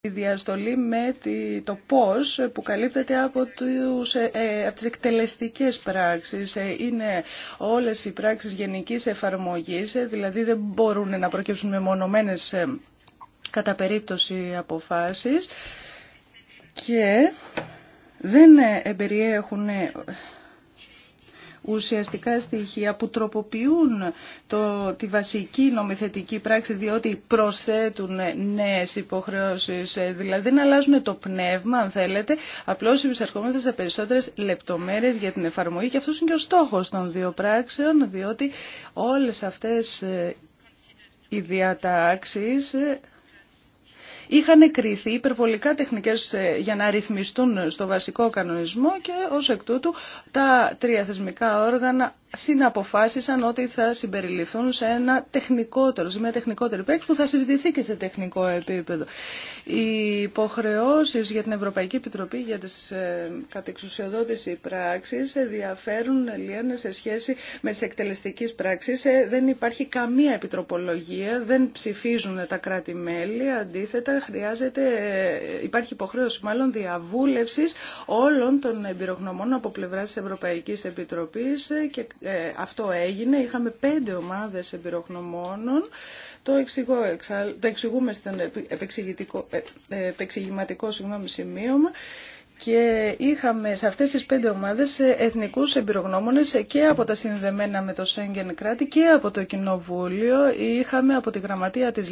η διαστολή με το πώς που καλύπτεται από, τους, ε, ε, από τις εκτελεστικές πράξεις. Ε, είναι όλες οι πράξεις γενικής εφαρμογής, δηλαδή δεν μπορούν να προκύψουν μεμονωμένες κατά περίπτωση αποφάσεις και δεν περιέχουν ουσιαστικά στοιχεία που τροποποιούν το, τη βασική νομοθετική πράξη διότι προσθέτουν νέες υποχρεώσεις, ε, δηλαδή να αλλάζουν το πνεύμα αν θέλετε, απλώς υπησαρχόμαστε σε περισσότερες λεπτομέρειες για την εφαρμογή και αυτός είναι και ο στόχος των δύο πράξεων διότι όλες αυτές ε, οι διατάξεις ε, είχαν κρυθεί υπερβολικά τεχνικές ε, για να ρυθμιστούν στο βασικό κανονισμό και ως εκ τούτου τα τρία θεσμικά όργανα συναποφάσισαν ότι θα συμπεριληφθούν σε ένα τεχνικότερο, σε μια τεχνικότερη πράξη που θα συζητηθεί και σε τεχνικό επίπεδο. Οι υποχρεώσει για την Ευρωπαϊκή Επιτροπή για τι ε, κατεξουσιοδότηση πράξει διαφέρουν σε σχέση με τι εκτελεστικέ πράξει. Ε, δεν υπάρχει καμία επιτροπολογία, δεν ψηφίζουν τα κράτη-μέλη. Αντίθετα, χρειάζεται, ε, υπάρχει υποχρέωση μάλλον διαβούλευση όλων των εμπειρογνωμών από πλευρά τη Ευρωπαϊκή Επιτροπή ε, και ε, αυτό έγινε. Είχαμε πέντε ομάδες εμπειρογνωμόνων. Το, εξηγώ, το εξηγούμε στον ε, ε, επεξηγηματικό συγγνώμη, σημείωμα και είχαμε σε αυτές τις πέντε ομάδες εθνικούς εμπειρογνώμονες και από τα συνδεμένα με το Σέγγεν κράτη και από το Κοινοβούλιο. Είχαμε από τη γραμματεία της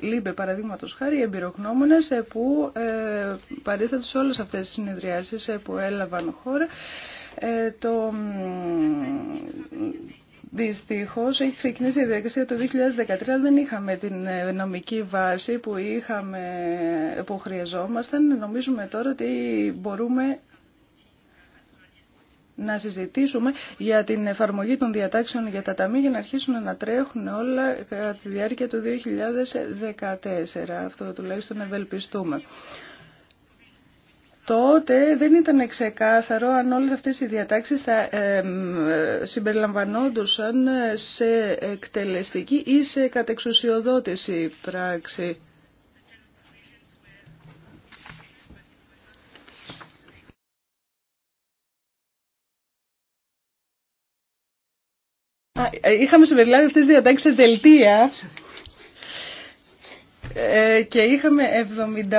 ΛΥΜΠΕ παραδείγματος χάρη εμπειρογνώμονες που παρήθαν σε όλες αυτές τις συνεδριάσεις που έλαβαν χώρα. Δυστυχώ, έχει ξεκινήσει η διαδικασία το 2013, δεν είχαμε την ε, νομική βάση που, είχαμε, που χρειαζόμασταν. Νομίζουμε τώρα ότι μπορούμε να συζητήσουμε για την εφαρμογή των διατάξεων για τα ταμεία για να αρχίσουν να τρέχουν όλα κατά τη διάρκεια του 2014. Αυτό τουλάχιστον ευελπιστούμε τότε δεν ήταν ξεκάθαρο αν όλες αυτές οι διατάξεις θα συμπεριλαμβανόντουσαν σε εκτελεστική ή σε κατεξουσιοδότηση πράξη. Ε, είχαμε συμπεριλάβει αυτές τις διατάξεις σε δελτία ε, και είχαμε 78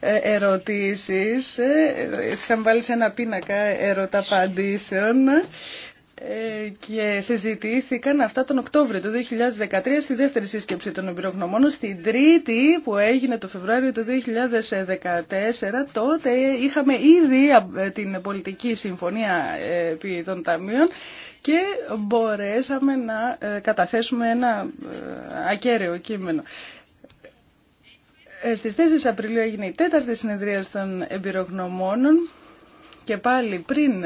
ε, ερωτήσεις. Ε, είχαμε βάλει σε ένα πίνακα ερωταπαντήσεων και συζητήθηκαν αυτά τον Οκτώβριο του 2013 στη δεύτερη σύσκεψη των εμπειρογνωμών, Στην τρίτη που έγινε το Φεβρουάριο του 2014 τότε είχαμε ήδη την πολιτική συμφωνία επί των ταμείων και μπορέσαμε να καταθέσουμε ένα ακέραιο κείμενο. Στις 4 Απριλίου έγινε η τέταρτη συνεδρία των εμπειρογνωμόνων και πάλι πριν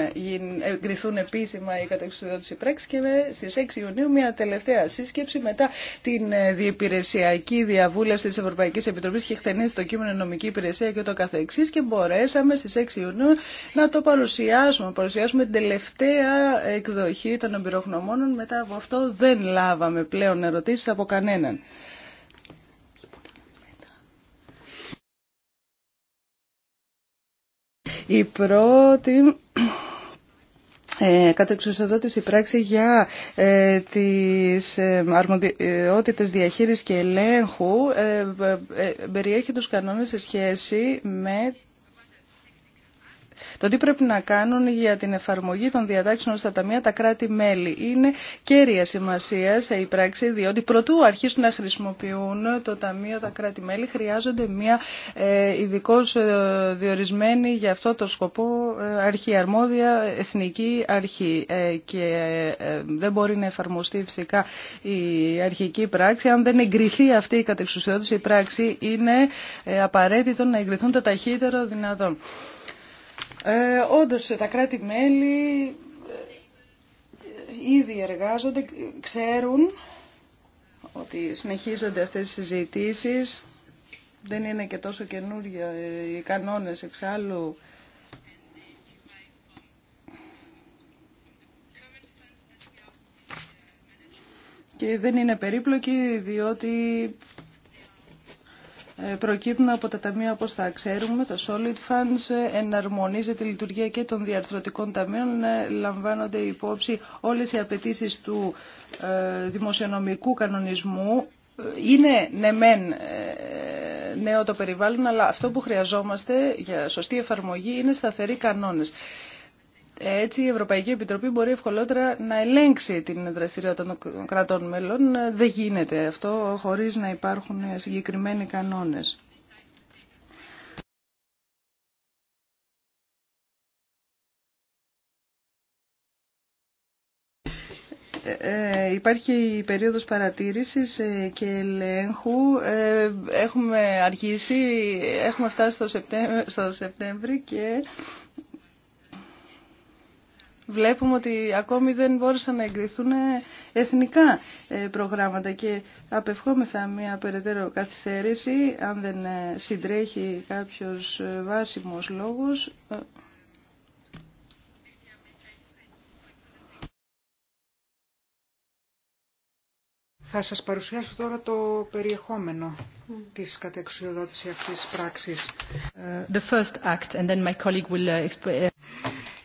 εγκριθούν επίσημα οι κατεξουδότηση πράξη και στις 6 Ιουνίου μια τελευταία σύσκεψη μετά την ε, διεπηρεσιακή διαβούλευση της Ευρωπαϊκής Επιτροπής και χτενή στο κείμενο νομική υπηρεσία και το καθεξής και μπορέσαμε στις 6 Ιουνίου να το παρουσιάσουμε, παρουσιάσουμε την τελευταία εκδοχή των εμπειρογνωμόνων μετά από αυτό δεν λάβαμε πλέον ερωτήσεις από κανέναν. Η πρώτη ε, πράξη για ε, τις ε, αρμοδιότητες διαχείρισης και ελέγχου ε, ε, ε, περιέχει τους κανόνες σε σχέση με το τι πρέπει να κάνουν για την εφαρμογή των διατάξεων στα ταμεία τα κράτη-μέλη είναι κέρια σημασία σε η πράξη, διότι προτού αρχίσουν να χρησιμοποιούν το ταμείο τα κράτη-μέλη, χρειάζονται μια ε, ειδικώ ε, διορισμένη για αυτό το σκοπό ε, αρχή, αρμόδια εθνική αρχή. Και δεν μπορεί να εφαρμοστεί φυσικά η αρχική πράξη. Αν δεν εγκριθεί αυτή η Η πράξη, είναι απαραίτητο να εγκριθούν το ταχύτερο δυνατόν. Ε, όντως τα κράτη-μέλη ε, ήδη εργάζονται, ξέρουν ότι συνεχίζονται αυτές οι συζητήσεις. Δεν είναι και τόσο καινούργια ε, οι κανόνες εξάλλου. Και δεν είναι περίπλοκοι διότι προκύπτουν από τα ταμεία όπως θα ξέρουμε. Το Solid Funds εναρμονίζει τη λειτουργία και των διαρθρωτικών ταμείων. Ε, λαμβάνονται υπόψη όλες οι απαιτήσει του ε, δημοσιονομικού κανονισμού. Είναι ναι ε, νέο το περιβάλλον, αλλά αυτό που χρειαζόμαστε για σωστή εφαρμογή είναι σταθεροί κανόνες. Έτσι η Ευρωπαϊκή Επιτροπή μπορεί ευκολότερα να ελέγξει την δραστηριότητα των κρατών μέλων. Δεν γίνεται αυτό χωρίς να υπάρχουν συγκεκριμένοι κανόνες. Ε, ε, υπάρχει η περίοδος παρατήρησης ε, και ελέγχου. Έχουμε αρχίσει έχουμε φτάσει στο Σεπτέμβρη και βλέπουμε ότι ακόμη δεν μπόρεσαν να εγκριθούν ε, εθνικά ε, προγράμματα και απευχόμεθα μια περαιτέρω καθυστέρηση αν δεν ε, συντρέχει κάποιος βάσιμος λόγος. Θα σας παρουσιάσω τώρα το περιεχόμενο της κατεξουσιοδότησης αυτής της πράξης. The first act and then my colleague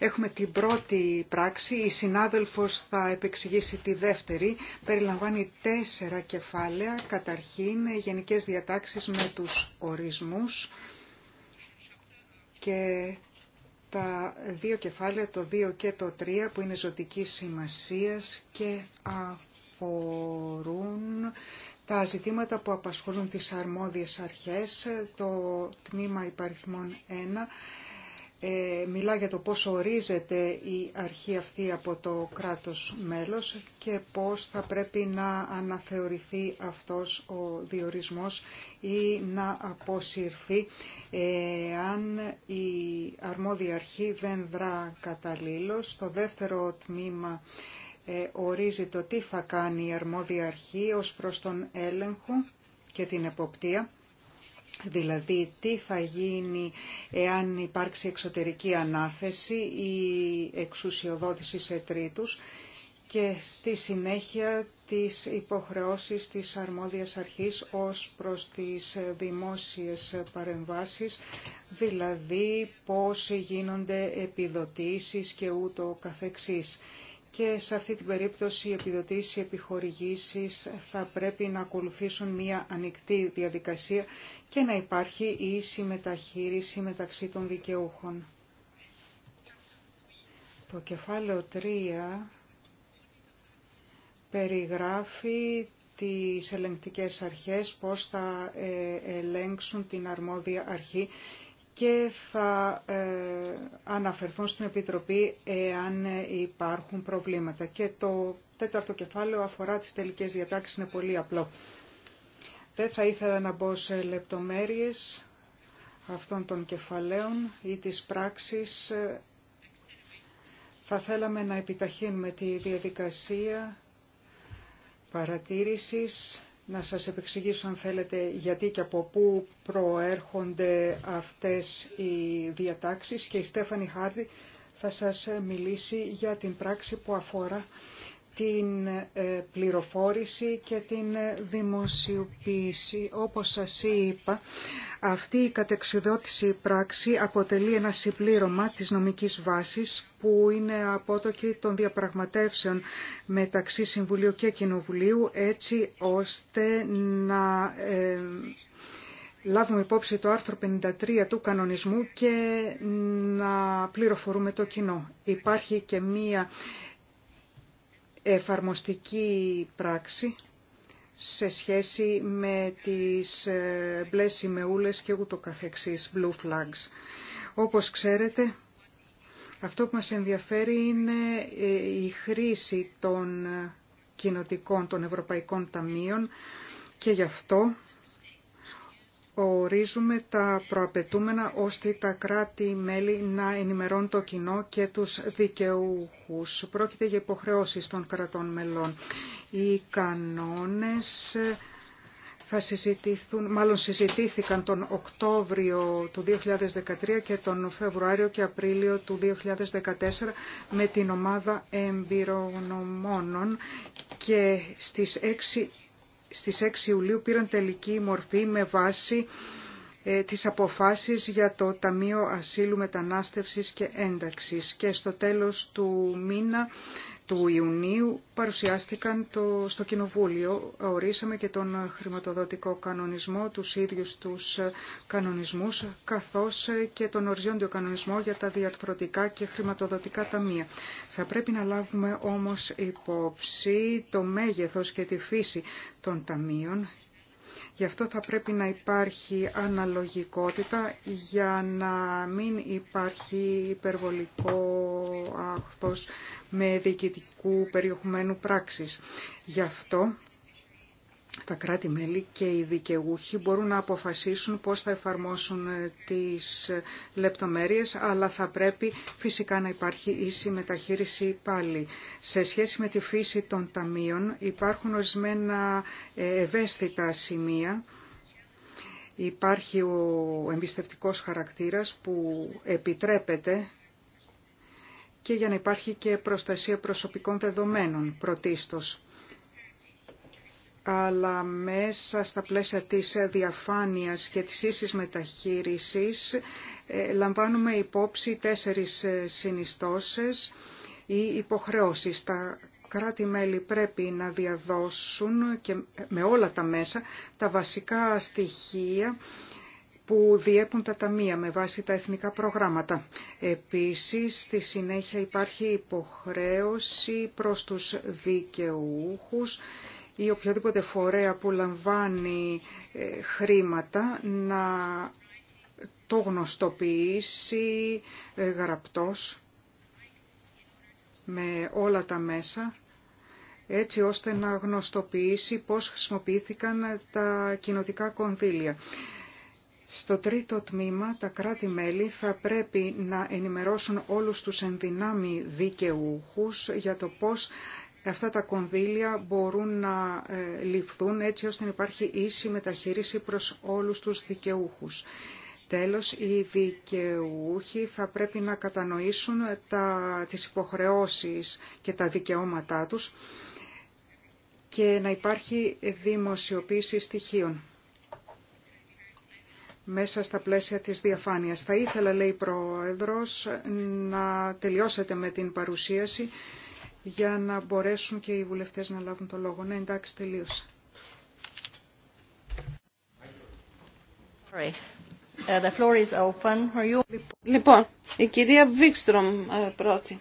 Έχουμε την πρώτη πράξη, η συνάδελφος θα επεξηγήσει τη δεύτερη. Περιλαμβάνει τέσσερα κεφάλαια, καταρχήν γενικές διατάξεις με τους ορισμούς και τα δύο κεφάλαια, το 2 και το 3 που είναι ζωτική σημασίας και αφορούν τα ζητήματα που απασχολούν τις αρμόδιες αρχές, το τμήμα υπαριθμών 1 ε, μιλά για το πώς ορίζεται η αρχή αυτή από το κράτος μέλος και πώς θα πρέπει να αναθεωρηθεί αυτός ο διορισμός ή να αποσυρθεί ε, αν η αρμόδια αρχή δεν δρά καταλήλως. Το δεύτερο τμήμα ε, ορίζει το τι θα κάνει η αρμόδια αρχή ως προς τον έλεγχο και την εποπτεία Δηλαδή, τι θα γίνει εάν υπάρξει εξωτερική ανάθεση ή εξουσιοδότηση σε τρίτους και στη συνέχεια τις υποχρεώσεις της αρμόδιας αρχής ως προς τις δημόσιες παρεμβάσεις, δηλαδή πώς γίνονται επιδοτήσεις και ούτω καθεξής και σε αυτή την περίπτωση οι επιδοτήσεις, οι επιχορηγήσεις θα πρέπει να ακολουθήσουν μία ανοιχτή διαδικασία και να υπάρχει ίση μεταχείριση μεταξύ των δικαιούχων. Το κεφάλαιο 3 περιγράφει τις ελεγκτικές αρχές, πώς θα ε, ελέγξουν την αρμόδια αρχή και θα ε, αναφερθούν στην Επιτροπή εάν ε, υπάρχουν προβλήματα. Και το τέταρτο κεφάλαιο αφορά τις τελικές διατάξεις, είναι πολύ απλό. Δεν θα ήθελα να μπω σε λεπτομέρειες αυτών των κεφαλαίων ή της πράξης. Θα θέλαμε να επιταχύνουμε τη διαδικασία παρατήρησης να σας επεξηγήσω αν θέλετε γιατί και από πού προέρχονται αυτές οι διατάξεις και η Στέφανη Χάρδη θα σας μιλήσει για την πράξη που αφορά την ε, πληροφόρηση και την ε, δημοσιοποίηση. Όπως σας είπα, αυτή η κατεξιδότηση πράξη αποτελεί ένα συμπλήρωμα της νομικής βάσης που είναι απότοκη των διαπραγματεύσεων μεταξύ Συμβουλίου και Κοινοβουλίου έτσι ώστε να ε, λάβουμε υπόψη το άρθρο 53 του κανονισμού και να πληροφορούμε το κοινό. Υπάρχει και μία εφαρμοστική πράξη σε σχέση με τις ε, μπλε σημεούλες και ούτω καθεξής, blue flags. Όπως ξέρετε, αυτό που μας ενδιαφέρει είναι ε, η χρήση των ε, κοινοτικών, των ευρωπαϊκών ταμείων και γι' αυτό ορίζουμε τα προαπαιτούμενα ώστε τα κράτη-μέλη να ενημερώνουν το κοινό και τους δικαιούχους. Πρόκειται για υποχρεώσεις των κρατών μελών. Οι κανόνες θα συζητηθούν, μάλλον συζητήθηκαν τον Οκτώβριο του 2013 και τον Φεβρουάριο και Απρίλιο του 2014 με την ομάδα εμπειρονομών και στις 6 στις 6 Ιουλίου πήραν τελική μορφή με βάση ε, τις αποφάσεις για το Ταμείο Ασύλου Μετανάστευσης και Ένταξης και στο τέλος του μήνα του Ιουνίου παρουσιάστηκαν το, στο Κοινοβούλιο. Ορίσαμε και τον χρηματοδοτικό κανονισμό, τους ίδιους τους κανονισμούς, καθώς και τον οριζόντιο κανονισμό για τα διαρθρωτικά και χρηματοδοτικά ταμεία. Θα πρέπει να λάβουμε όμως υπόψη το μέγεθος και τη φύση των ταμείων Γι' αυτό θα πρέπει να υπάρχει αναλογικότητα για να μην υπάρχει υπερβολικό άχθος με διοικητικού περιεχομένου πράξης. Γι' αυτό τα κράτη-μέλη και οι δικαιούχοι μπορούν να αποφασίσουν πώς θα εφαρμόσουν ε, τις ε, λεπτομέρειες, αλλά θα πρέπει φυσικά να υπάρχει ίση μεταχείριση πάλι. Σε σχέση με τη φύση των ταμείων υπάρχουν ορισμένα ε, ευαίσθητα σημεία. Υπάρχει ο εμπιστευτικός χαρακτήρας που επιτρέπεται και για να υπάρχει και προστασία προσωπικών δεδομένων πρωτίστως αλλά μέσα στα πλαίσια της διαφάνειας και της ίσης μεταχείρισης ε, λαμβάνουμε υπόψη τέσσερις ε, συνιστώσεις ή υποχρεώσεις. Τα κράτη-μέλη πρέπει να διαδώσουν και με όλα τα μέσα τα βασικά στοιχεία που διέπουν τα ταμεία με βάση τα εθνικά προγράμματα. Επίσης, στη συνέχεια υπάρχει υποχρέωση προς τους δικαιούχους ή οποιαδήποτε φορέα που λαμβάνει ε, χρήματα να το γνωστοποιήσει ε, γραπτός με όλα τα μέσα έτσι ώστε να γνωστοποιήσει πώς χρησιμοποιήθηκαν τα κοινοτικά κονδύλια. Στο τρίτο τμήμα, τα κράτη-μέλη θα πρέπει να ενημερώσουν όλους τους ενδυνάμει δικαιούχους για το πώς αυτά τα κονδύλια μπορούν να ε, ληφθούν έτσι ώστε να υπάρχει ίση μεταχείριση προς όλους τους δικαιούχους. Τέλος, οι δικαιούχοι θα πρέπει να κατανοήσουν τα, τις υποχρεώσεις και τα δικαιώματά τους και να υπάρχει δημοσιοποίηση στοιχείων μέσα στα πλαίσια της διαφάνειας. Θα ήθελα, λέει η Πρόεδρος, να τελειώσετε με την παρουσίαση για να μπορέσουν και οι βουλευτές να λάβουν το λόγο. Ναι, εντάξει, τελείωσε. Uh, λοιπόν, η κυρία Βίξτρομ ε, πρώτη.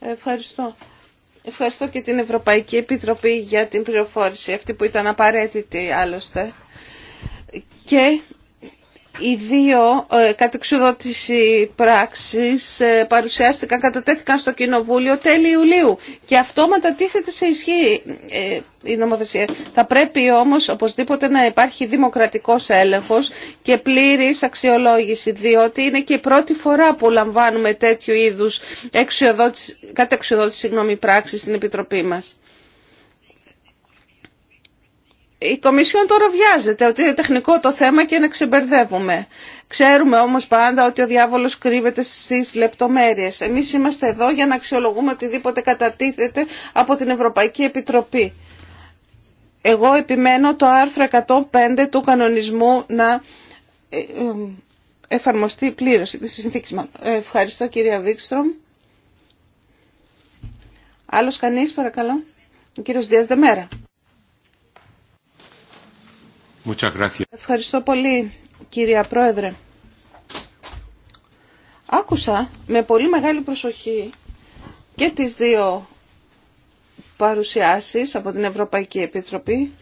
Ευχαριστώ. Ευχαριστώ και την Ευρωπαϊκή Επιτροπή για την πληροφόρηση αυτή που ήταν απαραίτητη άλλωστε. Και οι δύο ε, κατεξουδότηση πράξεις ε, παρουσιάστηκαν, κατατέθηκαν στο Κοινοβούλιο τέλη Ιουλίου και αυτόματα τίθεται σε ισχύ ε, η νομοθεσία. Θα πρέπει όμως οπωσδήποτε να υπάρχει δημοκρατικός έλεγχος και πλήρης αξιολόγηση διότι είναι και η πρώτη φορά που λαμβάνουμε τέτοιου είδους κατεξουδότηση συγγνώμη, πράξη στην Επιτροπή μας η Κομισιόν τώρα βιάζεται ότι είναι τεχνικό το θέμα και να ξεμπερδεύουμε. Ξέρουμε όμως πάντα ότι ο διάβολος κρύβεται στις λεπτομέρειες. Εμείς είμαστε εδώ για να αξιολογούμε οτιδήποτε κατατίθεται από την Ευρωπαϊκή Επιτροπή. Εγώ επιμένω το άρθρο 105 του κανονισμού να ε, ε, εφαρμοστεί πλήρως. Ε, ευχαριστώ κυρία Βίξτρομ. Άλλος κανείς παρακαλώ. Ο κύριος Δίας Δεμέρα. Ευχαριστώ πολύ, κυρία Πρόεδρε. Άκουσα με πολύ μεγάλη προσοχή και τις δύο παρουσιάσεις από την Ευρωπαϊκή Επιτροπή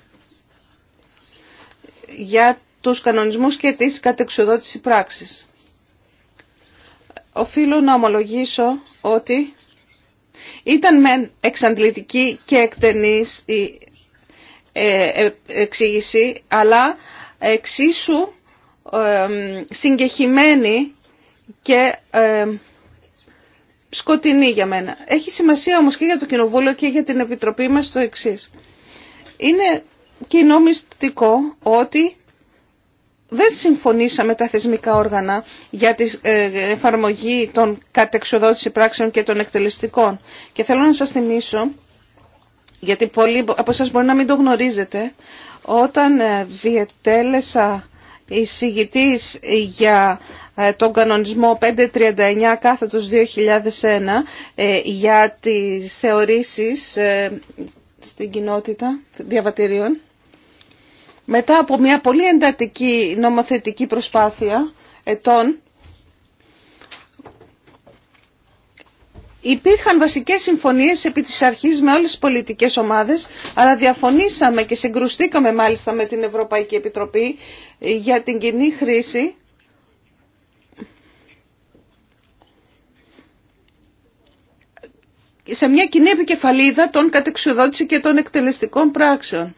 για τους κανονισμούς και τις κατεξοδότηση πράξης. Οφείλω να ομολογήσω ότι ήταν μεν εξαντλητική και εκτενής η ε, ε, εξήγηση, αλλά εξίσου συγκεχημένη και σκοτεινή για μένα. Έχει σημασία όμως και για το Κοινοβούλιο και για την Επιτροπή μας το εξής. Είναι κοινό μυστικό ότι δεν συμφωνήσαμε τα θεσμικά όργανα για την ε, εφαρμογή των κατεξοδότηση πράξεων και των εκτελεστικών. Και θέλω να σας θυμίσω γιατί πολλοί από εσάς μπορεί να μην το γνωρίζετε, όταν ε, διετέλεσα εισηγητής για ε, τον κανονισμό 539 κάθετος 2001 ε, για τις θεωρήσεις στην κοινότητα διαβατηρίων. Μετά από μια πολύ εντατική νομοθετική προσπάθεια ετών, Υπήρχαν βασικές συμφωνίες επί της αρχής με όλες τις πολιτικές ομάδες, αλλά διαφωνήσαμε και συγκρουστήκαμε μάλιστα με την Ευρωπαϊκή Επιτροπή για την κοινή χρήση σε μια κοινή επικεφαλίδα των κατεξουδότηση και των εκτελεστικών πράξεων.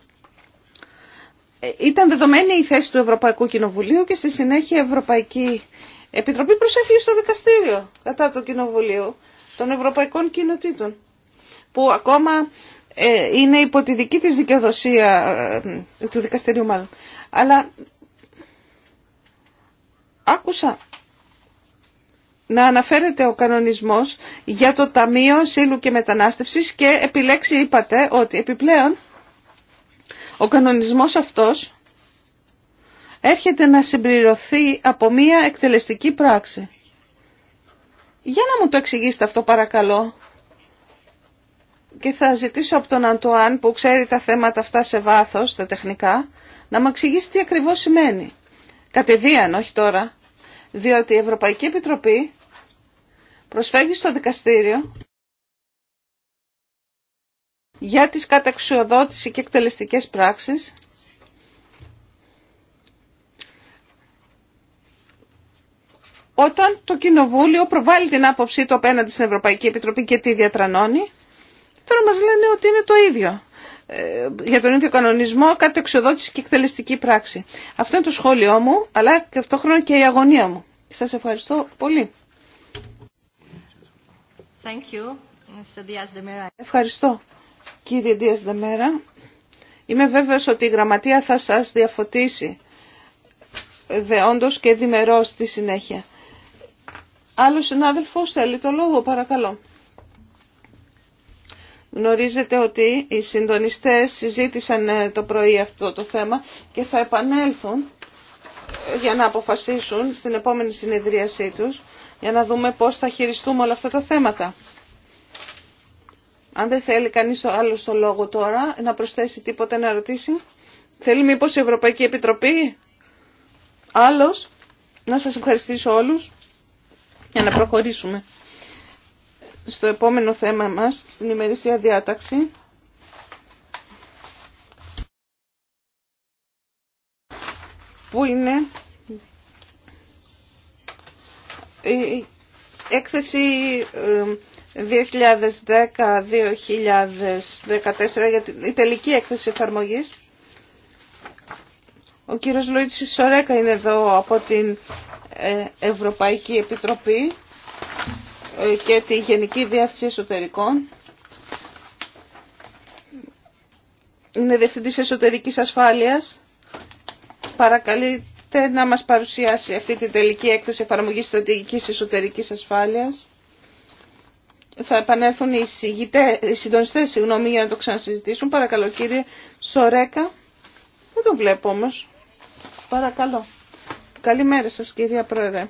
Ε, ήταν δεδομένη η θέση του Ευρωπαϊκού Κοινοβουλίου και στη συνέχεια η Ευρωπαϊκή Επιτροπή προσέφυγε στο δικαστήριο κατά του Κοινοβουλίου των ευρωπαϊκών κοινοτήτων που ακόμα ε, είναι υπό τη δική της δικαιοδοσία ε, του δικαστηρίου μάλλον. Αλλά άκουσα να αναφέρεται ο κανονισμός για το Ταμείο Σύλλου και Μετανάστευσης και επιλέξει είπατε ότι επιπλέον ο κανονισμός αυτός έρχεται να συμπληρωθεί από μία εκτελεστική πράξη. Για να μου το εξηγήσετε αυτό παρακαλώ. Και θα ζητήσω από τον Αντουάν που ξέρει τα θέματα αυτά σε βάθος, τα τεχνικά, να μου εξηγήσει τι ακριβώς σημαίνει. Κατεδίαν, όχι τώρα. Διότι η Ευρωπαϊκή Επιτροπή προσφέρει στο δικαστήριο για τις καταξιοδότηση και εκτελεστικές πράξεις όταν το Κοινοβούλιο προβάλλει την άποψή του απέναντι στην Ευρωπαϊκή Επιτροπή και τη διατρανώνει, τώρα μας λένε ότι είναι το ίδιο. Ε, για τον ίδιο κανονισμό, κάτι εξοδότηση και εκτελεστική πράξη. Αυτό είναι το σχόλιο μου, αλλά και αυτό χρόνο και η αγωνία μου. Σας ευχαριστώ πολύ. Thank you, ευχαριστώ, κύριε Δίας Δεμέρα. Είμαι βέβαιος ότι η γραμματεία θα σας διαφωτίσει ε, δεόντως και διμερός στη συνέχεια. Άλλο συνάδελφο θέλει το λόγο, παρακαλώ. Γνωρίζετε ότι οι συντονιστές συζήτησαν ε, το πρωί αυτό το θέμα και θα επανέλθουν ε, για να αποφασίσουν στην επόμενη συνεδρίασή τους για να δούμε πώς θα χειριστούμε όλα αυτά τα θέματα. Αν δεν θέλει κανείς άλλο το λόγο τώρα να προσθέσει τίποτα να ρωτήσει. Θέλει μήπως η Ευρωπαϊκή Επιτροπή. Άλλος, να σας ευχαριστήσω όλους για να προχωρήσουμε στο επόμενο θέμα μας, στην ημερήσια διάταξη. Που είναι η έκθεση 2010-2014 ε, για την τελική έκθεση εφαρμογής. Ο κύριος Λούιτσι Σορέκα είναι εδώ από την Ευρωπαϊκή Επιτροπή ε, και τη Γενική Διεύθυνση Εσωτερικών. Είναι Διευθυντής Εσωτερικής Ασφάλειας. Παρακαλείτε να μας παρουσιάσει αυτή τη τελική έκθεση εφαρμογής στρατηγικής εσωτερικής ασφάλειας. Θα επανέλθουν οι, οι συντονιστές συγγνώμη, για να το ξανασυζητήσουν. Παρακαλώ κύριε Σορέκα. Δεν τον βλέπω όμως. Παρακαλώ. Καλημέρα σας κυρία Πρόεδρε.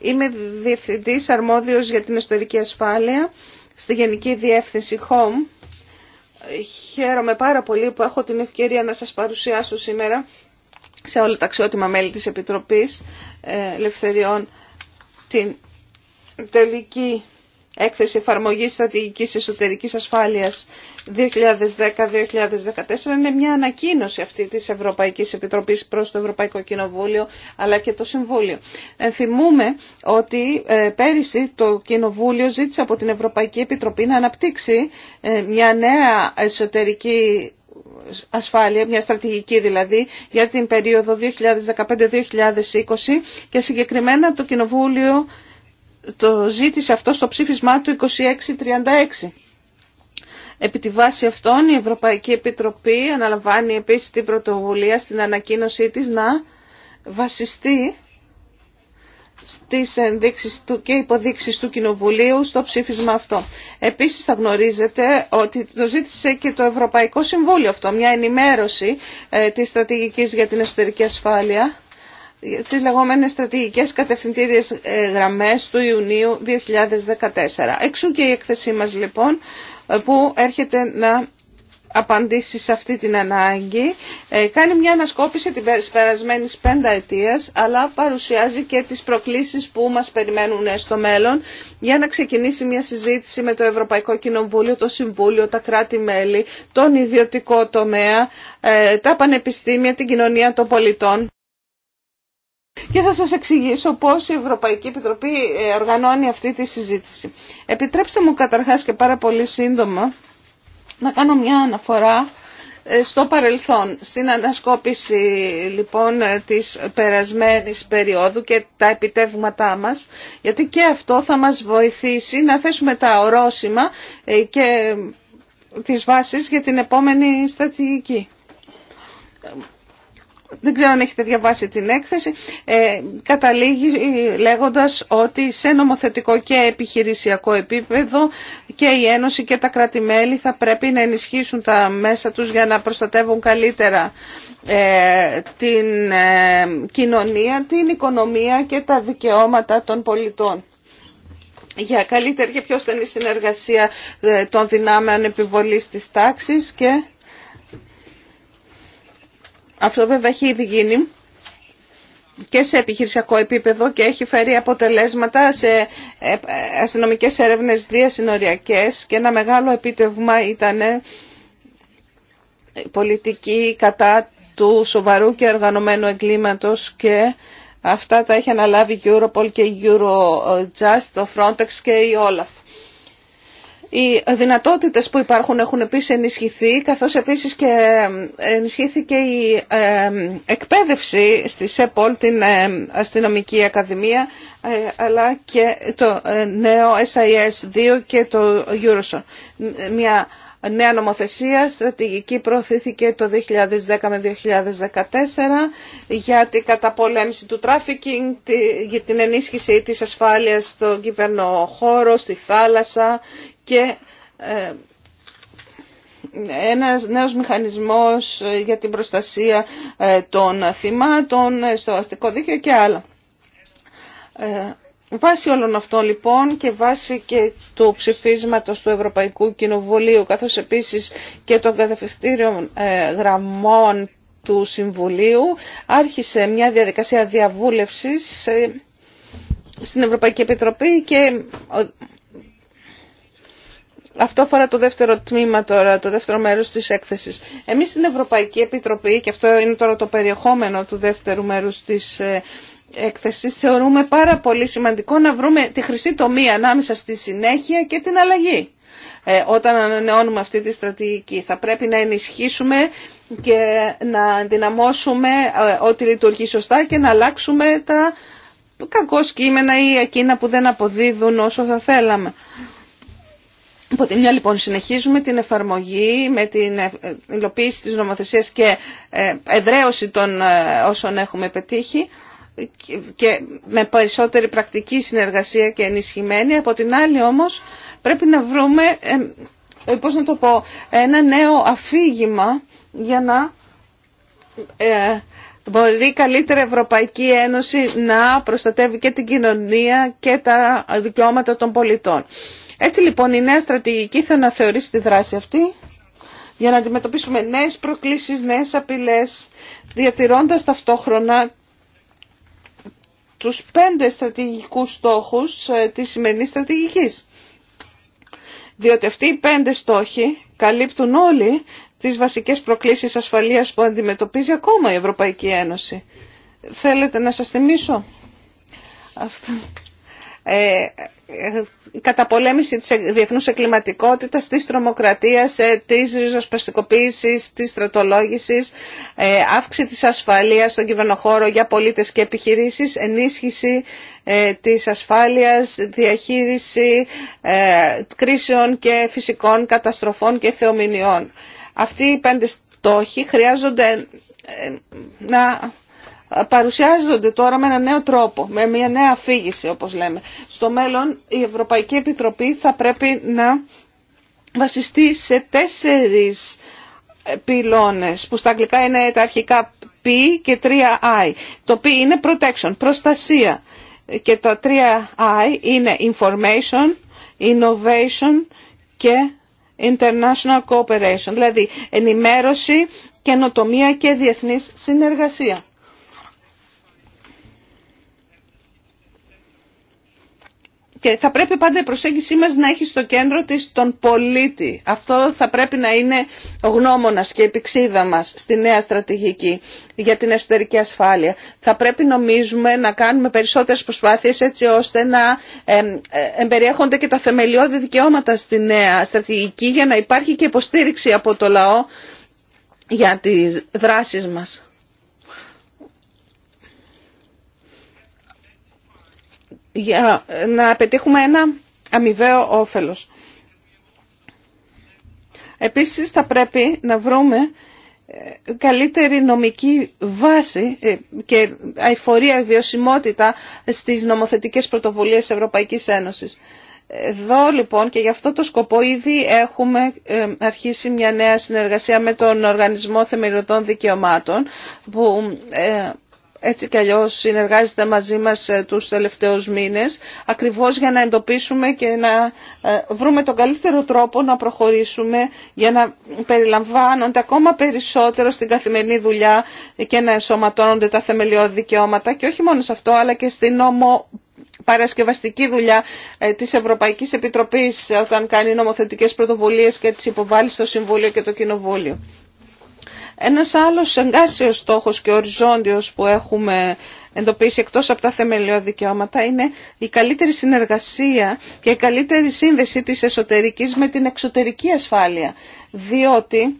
Είμαι Διευθυντής Αρμόδιος για την Ιστορική Ασφάλεια στη Γενική Διεύθυνση HOME. Χαίρομαι πάρα πολύ που έχω την ευκαιρία να σας παρουσιάσω σήμερα σε όλα τα αξιότιμα μέλη της Επιτροπής ε, Ελευθεριών την τελική εκθεση εφαρμογη εφαρμογή στρατηγικής εσωτερική ασφάλειας 2010-2014 είναι μια ανακοίνωση αυτή της Ευρωπαϊκής Επιτροπής προς το Ευρωπαϊκό Κοινοβούλιο αλλά και το Συμβούλιο. Θυμούμε ότι ε, πέρυσι το Κοινοβούλιο ζήτησε από την Ευρωπαϊκή Επιτροπή να αναπτύξει ε, μια νέα εσωτερική ασφάλεια, μια στρατηγική δηλαδή, για την περίοδο 2015-2020 και συγκεκριμένα το Κοινοβούλιο το ζήτησε αυτό στο ψήφισμά του 2636. Επί τη βάση αυτών η Ευρωπαϊκή Επιτροπή αναλαμβάνει επίσης την πρωτοβουλία στην ανακοίνωσή της να βασιστεί στις ενδείξεις του και υποδείξεις του Κοινοβουλίου στο ψήφισμα αυτό. Επίσης θα γνωρίζετε ότι το ζήτησε και το Ευρωπαϊκό Συμβούλιο αυτό, μια ενημέρωση ε, της στρατηγικής για την εσωτερική ασφάλεια τι λεγόμενες στρατηγικές κατευθυντήριες ε, γραμμές του Ιουνίου 2014. Έξω και η εκθεσή μας λοιπόν ε, που έρχεται να απαντήσει σε αυτή την ανάγκη. Ε, κάνει μια ανασκόπηση την περασμένη πέντα ετία, αλλά παρουσιάζει και τις προκλήσεις που μας περιμένουν στο μέλλον για να ξεκινήσει μια συζήτηση με το Ευρωπαϊκό Κοινοβούλιο, το Συμβούλιο, τα κράτη-μέλη, τον ιδιωτικό τομέα, τα πανεπιστήμια, την κοινωνία των πολιτών και θα σας εξηγήσω πώς η Ευρωπαϊκή Επιτροπή ε, οργανώνει αυτή τη συζήτηση. Επιτρέψτε μου καταρχάς και πάρα πολύ σύντομα να κάνω μια αναφορά ε, στο παρελθόν, στην ανασκόπηση λοιπόν ε, της περασμένης περίοδου και τα επιτεύγματά μας, γιατί και αυτό θα μας βοηθήσει να θέσουμε τα ορόσημα και τις βάσεις για την επόμενη στρατηγική δεν ξέρω αν έχετε διαβάσει την έκθεση, ε, καταλήγει ε, λέγοντας ότι σε νομοθετικό και επιχειρησιακό επίπεδο και η Ένωση και τα κράτη-μέλη θα πρέπει να ενισχύσουν τα μέσα τους για να προστατεύουν καλύτερα ε, την κοινωνία, την οικονομία και τα δικαιώματα των πολιτών για καλύτερη και πιο στενή συνεργασία των δυνάμεων επιβολής της τάξης και αυτό βέβαια έχει ήδη γίνει και σε επιχειρησιακό επίπεδο και έχει φέρει αποτελέσματα σε ε, αστυνομικές έρευνες διασυνοριακές και ένα μεγάλο επίτευγμα ήταν πολιτική κατά του σοβαρού και οργανωμένου εγκλήματος και αυτά τα έχει αναλάβει η Europol και η Eurojust, το Frontex και η Olaf. Οι δυνατότητες που υπάρχουν έχουν επίσης ενισχυθεί, καθώς επίσης και ενισχύθηκε η εκπαίδευση στη ΣΕΠΟΛ, την Αστυνομική Ακαδημία, ε, αλλά και το ε, νέο SIS-2 και το Euroson. Μια νέα νομοθεσία στρατηγική προωθήθηκε το 2010 με 2014 για την καταπολέμηση του τράφικινγκ, για την ενίσχυση της ασφάλειας στον κυβερνοχώρο, χώρο, στη θάλασσα και ε, ένας νέος μηχανισμός για την προστασία ε, των θυμάτων ε, στο αστικό δίκαιο και άλλα. Βάσει όλων αυτών λοιπόν και βάσει και του ψηφίσματος του Ευρωπαϊκού Κοινοβουλίου καθώς επίσης και των κατευθυντήριων γραμμών του Συμβουλίου άρχισε μια διαδικασία διαβούλευσης στην Ευρωπαϊκή Επιτροπή και αυτό αφορά το δεύτερο τμήμα τώρα, το δεύτερο μέρος της έκθεσης. Εμείς στην Ευρωπαϊκή Επιτροπή, και αυτό είναι τώρα το περιεχόμενο του δεύτερου μέρους της ε, έκθεσης, θεωρούμε πάρα πολύ σημαντικό να βρούμε τη χρυσή τομή ανάμεσα στη συνέχεια και την αλλαγή. Ε, όταν ανανεώνουμε αυτή τη στρατηγική θα πρέπει να ενισχύσουμε και να δυναμώσουμε ε, ό,τι λειτουργεί σωστά και να αλλάξουμε τα κακό κείμενα ή εκείνα που δεν αποδίδουν όσο θα θέλαμε. Από τη μια λοιπόν συνεχίζουμε την εφαρμογή με την ε, υλοποίηση της νομοθεσίας και ε, εδραίωση των ε, όσων έχουμε πετύχει και με περισσότερη πρακτική συνεργασία και ενισχυμένη. Από την άλλη όμως πρέπει να βρούμε, πώς να το πω, ένα νέο αφήγημα για να μπορεί καλύτερα η Ευρωπαϊκή Ένωση να προστατεύει και την κοινωνία και τα δικαιώματα των πολιτών. Έτσι λοιπόν η νέα στρατηγική θα αναθεωρήσει τη δράση αυτή για να αντιμετωπίσουμε νέες προκλήσεις, νέες απειλές, διατηρώντας ταυτόχρονα τους πέντε στρατηγικούς στόχους ε, της σημερινής στρατηγικής. Διότι αυτοί οι πέντε στόχοι καλύπτουν όλοι τις βασικές προκλήσεις ασφαλείας που αντιμετωπίζει ακόμα η Ευρωπαϊκή Ένωση. Θέλετε να σας θυμίσω αυτό. Ε, ε, η καταπολέμηση της διεθνούς εγκληματικότητας, της τρομοκρατίας, ε, της ριζοσπαστικοποίησης, της στρατολόγησης, αύξηση της ασφαλείας στον κυβερνοχώρο για πολίτες και επιχειρήσεις, ενίσχυση της ασφάλειας, διαχείριση κρίσεων και φυσικών καταστροφών και θεομηνιών. Αυτοί οι πέντε στόχοι χρειάζονται να παρουσιάζονται τώρα με ένα νέο τρόπο, με μια νέα αφήγηση όπως λέμε. Στο μέλλον η Ευρωπαϊκή Επιτροπή θα πρέπει να βασιστεί σε τέσσερις πυλώνες που στα αγγλικά είναι τα αρχικά P και 3I. Το P είναι protection, προστασία και τα 3I είναι information, innovation και international cooperation, δηλαδή ενημέρωση, καινοτομία και διεθνής συνεργασία. και θα πρέπει πάντα η προσέγγιση μας να έχει στο κέντρο της τον πολίτη. Αυτό θα πρέπει να είναι ο γνώμονας και η πηξίδα μας στη νέα στρατηγική για την εσωτερική ασφάλεια. Θα πρέπει νομίζουμε να κάνουμε περισσότερες προσπάθειες έτσι ώστε να ε, εμπεριέχονται και τα θεμελιώδη δικαιώματα στη νέα στρατηγική για να υπάρχει και υποστήριξη από το λαό για τις δράσεις μας. για να πετύχουμε ένα αμοιβαίο όφελος. Επίσης θα πρέπει να βρούμε ε, καλύτερη νομική βάση ε, και αηφορία βιωσιμότητα στις νομοθετικές πρωτοβουλίες της Ευρωπαϊκής Ένωσης. Εδώ λοιπόν και γι' αυτό το σκοπό ήδη έχουμε ε, αρχίσει μια νέα συνεργασία με τον Οργανισμό Θεμελιωτών Δικαιωμάτων που έτσι κι αλλιώς συνεργάζεται μαζί μας ε, τους τελευταίους μήνες, ακριβώς για να εντοπίσουμε και να ε, βρούμε τον καλύτερο τρόπο να προχωρήσουμε για να περιλαμβάνονται ακόμα περισσότερο στην καθημερινή δουλειά και να ενσωματώνονται τα θεμελιώδη δικαιώματα και όχι μόνο σε αυτό αλλά και στην νόμο παρασκευαστική δουλειά ε, της Ευρωπαϊκής Επιτροπής όταν κάνει νομοθετικές πρωτοβουλίες και τις υποβάλλει στο Συμβούλιο και το Κοινοβούλιο. Ένας άλλος εγκάρσιος στόχος και οριζόντιος που έχουμε εντοπίσει εκτός από τα θεμελιώδη δικαιώματα είναι η καλύτερη συνεργασία και η καλύτερη σύνδεση της εσωτερικής με την εξωτερική ασφάλεια. Διότι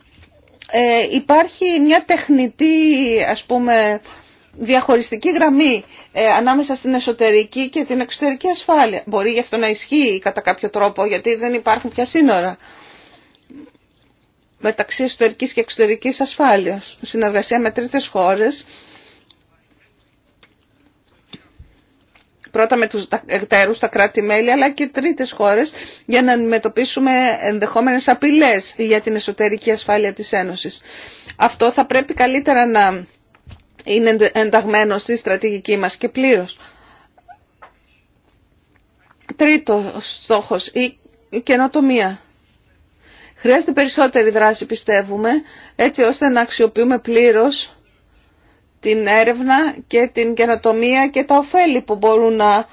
ε, υπάρχει μια τεχνητή ας πούμε διαχωριστική γραμμή ε, ανάμεσα στην εσωτερική και την εξωτερική ασφάλεια. Μπορεί γι' αυτό να ισχύει κατά κάποιο τρόπο γιατί δεν υπάρχουν πια σύνορα μεταξύ εσωτερικής και εξωτερικής ασφάλειας, συνεργασία με τρίτες χώρες, πρώτα με τους εταίρους, τα κράτη-μέλη, αλλά και τρίτες χώρες για να αντιμετωπίσουμε ενδεχόμενες απειλές για την εσωτερική ασφάλεια της Ένωσης. Αυτό θα πρέπει καλύτερα να είναι ενταγμένο στη στρατηγική μας και πλήρως. Τρίτο στόχος, η καινοτομία. Χρειάζεται περισσότερη δράση πιστεύουμε έτσι ώστε να αξιοποιούμε πλήρως την έρευνα και την καινοτομία και τα ωφέλη που μπορούν να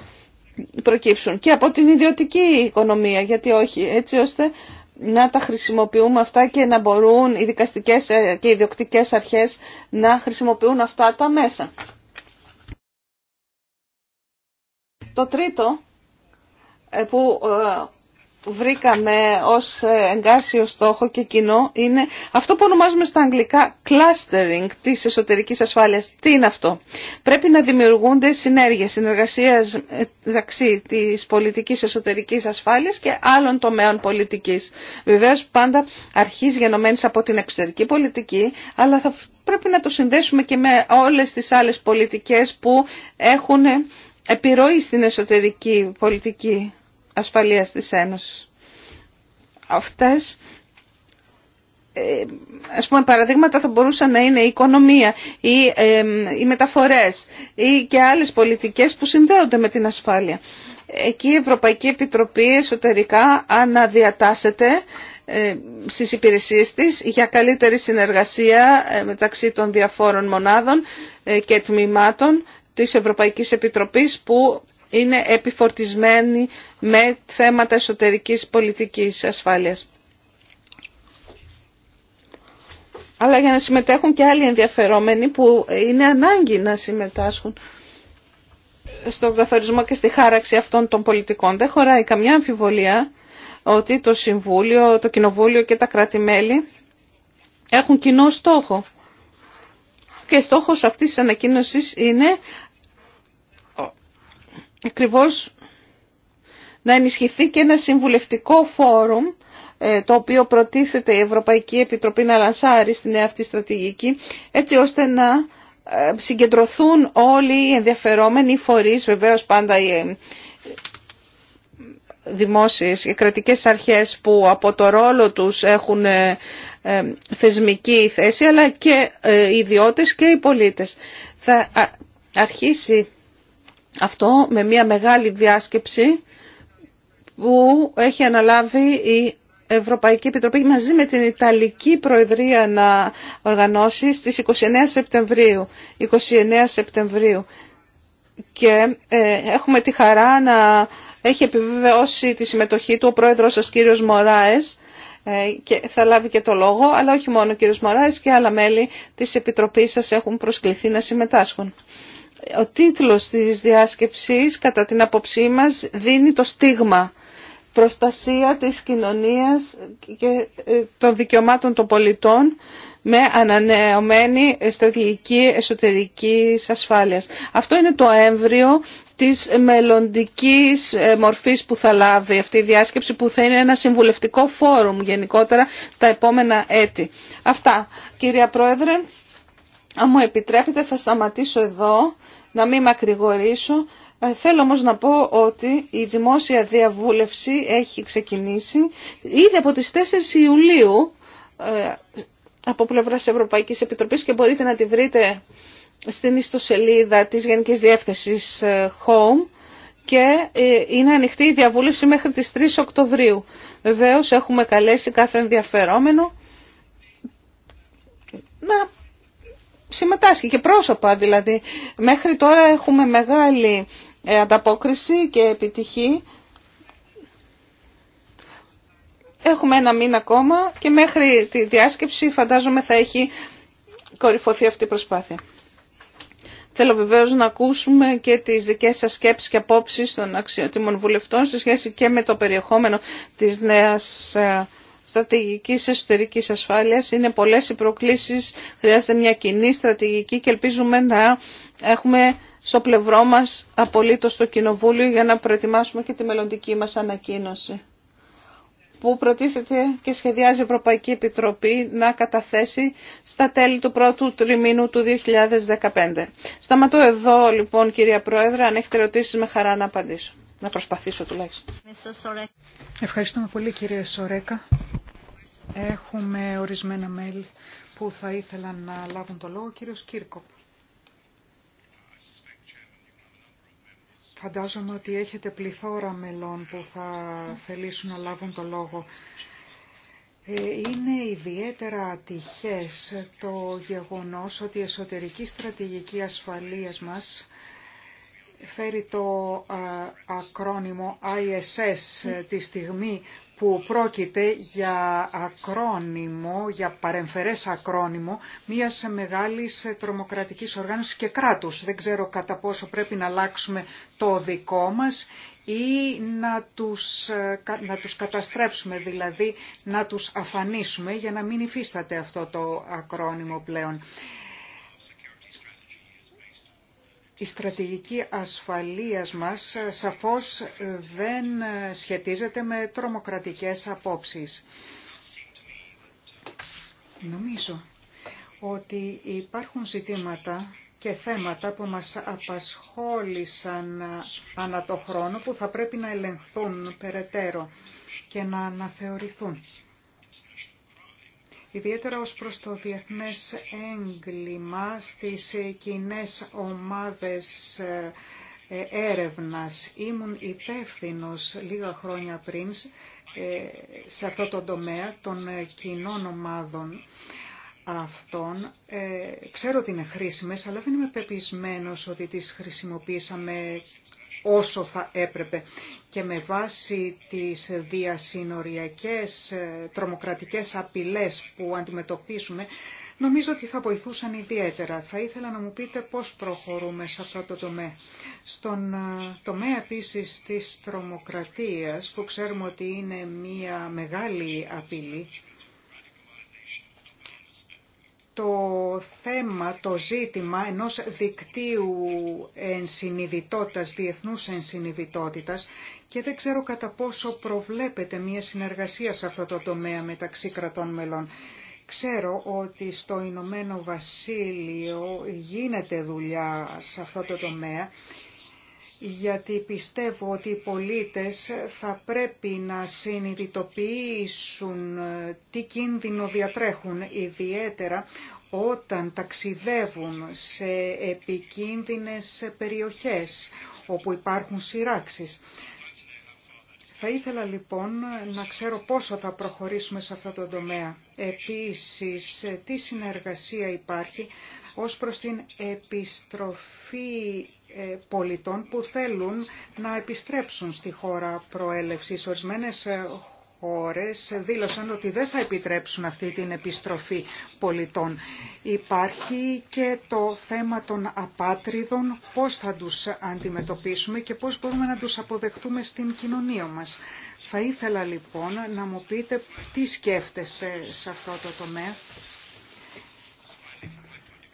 προκύψουν και από την ιδιωτική οικονομία γιατί όχι έτσι ώστε να τα χρησιμοποιούμε αυτά και να μπορούν οι δικαστικές ε, και οι ιδιοκτικές αρχές να χρησιμοποιούν αυτά τα μέσα. Το τρίτο ε, που ε, βρήκαμε ως εγκάσιο στόχο και κοινό είναι αυτό που ονομάζουμε στα αγγλικά clustering της εσωτερικής ασφάλειας. Τι είναι αυτό. Πρέπει να δημιουργούνται συνέργειες, συνεργασίες μεταξύ της πολιτικής εσωτερικής ασφάλειας και άλλων τομέων πολιτικής. Βεβαίως πάντα αρχής γενομένης από την εξωτερική πολιτική, αλλά θα πρέπει να το συνδέσουμε και με όλες τις άλλες πολιτικές που έχουν επιρροή στην εσωτερική πολιτική ασφαλείας της Ένωσης. Αυτές ε, ας πούμε παραδείγματα θα μπορούσαν να είναι η οικονομία ή οι μεταφορές ή και άλλες πολιτικές που συνδέονται με την ασφάλεια. Εκεί η Ευρωπαϊκή Επιτροπή εσωτερικά αναδιατάσσεται ε, στις υπηρεσίες της για καλύτερη συνεργασία ε, μεταξύ των διαφόρων μονάδων και τμήματων της Ευρωπαϊκής Επιτροπής που είναι επιφορτισμένοι με θέματα εσωτερικής πολιτικής ασφάλειας. Αλλά για να συμμετέχουν και άλλοι ενδιαφερόμενοι που είναι ανάγκη να συμμετάσχουν στον καθορισμό και στη χάραξη αυτών των πολιτικών. Δεν χωράει καμιά αμφιβολία ότι το Συμβούλιο, το Κοινοβούλιο και τα κράτη-μέλη έχουν κοινό στόχο. Και στόχος αυτής της ανακοίνωσης είναι ακριβώς να ενισχυθεί και ένα συμβουλευτικό φόρουμ ε, το οποίο προτίθεται η Ευρωπαϊκή Επιτροπή να λανσάρει στην αυτή στρατηγική έτσι ώστε να ε, συγκεντρωθούν όλοι οι ενδιαφερόμενοι οι φορείς, βεβαίως πάντα οι ε, δημόσιες και κρατικές αρχές που από το ρόλο τους έχουν θεσμική θέση αλλά και οι ιδιώτες και οι πολίτες. Θα αρχίσει αυτό με μια μεγάλη διάσκεψη που έχει αναλάβει η Ευρωπαϊκή Επιτροπή μαζί με την Ιταλική Προεδρία να οργανώσει στις 29 Σεπτεμβρίου. 29 Σεπτεμβρίου. Και ε, έχουμε τη χαρά να έχει επιβεβαιώσει τη συμμετοχή του ο πρόεδρος σας κύριος Μωράες ε, και θα λάβει και το λόγο, αλλά όχι μόνο ο κύριος Μωράες και άλλα μέλη της Επιτροπής σας έχουν προσκληθεί να συμμετάσχουν. Ο τίτλος της διάσκεψης, κατά την άποψή μας, δίνει το στίγμα προστασία της κοινωνίας και ε, των δικαιωμάτων των πολιτών με ανανεωμένη στρατηγική εσωτερική ασφάλεια. Αυτό είναι το έμβριο της μελλοντικής ε, μορφής που θα λάβει αυτή η διάσκεψη που θα είναι ένα συμβουλευτικό φόρουμ γενικότερα τα επόμενα έτη. Αυτά. Κυρία Πρόεδρε, αν μου επιτρέπετε θα σταματήσω εδώ να μην μακρηγορήσω. Ε, θέλω όμως να πω ότι η δημόσια διαβούλευση έχει ξεκινήσει ήδη από τις 4 Ιουλίου ε, από πλευράς Ευρωπαϊκής Επιτροπής και μπορείτε να τη βρείτε στην ιστοσελίδα της Γενικής Διεύθυνσης ε, Home και είναι ανοιχτή η διαβούλευση μέχρι τις 3 Οκτωβρίου. Βεβαίως έχουμε καλέσει κάθε ενδιαφερόμενο να συμμετάσχει και πρόσωπα δηλαδή. Μέχρι τώρα έχουμε μεγάλη ε, ανταπόκριση και επιτυχή. Έχουμε ένα μήνα ακόμα και μέχρι τη διάσκεψη φαντάζομαι θα έχει κορυφωθεί αυτή η προσπάθεια. Θέλω βεβαίως να ακούσουμε και τις δικές σας σκέψεις και απόψεις των αξιότιμων βουλευτών σε σχέση και με το περιεχόμενο της νέας ε, στρατηγικής εσωτερικής ασφάλειας. Είναι πολλές οι προκλήσεις, χρειάζεται μια κοινή στρατηγική και ελπίζουμε να έχουμε στο πλευρό μας απολύτως το Κοινοβούλιο για να προετοιμάσουμε και τη μελλοντική μας ανακοίνωση που προτίθεται και σχεδιάζει η Ευρωπαϊκή Επιτροπή να καταθέσει στα τέλη του πρώτου τριμήνου του 2015. Σταματώ εδώ λοιπόν κυρία Πρόεδρε, αν έχετε ερωτήσεις με χαρά να απαντήσω. Να προσπαθήσω τουλάχιστον. Ευχαριστούμε πολύ κύριε Σορέκα. Έχουμε ορισμένα μέλη που θα ήθελαν να λάβουν το λόγο. Κύριος Κύρκοπ. Φαντάζομαι ότι έχετε πληθώρα μελών που θα θελήσουν να λάβουν το λόγο. Ε, είναι ιδιαίτερα ατυχές το γεγονός ότι η εσωτερική στρατηγική ασφαλείας μας φέρει το ε, ακρόνιμο ISS τη στιγμή που πρόκειται για ακρόνιμο, για παρεμφερές ακρόνιμο μιας μεγάλης τρομοκρατικής οργάνωσης και κράτους. Δεν ξέρω κατά πόσο πρέπει να αλλάξουμε το δικό μας ή να τους, να τους καταστρέψουμε, δηλαδή να τους αφανίσουμε για να μην υφίσταται αυτό το ακρόνιμο πλέον η στρατηγική ασφαλείας μας ε, σαφώς ε, δεν ε, σχετίζεται με τρομοκρατικές απόψεις. Νομίζω ότι υπάρχουν ζητήματα και θέματα που μας απασχόλησαν ανά το χρόνο που θα πρέπει να ελεγχθούν περαιτέρω και να αναθεωρηθούν ιδιαίτερα ως προς το διεθνές έγκλημα στις κοινέ ομάδες ε, ε, έρευνας. Ήμουν υπεύθυνο λίγα χρόνια πριν ε, σε αυτό το τομέα των κοινών ομάδων αυτών. ξέρω ότι είναι χρήσιμες, αλλά δεν είμαι πεπισμένος ότι τις χρησιμοποίησαμε όσο θα έπρεπε. Και με βάση τις διασυνοριακές ε, τρομοκρατικές απειλές που αντιμετωπίζουμε, νομίζω ότι θα βοηθούσαν ιδιαίτερα. Θα ήθελα να μου πείτε πώς προχωρούμε σε αυτό το τομέα. Στον ε, τομέα επίσης της τρομοκρατίας, που ξέρουμε ότι είναι μια μεγάλη απειλή, το θέμα, το ζήτημα ενός δικτύου ενσυνειδητότητας, διεθνούς ενσυνειδητότητας και δεν ξέρω κατά πόσο προβλέπεται μια συνεργασία σε αυτό το τομέα μεταξύ κρατών μελών. Ξέρω ότι στο Ηνωμένο Βασίλειο γίνεται δουλειά σε αυτό το τομέα γιατί πιστεύω ότι οι πολίτες θα πρέπει να συνειδητοποιήσουν ε, τι κίνδυνο διατρέχουν ιδιαίτερα όταν ταξιδεύουν σε επικίνδυνες περιοχές όπου υπάρχουν σειράξεις. Θα ήθελα λοιπόν να ξέρω πόσο θα προχωρήσουμε σε αυτό το τομέα. Επίσης, τι συνεργασία υπάρχει ως προς την επιστροφή ε, πολιτών που θέλουν να επιστρέψουν στη χώρα προέλευσης. Ορισμένες ε, χώρες δήλωσαν ότι δεν θα επιτρέψουν αυτή την επιστροφή πολιτών. Υπάρχει και το θέμα των απάτριδων, πώς θα τους αντιμετωπίσουμε και πώς μπορούμε να τους αποδεχτούμε στην κοινωνία μας. Θα ήθελα λοιπόν να μου πείτε τι σκέφτεστε σε αυτό το τομέα.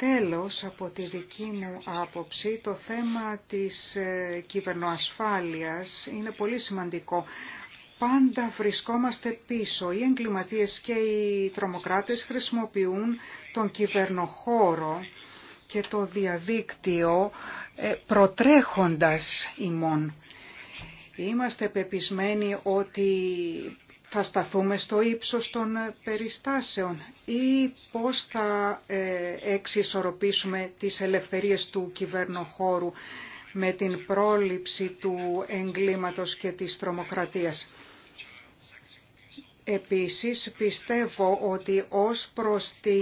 Τέλος, από τη δική μου άποψη, το θέμα της ε, κυβερνοασφάλειας είναι πολύ σημαντικό. Πάντα βρισκόμαστε πίσω. Οι εγκληματίες και οι τρομοκράτες χρησιμοποιούν τον κυβερνοχώρο και το διαδίκτυο ε, προτρέχοντας ημών. Είμαστε πεπισμένοι ότι θα σταθούμε στο ύψος των ε, περιστάσεων ή πώς θα ε, εξισορροπήσουμε τις ελευθερίες του κυβερνοχώρου με την πρόληψη του εγκλήματος και της τρομοκρατίας. Επίσης, πιστεύω ότι ως προς τη...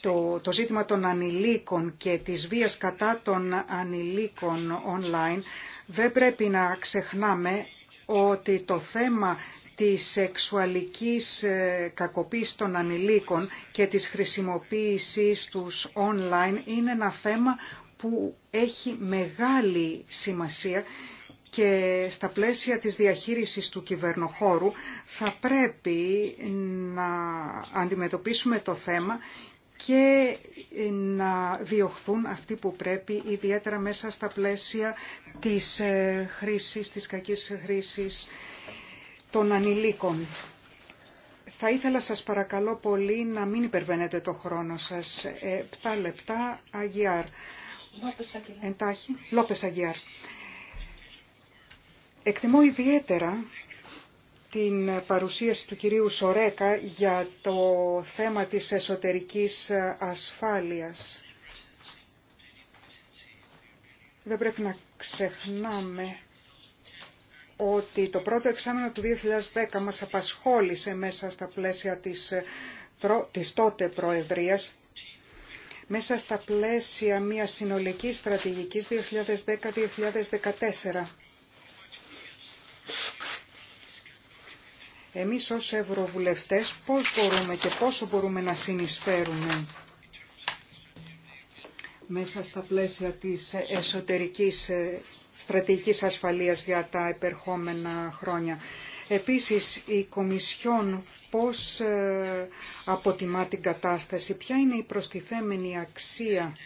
το... το ζήτημα των ανηλίκων και της βίας κατά των ανηλίκων online, δεν πρέπει να ξεχνάμε ότι το θέμα της σεξουαλικής ε, κακοποίησης των ανηλίκων και της χρησιμοποίησης τους online είναι ένα θέμα που έχει μεγάλη σημασία και στα πλαίσια της διαχείρισης του κυβερνοχώρου θα πρέπει να αντιμετωπίσουμε το θέμα και να διωχθούν αυτοί που πρέπει, ιδιαίτερα μέσα στα πλαίσια της ε, χρήσης, της κακής χρήσης των ανηλίκων. Θα ήθελα σας παρακαλώ πολύ να μην υπερβαίνετε το χρόνο σας. 7 ε, λεπτά, Αγιάρ. Εντάχει, Λόπες Αγιάρ. Εκτιμώ ιδιαίτερα την παρουσίαση του κυρίου Σορέκα για το θέμα της εσωτερικής ασφάλειας. Δεν πρέπει να ξεχνάμε ότι το πρώτο εξάμεινο του 2010 μας απασχόλησε μέσα στα πλαίσια της, της τότε Προεδρίας, μέσα στα πλαίσια μιας συνολικής στρατηγικής 2010-2014 Εμείς ως Ευρωβουλευτές πώς μπορούμε και πόσο μπορούμε να συνεισφέρουμε μέσα στα πλαίσια της εσωτερικής ε, στρατηγικής ασφαλείας για τα επερχόμενα χρόνια. Επίσης, η Κομισιόν πώς ε, αποτιμά την κατάσταση, ποια είναι η προστιθέμενη αξία.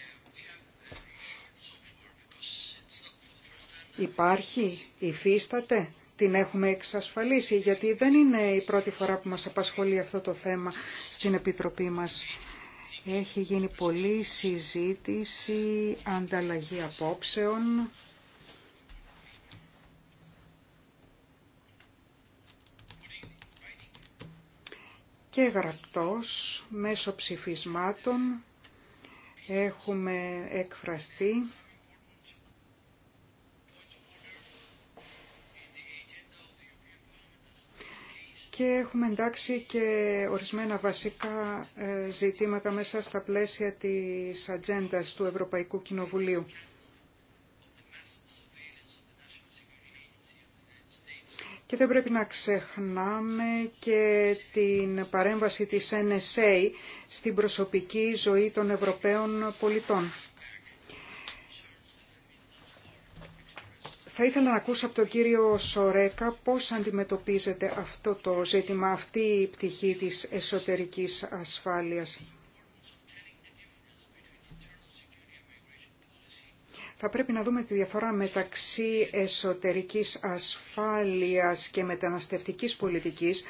Υπάρχει, υφίσταται την έχουμε εξασφαλίσει, γιατί δεν είναι η πρώτη φορά που μας απασχολεί αυτό το θέμα στην Επιτροπή μας. Έχει γίνει πολλή συζήτηση, ανταλλαγή απόψεων. και γραπτός μέσω ψηφισμάτων έχουμε εκφραστεί και έχουμε εντάξει και ορισμένα βασικά ε, ζητήματα μέσα στα πλαίσια της ατζέντα του Ευρωπαϊκού Κοινοβουλίου. Και δεν πρέπει να ξεχνάμε και την παρέμβαση της NSA στην προσωπική ζωή των Ευρωπαίων πολιτών. Θα ήθελα να ακούσω από τον κύριο Σορέκα πώς αντιμετωπίζεται αυτό το ζήτημα, αυτή η πτυχή της εσωτερικής ασφάλειας. Θα πρέπει να δούμε τη διαφορά μεταξύ εσωτερικής ασφάλειας και μεταναστευτικής πολιτικής,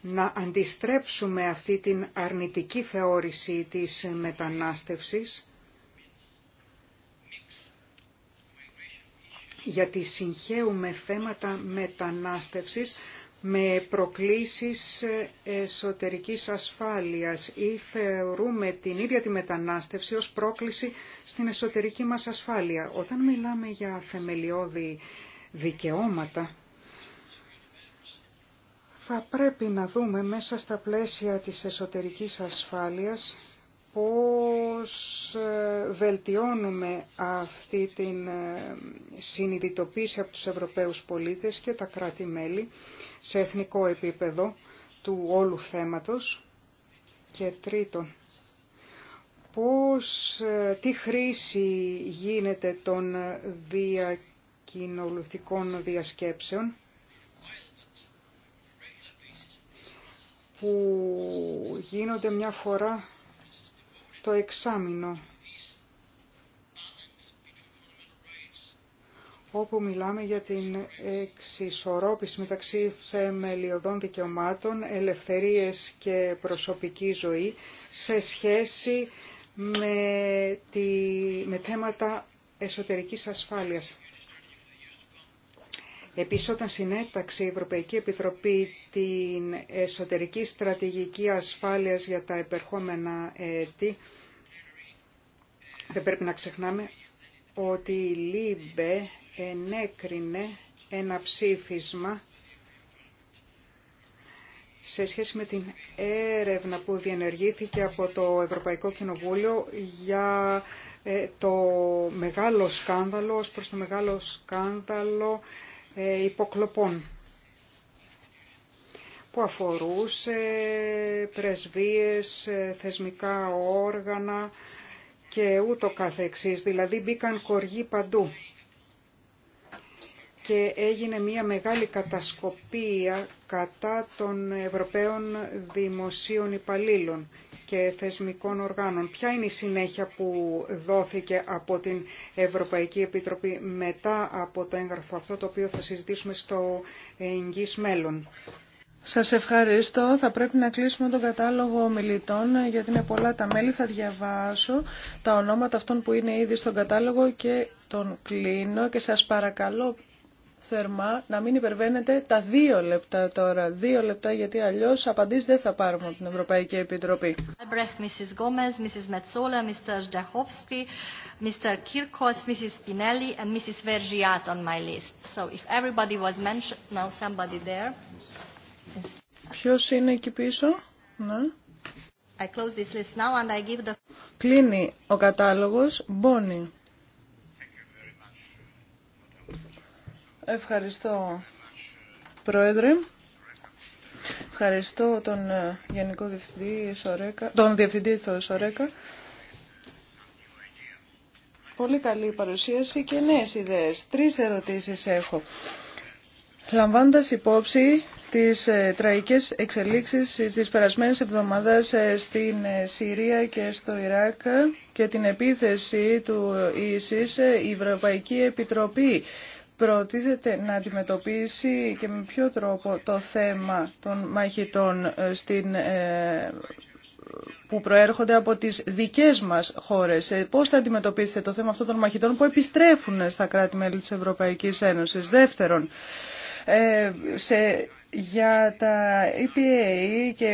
να αντιστρέψουμε αυτή την αρνητική θεώρηση της μετανάστευσης γιατί συγχέουμε θέματα μετανάστευσης με προκλήσεις εσωτερικής ασφάλειας ή θεωρούμε την ίδια τη μετανάστευση ως πρόκληση στην εσωτερική μας ασφάλεια. Όταν μιλάμε για θεμελιώδη δικαιώματα, θα πρέπει να δούμε μέσα στα πλαίσια της εσωτερικής ασφάλειας πώς ε, βελτιώνουμε αυτή την ε, συνειδητοποίηση από τους Ευρωπαίους πολίτες και τα κράτη-μέλη σε εθνικό επίπεδο του όλου θέματος. Και τρίτον, πώς, ε, τι χρήση γίνεται των διακοινοβουλευτικών διασκέψεων που γίνονται μια φορά το εξάμεινο όπου μιλάμε για την εξισορρόπηση μεταξύ θεμελιωδών δικαιωμάτων, ελευθερίες και προσωπική ζωή σε σχέση με, τη, με θέματα εσωτερικής ασφάλειας. Επίσης, όταν συνέταξε η Ευρωπαϊκή Επιτροπή την εσωτερική στρατηγική ασφάλειας για τα επερχόμενα έτη, δεν πρέπει να ξεχνάμε ότι η ΛΥΜΠΕ ενέκρινε ένα ψήφισμα σε σχέση με την έρευνα που διενεργήθηκε από το Ευρωπαϊκό Κοινοβούλιο για ε, το μεγάλο σκάνδαλο, ως προς το μεγάλο σκάνδαλο ε, υποκλοπών που αφορούσε πρεσβείες, ε, θεσμικά όργανα και ούτω καθεξής. Δηλαδή μπήκαν κοργοί παντού και έγινε μια μεγάλη κατασκοπία κατά των Ευρωπαίων Δημοσίων Υπαλλήλων και θεσμικών οργάνων. Ποια είναι η συνέχεια που δόθηκε από την Ευρωπαϊκή Επιτροπή μετά από το έγγραφο αυτό το οποίο θα συζητήσουμε στο εγγύς μέλλον. Σας ευχαριστώ. Θα πρέπει να κλείσουμε τον κατάλογο μιλητών γιατί είναι πολλά τα μέλη. Θα διαβάσω τα ονόματα αυτών που είναι ήδη στον κατάλογο και τον κλείνω και σας παρακαλώ θερμά να μην υπερβαίνετε τα δύο λεπτά τώρα. Δύο λεπτά γιατί αλλιώς απαντήσεις δεν θα πάρουμε από την Ευρωπαϊκή Επιτροπή. Mrs. Gomez, Mrs. Metzola, Mr. Zdechovsky, Mr. Kirkos, Mrs. Spinelli and Mrs. Vergiat on my list. So if everybody was mentioned, now somebody there. Ποιος είναι εκεί πίσω? Ναι. I close this list now and I give the... Κλείνει ο κατάλογος. Μπόνι. Ευχαριστώ, Πρόεδρε. Ευχαριστώ τον ε, Γενικό Διευθυντή Σορέκα, τον Διευθυντή Σορέκα. Πολύ καλή παρουσίαση και νέες ιδέες. Τρεις ερωτήσεις έχω. Λαμβάνοντας υπόψη τις ε, τραϊκές εξελίξεις της περασμένης εβδομάδας ε, στην Συρία και στο Ιράκ και την επίθεση του ΙΣΙΣ, η Ευρωπαϊκή Επιτροπή προτίθεται να αντιμετωπίσει και με ποιο τρόπο το θέμα των μαχητών ε, στην, ε, που προέρχονται από τις δικές μας χώρες. Ε, πώς θα αντιμετωπίσετε το θέμα αυτό των μαχητών που επιστρέφουν στα κράτη-μέλη της Ευρωπαϊκής Ένωσης. Δεύτερον, σε, για τα EPA και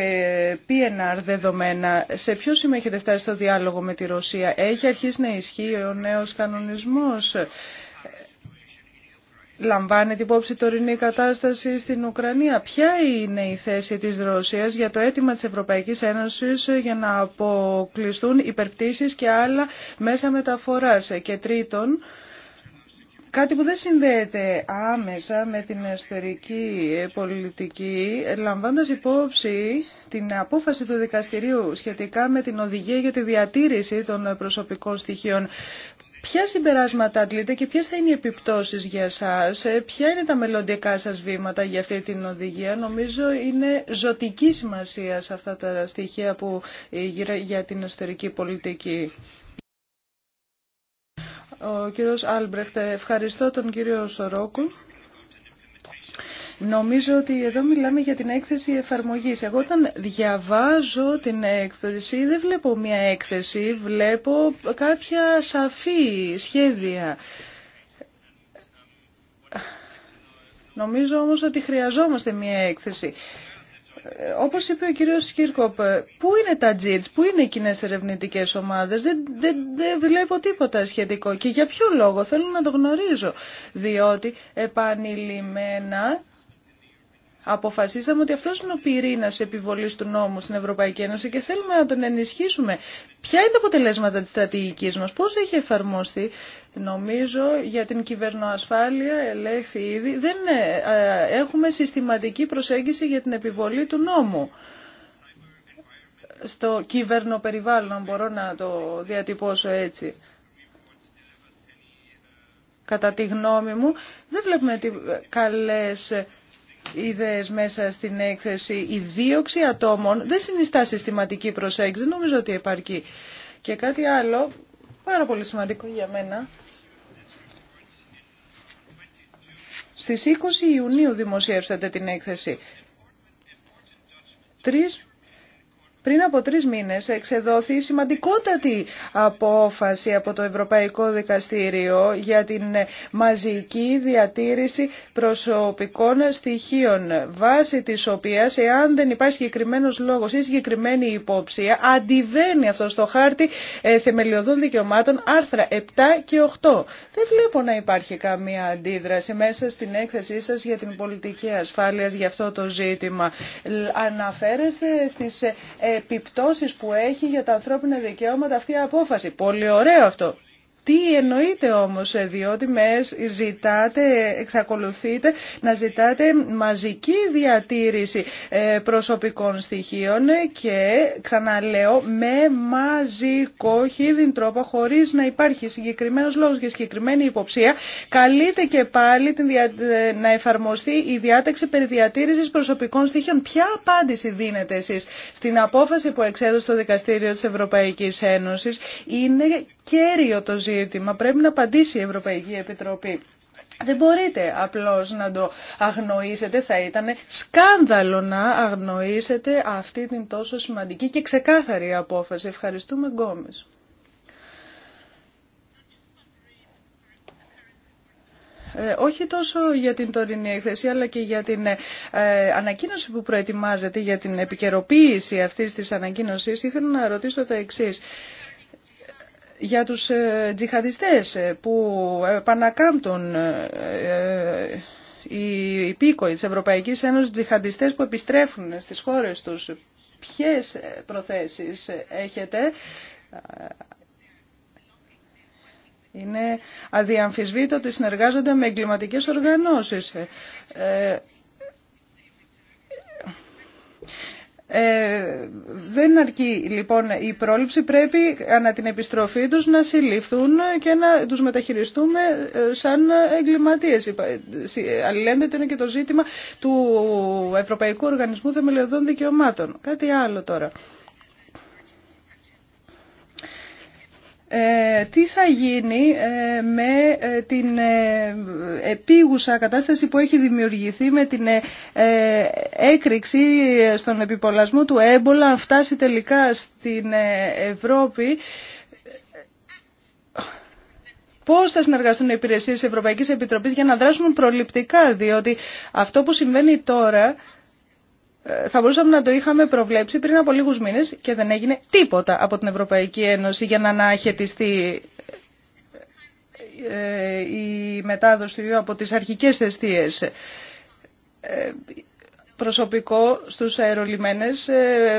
PNR δεδομένα, σε ποιο σημείο έχετε φτάσει στο διάλογο με τη Ρωσία. Έχει αρχίσει να ισχύει ο νέος κανονισμός Λαμβάνεται υπόψη η τωρινή κατάσταση στην Ουκρανία. Ποια είναι η θέση της Ρωσίας για το αίτημα της Ευρωπαϊκής Ένωσης για να αποκλειστούν υπερπτήσεις και άλλα μέσα μεταφοράς. Και τρίτον, κάτι που δεν συνδέεται άμεσα με την εσωτερική πολιτική, λαμβάνοντας υπόψη την απόφαση του δικαστηρίου σχετικά με την οδηγία για τη διατήρηση των προσωπικών στοιχείων. Ποια συμπεράσματα αντλείτε και ποιες θα είναι οι επιπτώσεις για σας, ε, ποια είναι τα μελλοντικά σας βήματα για αυτή την οδηγία. Νομίζω είναι ζωτική σημασία σε αυτά τα στοιχεία που για την εσωτερική πολιτική. Ο κύριος Άλμπρεχτ, ευχαριστώ τον κύριο Σορόκου. Νομίζω ότι εδώ μιλάμε για την έκθεση εφαρμογής. Εγώ όταν διαβάζω την έκθεση δεν βλέπω μια έκθεση, βλέπω κάποια σαφή σχέδια. Νομίζω όμως ότι χρειαζόμαστε μια έκθεση. Όπως είπε ο κύριος Σκύρκοπ, πού είναι τα τζιτς, πού είναι οι κοινέ ερευνητικέ ομάδες, δεν, δεν, δεν βλέπω τίποτα σχετικό. Και για ποιο λόγο, θέλω να το γνωρίζω. Διότι επανειλημμένα Αποφασίσαμε ότι αυτός είναι ο πυρήνας επιβολής του νόμου στην Ευρωπαϊκή Ένωση και θέλουμε να τον ενισχύσουμε. Ποια είναι τα αποτελέσματα της στρατηγική μας, πώς έχει εφαρμόστεί. Νομίζω για την κυβερνοασφάλεια ελέγχθη ήδη. Δεν ε, ε, έχουμε συστηματική προσέγγιση για την επιβολή του νόμου στο κυβερνοπεριβάλλον, περιβάλλον, μπορώ να το διατυπώσω έτσι. Κατά τη γνώμη μου, δεν βλέπουμε καλές ειδες μέσα στην έκθεση. Η δίωξη ατόμων δεν συνιστά συστηματική προσέγγιση, δεν νομίζω ότι επαρκεί. Και κάτι άλλο, πάρα πολύ σημαντικό για μένα, στις 20 Ιουνίου δημοσιεύσατε την έκθεση. Τρεις πριν από τρεις μήνες εξεδόθη σημαντικότατη απόφαση από το Ευρωπαϊκό Δικαστήριο για την μαζική διατήρηση προσωπικών στοιχείων, βάσει της οποίας, εάν δεν υπάρχει συγκεκριμένο λόγος ή συγκεκριμένη υποψία, αντιβαίνει αυτό στο χάρτη ε, θεμελιωδών δικαιωμάτων άρθρα 7 και 8. Δεν βλέπω να υπάρχει καμία αντίδραση μέσα στην έκθεσή σας για την πολιτική ασφάλεια για αυτό το ζήτημα. Αναφέρεστε στις ε, επιπτώσεις που έχει για τα ανθρώπινα δικαιώματα αυτή η απόφαση. Πολύ ωραίο αυτό. Τι εννοείτε όμως, ε, διότι με ζητάτε, εξακολουθείτε να ζητάτε μαζική διατήρηση ε, προσωπικών στοιχείων και ξαναλέω με μαζικό χίδιν τρόπο χωρίς να υπάρχει συγκεκριμένος λόγος και συγκεκριμένη υποψία καλείται και πάλι την ε, να εφαρμοστεί η διάταξη περί διατήρησης προσωπικών στοιχείων. Ποια απάντηση δίνετε εσείς στην απόφαση που εξέδωσε το Δικαστήριο της Ευρωπαϊκής Ένωσης είναι κέριο το ζήτημα. Πρέπει να απαντήσει η Ευρωπαϊκή Επιτροπή. Δεν μπορείτε απλώς να το αγνοήσετε, θα ήταν σκάνδαλο να αγνοήσετε αυτή την τόσο σημαντική και ξεκάθαρη απόφαση. Ευχαριστούμε Γκόμες. Ε, όχι τόσο για την τωρινή έκθεση, αλλά και για την ε, ανακοίνωση που προετοιμάζεται, για την επικαιροποίηση αυτής της ανακοίνωσης, ήθελα να ρωτήσω το εξής για τους ε, τζιχαδιστές ε, που επανακάμπτουν ε, οι υπήκοοι της Ευρωπαϊκής Ένωσης, τζιχαντιστές που επιστρέφουν στις χώρες τους. Ποιες προθέσεις έχετε είναι αδιαμφισβήτο ότι συνεργάζονται με εγκληματικές οργανώσεις. Ε, δεν αρκεί λοιπόν η πρόληψη, πρέπει ανά την επιστροφή τους να συλληφθούν και να τους μεταχειριστούμε ε, σαν εγκληματίες. Αλληλένδεται είναι και το ζήτημα του Ευρωπαϊκού Οργανισμού Θεμελιωδών Δικαιωμάτων. Κάτι άλλο τώρα. Ε, τι θα γίνει ε, με ε, την επίγουσα κατάσταση που έχει δημιουργηθεί με την έκρηξη στον επιπολασμό του έμπολα αν φτάσει τελικά στην Ευρώπη Πώς θα συνεργαστούν οι υπηρεσίες της Ευρωπαϊκής Επιτροπής για να δράσουν προληπτικά, διότι αυτό που συμβαίνει τώρα ε, θα μπορούσαμε να το είχαμε προβλέψει πριν από λίγους μήνες και δεν έγινε τίποτα από την Ευρωπαϊκή Ένωση για να αναχαιτιστεί ε, η μετάδοση του από τις αρχικές αιστείες. Ε, προσωπικό στους αερολιμένες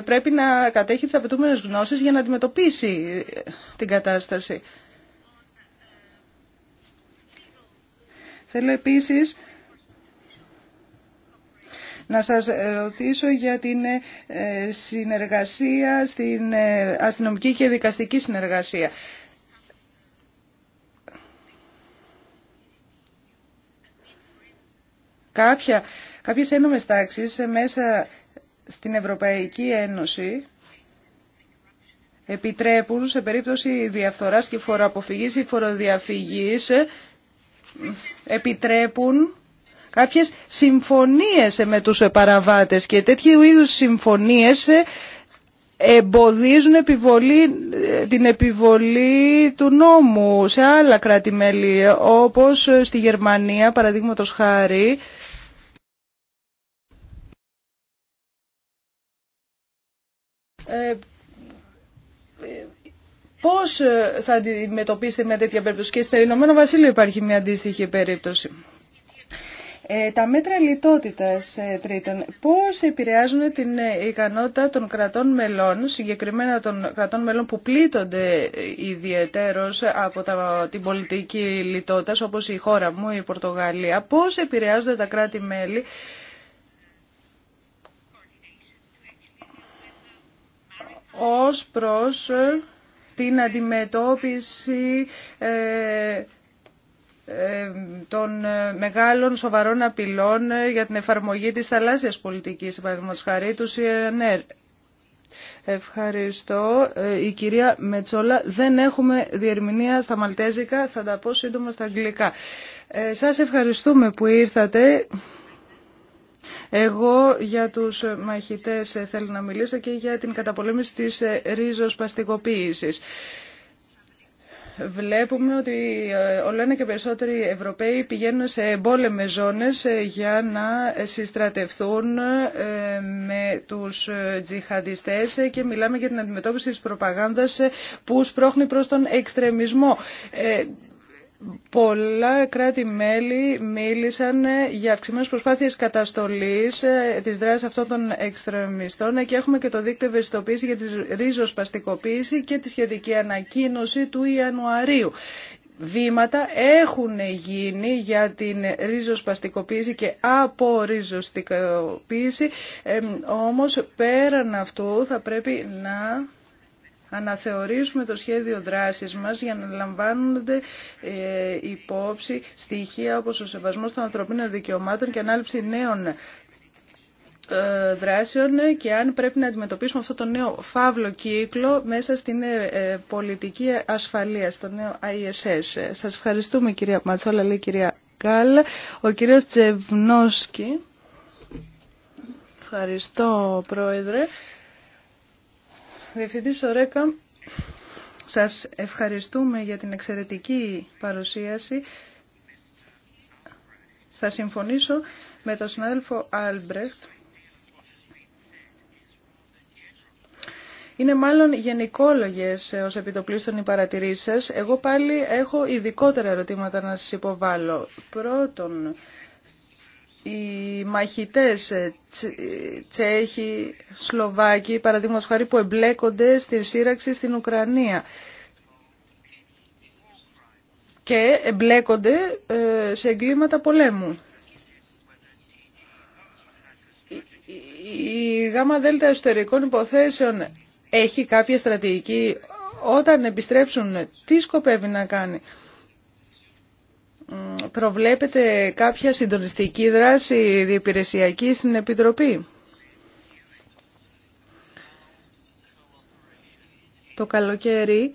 πρέπει να κατέχει τις απαιτούμενες γνώσεις για να αντιμετωπίσει την κατάσταση. Θέλω επίσης να σας ρωτήσω για την ε, συνεργασία, στην ε, αστυνομική και δικαστική συνεργασία. Κάποια, κάποιες ένομες τάξεις μέσα στην Ευρωπαϊκή Ένωση επιτρέπουν σε περίπτωση διαφθοράς και φοροαποφυγής ή φοροδιαφυγής ε, επιτρέπουν κάποιες συμφωνίες με τους παραβάτες και τέτοιου είδους συμφωνίες ε, εμποδίζουν επιβολή, την επιβολή του νόμου σε άλλα κράτη-μέλη όπως στη Γερμανία παραδείγματος χάρη ε, Πώς θα αντιμετωπίσετε με τέτοια περίπτωση και στο Ηνωμένο Βασίλειο υπάρχει μια αντίστοιχη περίπτωση. Ε, τα μέτρα λιτότητας ε, τρίτων. πώς επηρεάζουν την ε, ικανότητα των κρατών μελών, συγκεκριμένα των κρατών μελών που πλήττονται ιδιαιτέρως από τα, την πολιτική λιτότητας, όπως η χώρα μου, η Πορτογαλία, πώς επηρεάζονται τα κράτη-μέλη ως προς την αντιμετώπιση ε, των ε, μεγάλων σοβαρών απειλών ε, για την εφαρμογή της θαλάσσιας πολιτικής, παραδείγματος χαρή του ΣΥΕΝΕΡ. Ευχαριστώ. Η κυρία Μετσόλα, δεν έχουμε διερμηνία στα μαλτέζικα, θα τα πω σύντομα στα αγγλικά. σας ευχαριστούμε που ήρθατε. Εγώ για τους μαχητές θέλω να μιλήσω και για την καταπολέμηση της ρίζος παστικοποίησης βλέπουμε ότι ε, όλο ένα και περισσότεροι Ευρωπαίοι πηγαίνουν σε εμπόλεμες ζώνες ε, για να συστρατευθούν ε, με τους τζιχαντιστές και μιλάμε για την αντιμετώπιση της προπαγάνδας που σπρώχνει προς τον εξτρεμισμό. Πολλά κράτη-μέλη μίλησαν για αυξημένες προσπάθειες καταστολής ε, της δράσης αυτών των εξτρεμιστών ε, και έχουμε και το δίκτυο ευαισθητοποίηση για τη ρίζοσπαστικοποίηση και τη σχετική ανακοίνωση του Ιανουαρίου. Βήματα έχουν γίνει για την ριζοσπαστικοποίηση και απορριζοστικοποίηση, ε, όμως πέραν αυτού θα πρέπει να αναθεωρήσουμε το σχέδιο δράσης μας για να λαμβάνονται ε, υπόψη στοιχεία όπως ο σεβασμός των ανθρωπίνων δικαιωμάτων και ανάληψη νέων ε, δράσεων και αν πρέπει να αντιμετωπίσουμε αυτό το νέο φαύλο κύκλο μέσα στην ε, πολιτική ασφαλεία, στο νέο ISS. Σας ευχαριστούμε κυρία Ματσόλα, λέει κυρία Γκάλ. Ο κύριος Τσεβνόσκι. Ευχαριστώ πρόεδρε. Διευθυντή Σορέκα, σας ευχαριστούμε για την εξαιρετική παρουσίαση. Θα συμφωνήσω με τον συνάδελφο Άλμπρεχτ. Είναι μάλλον γενικόλογες ε, ως επιτοπλίστων οι παρατηρήσεις Εγώ πάλι έχω ειδικότερα ερωτήματα να σας υποβάλω. Πρώτον, οι μαχητές ε, ε, Τσέχοι, Σλοβάκοι, παραδείγματος χάρη που εμπλέκονται στην σύραξη στην Ουκρανία και εμπλέκονται ε, σε εγκλήματα πολέμου. Η ΓΑΜΑ ΔΕΛΤΑ Εσωτερικών Υποθέσεων έχει κάποια στρατηγική όταν επιστρέψουν, τι σκοπεύει να κάνει προβλέπετε κάποια συντονιστική δράση διεπηρεσιακή στην Επιτροπή. Το καλοκαίρι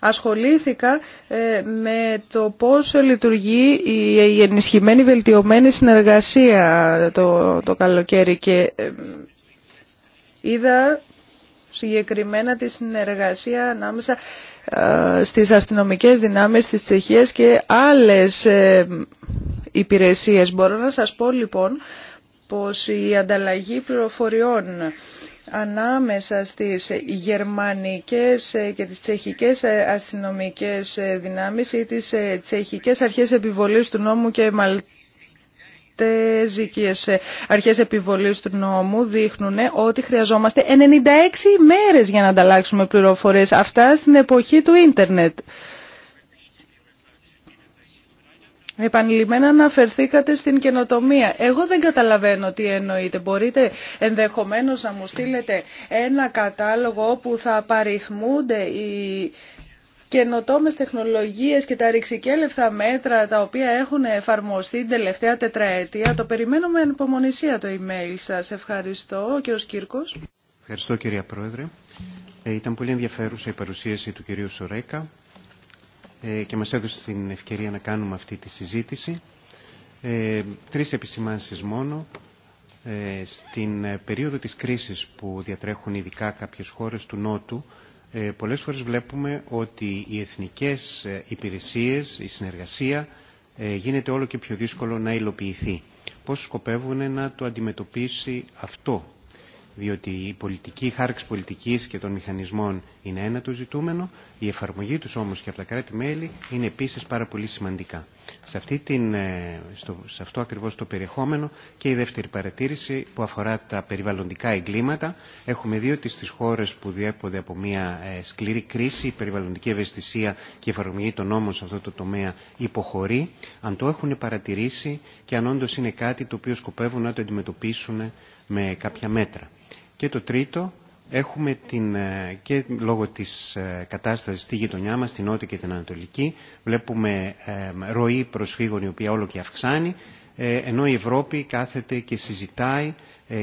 ασχολήθηκα ε, με το πόσο λειτουργεί η ενισχυμένη βελτιωμένη συνεργασία το, το καλοκαίρι και ε, είδα συγκεκριμένα τη συνεργασία ανάμεσα ε, στις αστυνομικές δυνάμεις της Τσεχίας και άλλες ε, υπηρεσίες. Μπορώ να σας πω λοιπόν πως η ανταλλαγή πληροφοριών ανάμεσα στις γερμανικές ε, και τις τσεχικές αστυνομικές δυνάμεις ή τις τσεχικές αρχές επιβολής του νόμου και κολομβιανές ε, αρχές επιβολής του νόμου δείχνουν ότι χρειαζόμαστε 96 ημέρες για να ανταλλάξουμε πληροφορίες. Αυτά στην εποχή του ίντερνετ. Επανειλημμένα αναφερθήκατε στην καινοτομία. Εγώ δεν καταλαβαίνω τι εννοείτε. Μπορείτε ενδεχομένως να μου στείλετε ένα κατάλογο όπου θα απαριθμούνται οι καινοτόμες τεχνολογίες και τα ρηξικέλευθα μέτρα τα οποία έχουν εφαρμοστεί την τελευταία τετραετία. Το περιμένουμε εν υπομονησία το email σας. Ευχαριστώ. Ο κύριος Κύρκος. Ευχαριστώ κυρία Πρόεδρε. Ε, ήταν πολύ ενδιαφέρουσα η παρουσίαση του κυρίου Σορέκα ε, και μας έδωσε την ευκαιρία να κάνουμε αυτή τη συζήτηση. Ε, τρεις επισημάνσεις μόνο. Ε, στην περίοδο της κρίσης που διατρέχουν ειδικά κάποιες χώρες του Νότου, ε, πολλές φορές βλέπουμε ότι οι εθνικές ε, υπηρεσίες, η συνεργασία ε, γίνεται όλο και πιο δύσκολο να υλοποιηθεί. Πώς σκοπεύουν να το αντιμετωπίσει αυτό. Διότι η πολιτική, η χάρξη πολιτικής και των μηχανισμών είναι ένα το ζητούμενο, η εφαρμογή τους όμως και από τα κράτη-μέλη είναι επίσης πάρα πολύ σημαντικά. Σε, αυτή την, ε, στο, σε αυτό ακριβώς το περιεχόμενο και η δεύτερη παρατήρηση που αφορά τα περιβαλλοντικά εγκλήματα. Έχουμε δει ότι στις χώρες που διέπονται από μια ε, σκληρή κρίση η περιβαλλοντική ευαισθησία και η εφαρμογή των νόμων σε αυτό το τομέα υποχωρεί. Αν το έχουν παρατηρήσει και αν όντω είναι κάτι το οποίο σκοπεύουν να το αντιμετωπίσουν με κάποια μέτρα. Και το τρίτο, Έχουμε την, ε, και λόγω της ε, κατάστασης στη γειτονιά μας, στην Νότια και την Ανατολική, βλέπουμε ε, ροή προσφύγων η οποία όλο και αυξάνει, ενώ η Ευρώπη κάθεται και συζητάει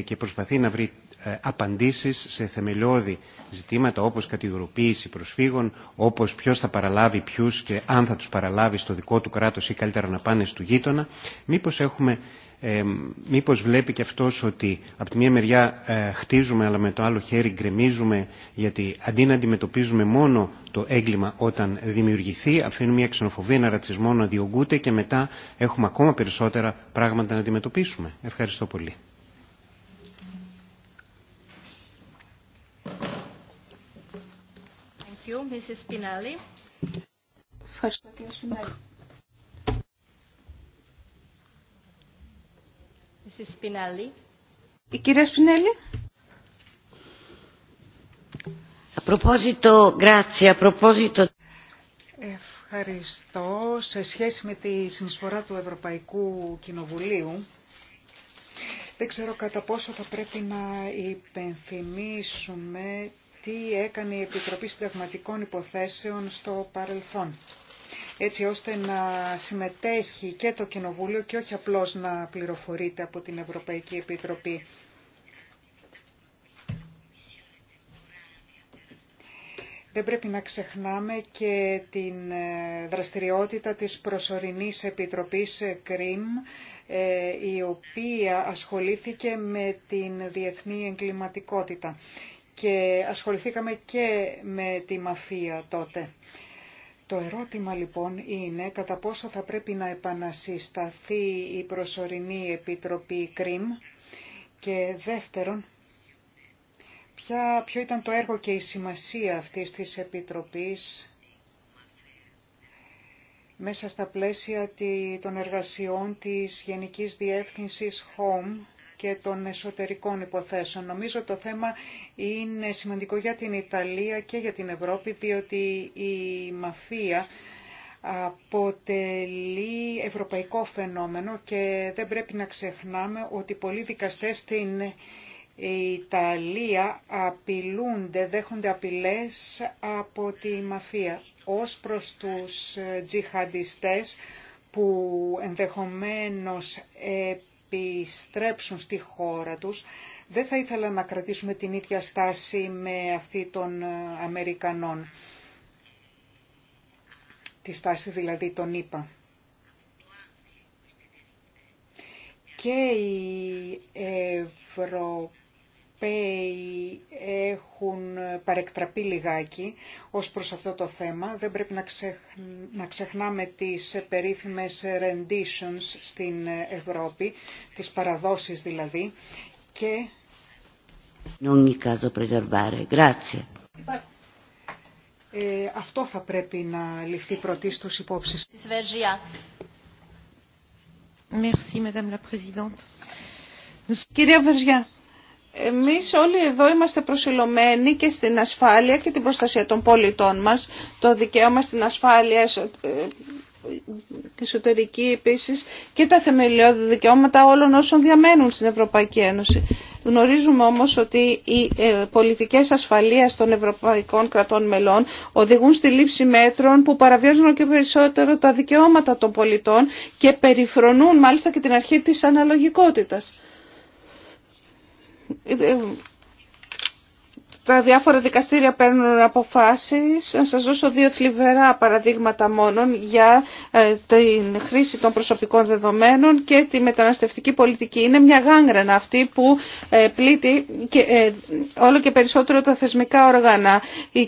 και προσπαθεί να βρει ε, απαντήσεις σε θεμελιώδη ζητήματα όπως κατηγοροποίηση προσφύγων, όπως ποιος θα παραλάβει ποιους και αν θα τους παραλάβει στο δικό του κράτος ή καλύτερα να πάνε στο γείτονα. Μήπως, έχουμε, ε, μήπως βλέπει και αυτός ότι από τη μία μεριά ε, χτίζουμε αλλά με το άλλο χέρι γκρεμίζουμε γιατί αντί να αντιμετωπίζουμε μόνο το έγκλημα όταν δημιουργηθεί αφήνουμε μια ξενοφοβία, ένα ρατσισμό να διωγγούται και μετά έχουμε ακόμα περισσότερα πράγματα να αντιμετωπίσουμε. Ευχαριστώ πολύ. Ευχαριστώ κυρία Ευχαριστώ. Σε σχέση με τη συνεισφορά του Ευρωπαϊκού Κοινοβουλίου, δεν ξέρω κατά πόσο θα πρέπει να υπενθυμίσουμε τι έκανε η Επιτροπή Συνταγματικών Υποθέσεων στο παρελθόν έτσι ώστε να συμμετέχει και το Κοινοβούλιο και όχι απλώς να πληροφορείται από την Ευρωπαϊκή Επιτροπή. Δεν πρέπει να ξεχνάμε και την ε, δραστηριότητα της προσωρινής Επιτροπής ε, ΚΡΙΜ, ε, η οποία ασχολήθηκε με την διεθνή εγκληματικότητα και ασχοληθήκαμε και με τη μαφία τότε. Το ερώτημα λοιπόν είναι κατά πόσο θα πρέπει να επανασυσταθεί η προσωρινή Επιτροπή ΚΡΙΜ και δεύτερον, ποια, ποιο ήταν το έργο και η σημασία αυτής της Επιτροπής μέσα στα πλαίσια των εργασιών της Γενικής Διεύθυνσης HOME και των εσωτερικών υποθέσεων. Νομίζω το θέμα είναι σημαντικό για την Ιταλία και για την Ευρώπη, διότι η μαφία αποτελεί ευρωπαϊκό φαινόμενο και δεν πρέπει να ξεχνάμε ότι πολλοί δικαστές στην Ιταλία απειλούνται, δέχονται απειλές από τη μαφία ως προς τους τζιχαντιστές που ενδεχομένως επιστρέψουν στη χώρα τους. Δεν θα ήθελα να κρατήσουμε την ίδια στάση με αυτή των ε, Αμερικανών. Τη στάση δηλαδή των ΙΠΑ Και η Ευρωπαϊκή Ευρωπαίοι έχουν παρεκτραπεί λιγάκι ως προς αυτό το θέμα. Δεν πρέπει να, ξεχ... να ξεχνάμε τις περίφημες renditions στην Ευρώπη, τις παραδόσεις δηλαδή. Και... Ε, αυτό θα πρέπει να ληφθεί πρωτίστως υπόψη. Merci, Madame la Présidente. Κυρία Βεργία. Εμείς όλοι εδώ είμαστε προσιλωμένοι και στην ασφάλεια και την προστασία των πολιτών μας, το δικαίωμα στην ασφάλεια ε, εσωτερική επίσης και τα θεμελιώδη δικαιώματα όλων όσων διαμένουν στην Ευρωπαϊκή Ένωση. Γνωρίζουμε όμως ότι οι ε, πολιτικές ασφαλείας των ευρωπαϊκών κρατών μελών οδηγούν στη λήψη μέτρων που παραβιάζουν και περισσότερο τα δικαιώματα των πολιτών και περιφρονούν μάλιστα και την αρχή της αναλογικότητας. Εδώ είναι τα διάφορα δικαστήρια παίρνουν αποφάσεις. Να σας δώσω δύο θλιβερά παραδείγματα μόνον για ε, την χρήση των προσωπικών δεδομένων και τη μεταναστευτική πολιτική. Είναι μια γάγγρανα αυτή που ε, πλήττει ε, όλο και περισσότερο τα θεσμικά όργανα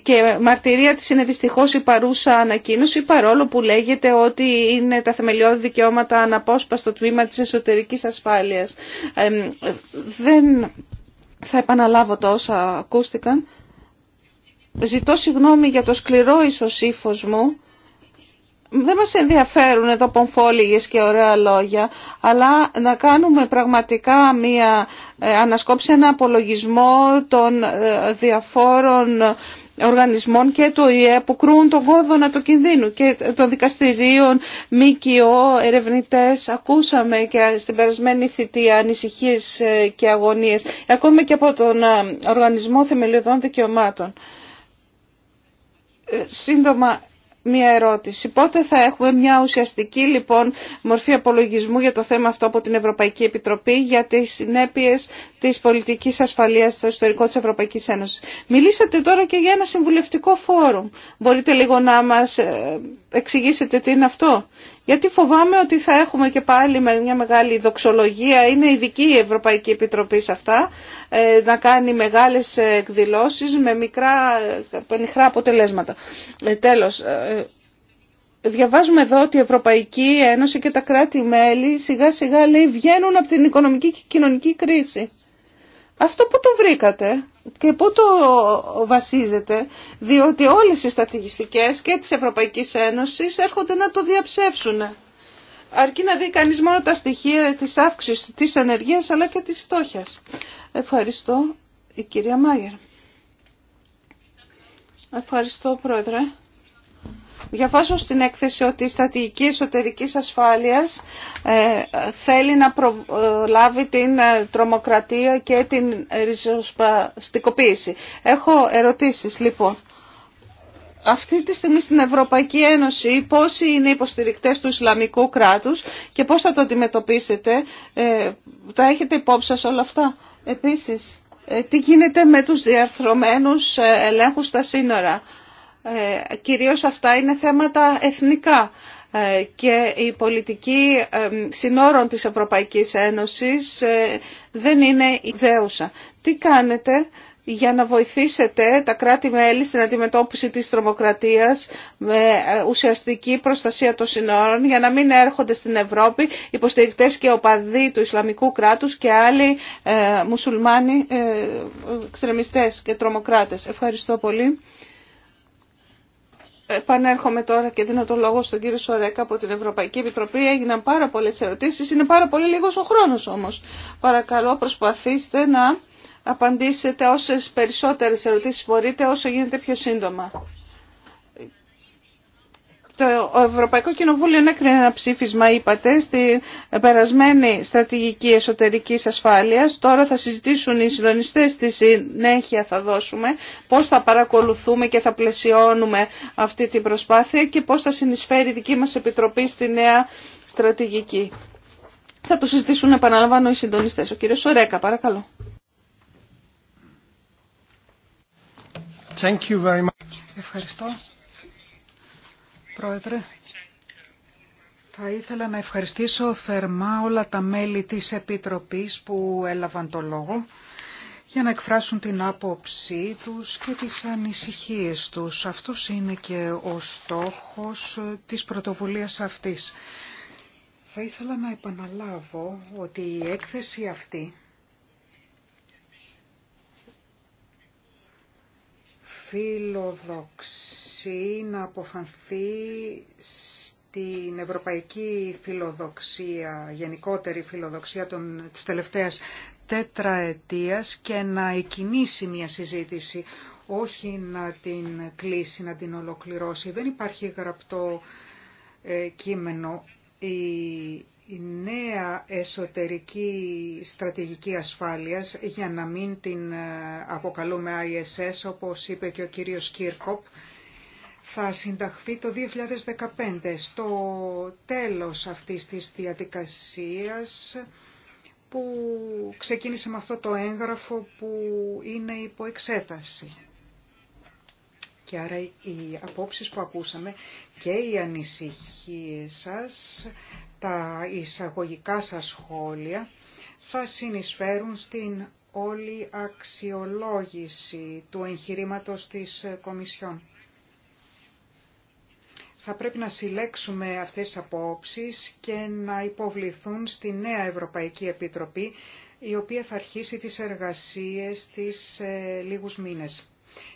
και μαρτυρία της είναι δυστυχώς η παρούσα ανακοίνωση παρόλο που λέγεται ότι είναι τα θεμελιώδη δικαιώματα αναπόσπαστο τμήμα της εσωτερικής ασφάλειας. δεν θα επαναλάβω τα όσα ακούστηκαν. Ζητώ συγγνώμη για το σκληρό ίσως μου. Δεν μας ενδιαφέρουν εδώ πομφόλιγες και ωραία λόγια, αλλά να κάνουμε πραγματικά μία ε, ανασκόψη, ένα απολογισμό των ε, διαφόρων οργανισμών και του ΙΕ που κρούν τον κόδωνα του κινδύνου και των δικαστηρίων, μίκιο ερευνητές. Ακούσαμε και στην περασμένη θητεία ανησυχίες ε, και αγωνίες, ακόμη και από τον ε, Οργανισμό Θεμελιωδών Δικαιωμάτων. Ε, σύντομα μία ερώτηση. Πότε θα έχουμε μια ουσιαστική λοιπόν μορφή απολογισμού για το θέμα αυτό από την Ευρωπαϊκή Επιτροπή για τις συνέπειες της πολιτικής ασφαλείας στο ιστορικό της Ευρωπαϊκής Ένωσης. Μιλήσατε τώρα και για ένα συμβουλευτικό φόρουμ. Μπορείτε λίγο να μας ε, εξηγήσετε τι είναι αυτό. Γιατί φοβάμαι ότι θα έχουμε και πάλι με μια μεγάλη δοξολογία, είναι ειδική η Ευρωπαϊκή Επιτροπή σε αυτά, ε, να κάνει μεγάλες εκδηλώσεις με μικρά, πενιχρά αποτελέσματα. Ε, τέλος, ε, διαβάζουμε εδώ ότι η Ευρωπαϊκή Ένωση και τα κράτη-μέλη σιγά σιγά λέει βγαίνουν από την οικονομική και κοινωνική κρίση. Αυτό που το βρήκατε. Και πού το βασίζεται, διότι όλες οι στατιστικές και της Ευρωπαϊκής Ένωσης έρχονται να το διαψεύσουν. Αρκεί να δει κανείς μόνο τα στοιχεία της αύξησης της ανεργίας αλλά και της φτώχειας. Ευχαριστώ η κυρία Μάγερ. Ευχαριστώ πρόεδρε. Διαβάζω στην έκθεση ότι η στατική εσωτερικής ασφάλειας ε, θέλει να προλάβει ε, την ε, τρομοκρατία και την ριζοσπαστικοποίηση. Έχω ερωτήσεις λοιπόν. Αυτή τη στιγμή στην Ευρωπαϊκή Ένωση πόσοι είναι υποστηρικτές του Ισλαμικού κράτους και πώς θα το αντιμετωπίσετε, τα έχετε υπόψη σας όλα αυτά. Επίσης, τι γίνεται με τους διαρθρωμένους ελέγχους στα σύνορα. Ε, κυρίως αυτά είναι θέματα εθνικά ε, και η πολιτική ε, συνόρων της Ευρωπαϊκής Ένωσης δεν είναι ιδέουσα. Τι κάνετε για να βοηθήσετε τα κράτη-μέλη στην αντιμετώπιση της τρομοκρατίας με ουσιαστική προστασία των συνόρων για να μην έρχονται στην Ευρώπη υποστηρικτές και οπαδοί του Ισλαμικού κράτους και άλλοι μουσουλμάνοι εξτρεμιστές και τρομοκράτες. Ευχαριστώ πολύ. Επανέρχομαι τώρα και δίνω το λόγο στον κύριο Σορέκα από την Ευρωπαϊκή Επιτροπή. Έγιναν πάρα πολλέ ερωτήσει. Είναι πάρα πολύ λίγο ο χρόνο όμω. Παρακαλώ, προσπαθήστε να απαντήσετε όσε περισσότερε ερωτήσει μπορείτε, όσο γίνεται πιο σύντομα. Το Ευρωπαϊκό Κοινοβούλιο έκρινε ένα ψήφισμα, είπατε, στη περασμένη στρατηγική εσωτερικής ασφάλειας. Τώρα θα συζητήσουν οι συντονιστές τη συνέχεια θα δώσουμε πώς θα παρακολουθούμε και θα πλαισιώνουμε αυτή την προσπάθεια και πώς θα συνεισφέρει η δική μας Επιτροπή στη νέα στρατηγική. Θα το συζητήσουν, επαναλαμβάνω, οι συντονιστές. Ο κύριος Σορέκα, παρακαλώ. Thank you Ευχαριστώ. Πρόεδρε, θα ήθελα να ευχαριστήσω θερμά όλα τα μέλη της Επιτροπής που έλαβαν το λόγο για να εκφράσουν την άποψή τους και τις ανησυχίες τους. Αυτός είναι και ο στόχος της πρωτοβουλίας αυτής. Θα ήθελα να επαναλάβω ότι η έκθεση αυτή φιλοδοξεί να αποφανθεί στην ευρωπαϊκή φιλοδοξία, γενικότερη φιλοδοξία των, της τελευταίας τετραετίας και να εκινήσει μια συζήτηση, όχι να την κλείσει, να την ολοκληρώσει. Δεν υπάρχει γραπτό ε, κείμενο, η νέα εσωτερική στρατηγική ασφάλειας, για να μην την ε, αποκαλούμε ISS, όπως είπε και ο κύριος Κίρκοπ, θα συνταχθεί το 2015. Στο τέλος αυτής της διαδικασίας που ξεκίνησε με αυτό το έγγραφο που είναι υπό εξέταση. Και άρα οι απόψεις που ακούσαμε και οι ανησυχίες σας, τα εισαγωγικά σας σχόλια θα συνεισφέρουν στην όλη αξιολόγηση του εγχειρήματος της Κομισιόν. Θα πρέπει να συλλέξουμε αυτές τις απόψεις και να υποβληθούν στη νέα Ευρωπαϊκή Επιτροπή, η οποία θα αρχίσει τις εργασίες της λίγους μήνες.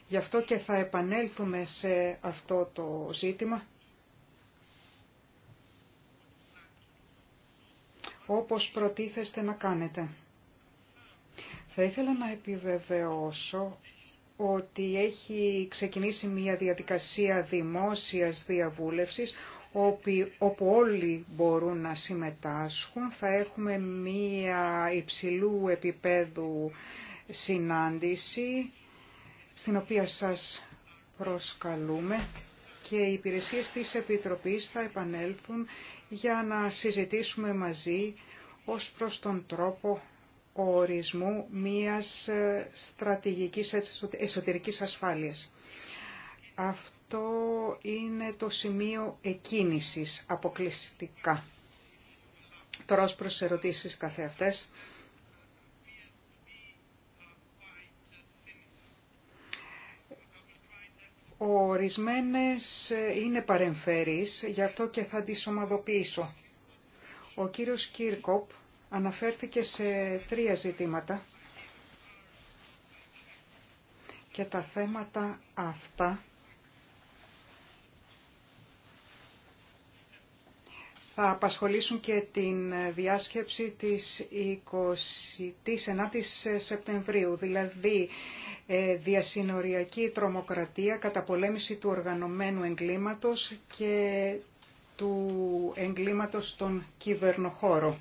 Γι' αυτό και θα επανέλθουμε σε αυτό το ζήτημα. όπως προτίθεστε να κάνετε. Θα ήθελα να επιβεβαιώσω ότι έχει ξεκινήσει μια διαδικασία δημόσιας διαβούλευσης όπου όλοι μπορούν να συμμετάσχουν. Θα έχουμε μια υψηλού επίπεδου συνάντηση στην οποία σας προσκαλούμε και οι υπηρεσίες της Επιτροπής θα επανέλθουν για να συζητήσουμε μαζί ως προς τον τρόπο ορισμού μιας ε, στρατηγικής εσωτερικής ασφάλειας. Αυτό είναι το σημείο εκκίνησης αποκλειστικά. Τώρα ως προς ερωτήσεις καθεαυτές Ορισμένες ε, είναι παρεμφερείς, γι' αυτό και θα τις ομαδοποιήσω. Ο κύριος Κίρκοπ αναφέρθηκε σε τρία ζητήματα και τα θέματα αυτά θα απασχολήσουν και την διάσκεψη της 29ης Σεπτεμβρίου, δηλαδή ε, διασυνοριακή τρομοκρατία, καταπολέμηση του οργανωμένου εγκλήματος και του εγκλήματος στον κυβερνοχώρο.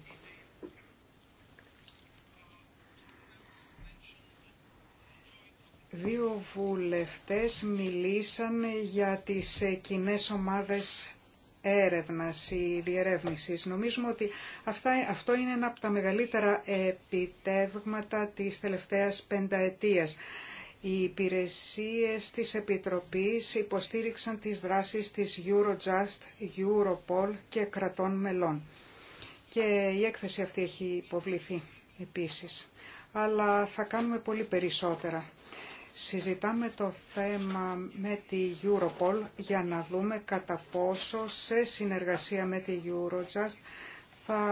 Δύο βουλευτές μιλήσαν για τις ε, κοινέ ομάδες έρευνας ή διερεύνησης. Νομίζουμε ότι αυτό είναι ένα από τα μεγαλύτερα επιτεύγματα της τελευταίας πενταετίας. Οι υπηρεσίες της Επιτροπής υποστήριξαν τις δράσεις της Eurojust, Europol και κρατών μελών. Και η έκθεση αυτή έχει υποβληθεί επίσης. Αλλά θα κάνουμε πολύ περισσότερα. Συζητάμε το θέμα με τη Europol για να δούμε κατά πόσο σε συνεργασία με τη Eurojust θα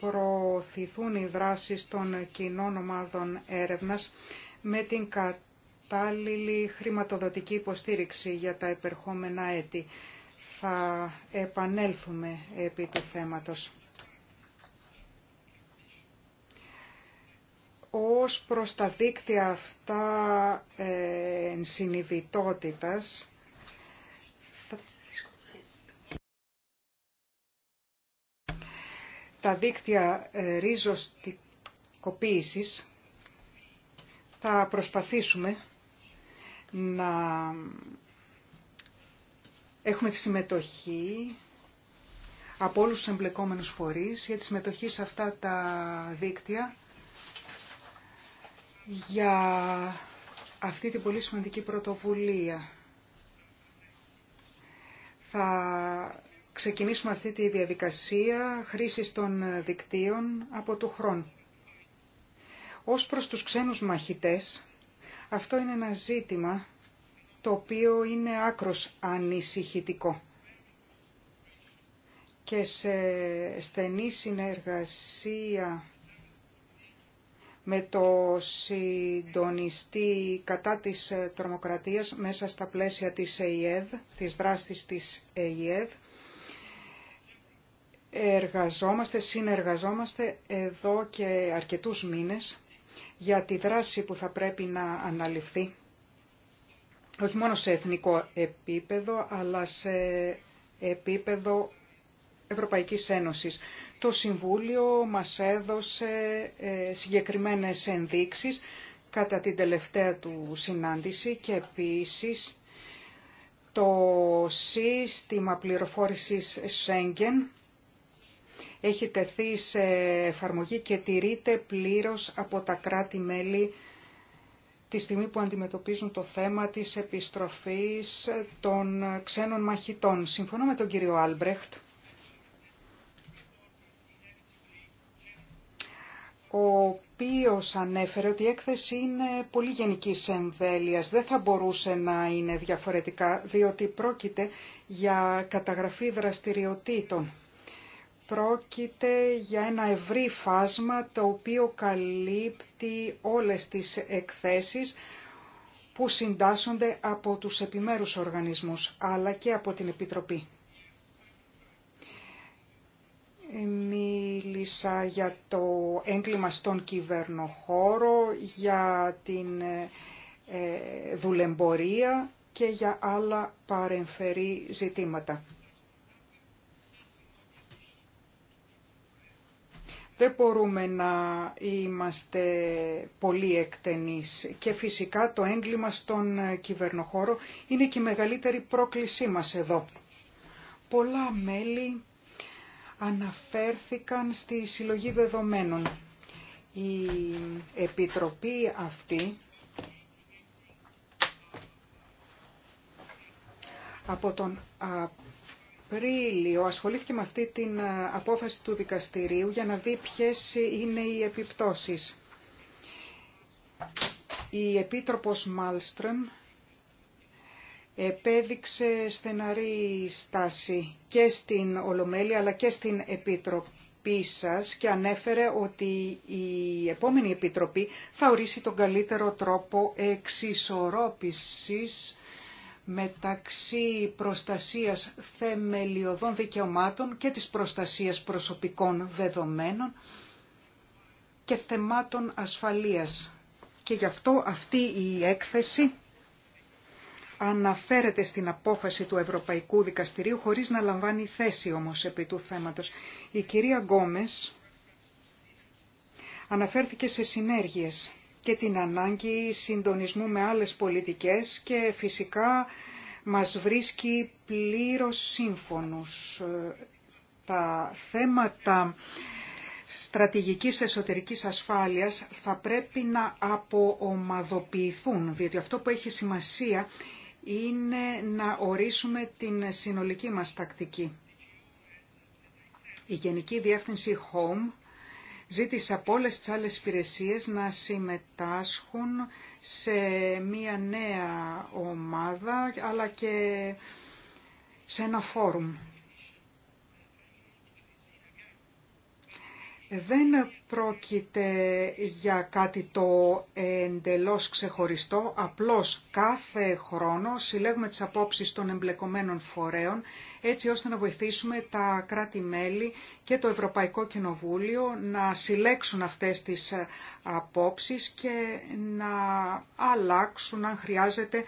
προωθηθούν οι δράσεις των κοινών ομάδων έρευνας με την κατάλληλη χρηματοδοτική υποστήριξη για τα επερχόμενα έτη. Θα επανέλθουμε επί του θέματος. Ως προς τα δίκτυα αυτά ε, τα δίκτυα ε, ρίζωστικοποίησης, θα προσπαθήσουμε να έχουμε τη συμμετοχή από όλους τους εμπλεκόμενους φορείς για τη συμμετοχή σε αυτά τα δίκτυα για αυτή την πολύ σημαντική πρωτοβουλία. Θα ξεκινήσουμε αυτή τη διαδικασία χρήσης των δικτύων από το χρόνο. Ως προς τους ξένους μαχητές, αυτό είναι ένα ζήτημα το οποίο είναι άκρος ανησυχητικό και σε στενή συνεργασία με το συντονιστή κατά της τρομοκρατίας μέσα στα πλαίσια της ΕΙΕΔ, της δράσης της ΕΙΕΔ. Εργαζόμαστε, συνεργαζόμαστε εδώ και αρκετούς μήνες για τη δράση που θα πρέπει να αναλυφθεί, όχι μόνο σε εθνικό επίπεδο, αλλά σε επίπεδο Ευρωπαϊκής Ένωσης. Το Συμβούλιο μας έδωσε ε, συγκεκριμένες ενδείξεις κατά την τελευταία του συνάντηση και επίσης το σύστημα πληροφόρησης Schengen έχει τεθεί σε εφαρμογή και τηρείται πλήρως από τα κράτη-μέλη τη στιγμή που αντιμετωπίζουν το θέμα της επιστροφής των ξένων μαχητών. Συμφωνώ με τον κύριο Άλμπρεχτ. ο οποίος ανέφερε ότι η έκθεση είναι πολύ γενική εμβέλειας. Δεν θα μπορούσε να είναι διαφορετικά, διότι πρόκειται για καταγραφή δραστηριοτήτων. Πρόκειται για ένα ευρύ φάσμα το οποίο καλύπτει όλες τις εκθέσεις που συντάσσονται από τους επιμέρους οργανισμούς, αλλά και από την Επιτροπή. Μίλησα για το έγκλημα στον κυβερνοχώρο, για την ε, δουλεμπορία και για άλλα παρεμφερή ζητήματα. δεν μπορούμε να είμαστε πολύ εκτενείς και φυσικά το έγκλημα στον κυβερνοχώρο είναι και η μεγαλύτερη πρόκλησή μας εδώ. Πολλά μέλη αναφέρθηκαν στη συλλογή δεδομένων. Η Επιτροπή αυτή από τον Απρίλιο ασχολήθηκε με αυτή την ε, απόφαση του δικαστηρίου για να δει ποιες είναι οι επιπτώσεις. Η Επίτροπος Μάλστρεμ επέδειξε στεναρή στάση και στην Ολομέλη αλλά και στην Επίτροπή σας και ανέφερε ότι η επόμενη Επιτροπή θα ορίσει τον καλύτερο τρόπο εξισορρόπησης μεταξύ προστασίας θεμελιωδών δικαιωμάτων και της προστασίας προσωπικών δεδομένων και θεμάτων ασφαλείας. Και γι' αυτό αυτή η έκθεση αναφέρεται στην απόφαση του Ευρωπαϊκού Δικαστηρίου χωρίς να λαμβάνει θέση όμως επί του θέματος. Η κυρία Γκόμες αναφέρθηκε σε συνέργειες και την ανάγκη συντονισμού με άλλες πολιτικές και φυσικά μας βρίσκει πλήρως σύμφωνους. Τα θέματα στρατηγικής εσωτερικής ασφάλειας θα πρέπει να αποομαδοποιηθούν, διότι αυτό που έχει σημασία είναι να ορίσουμε την συνολική μας τακτική. Η Γενική Διεύθυνση Home Ζήτησα από όλες τις άλλες υπηρεσίε να συμμετάσχουν σε μία νέα ομάδα αλλά και σε ένα φόρουμ Δεν πρόκειται για κάτι το εντελώς ξεχωριστό, απλώς κάθε χρόνο συλλέγουμε τις απόψεις των εμπλεκομένων φορέων έτσι ώστε να βοηθήσουμε τα κράτη-μέλη και το Ευρωπαϊκό Κοινοβούλιο να συλλέξουν αυτές τις απόψεις και να αλλάξουν αν χρειάζεται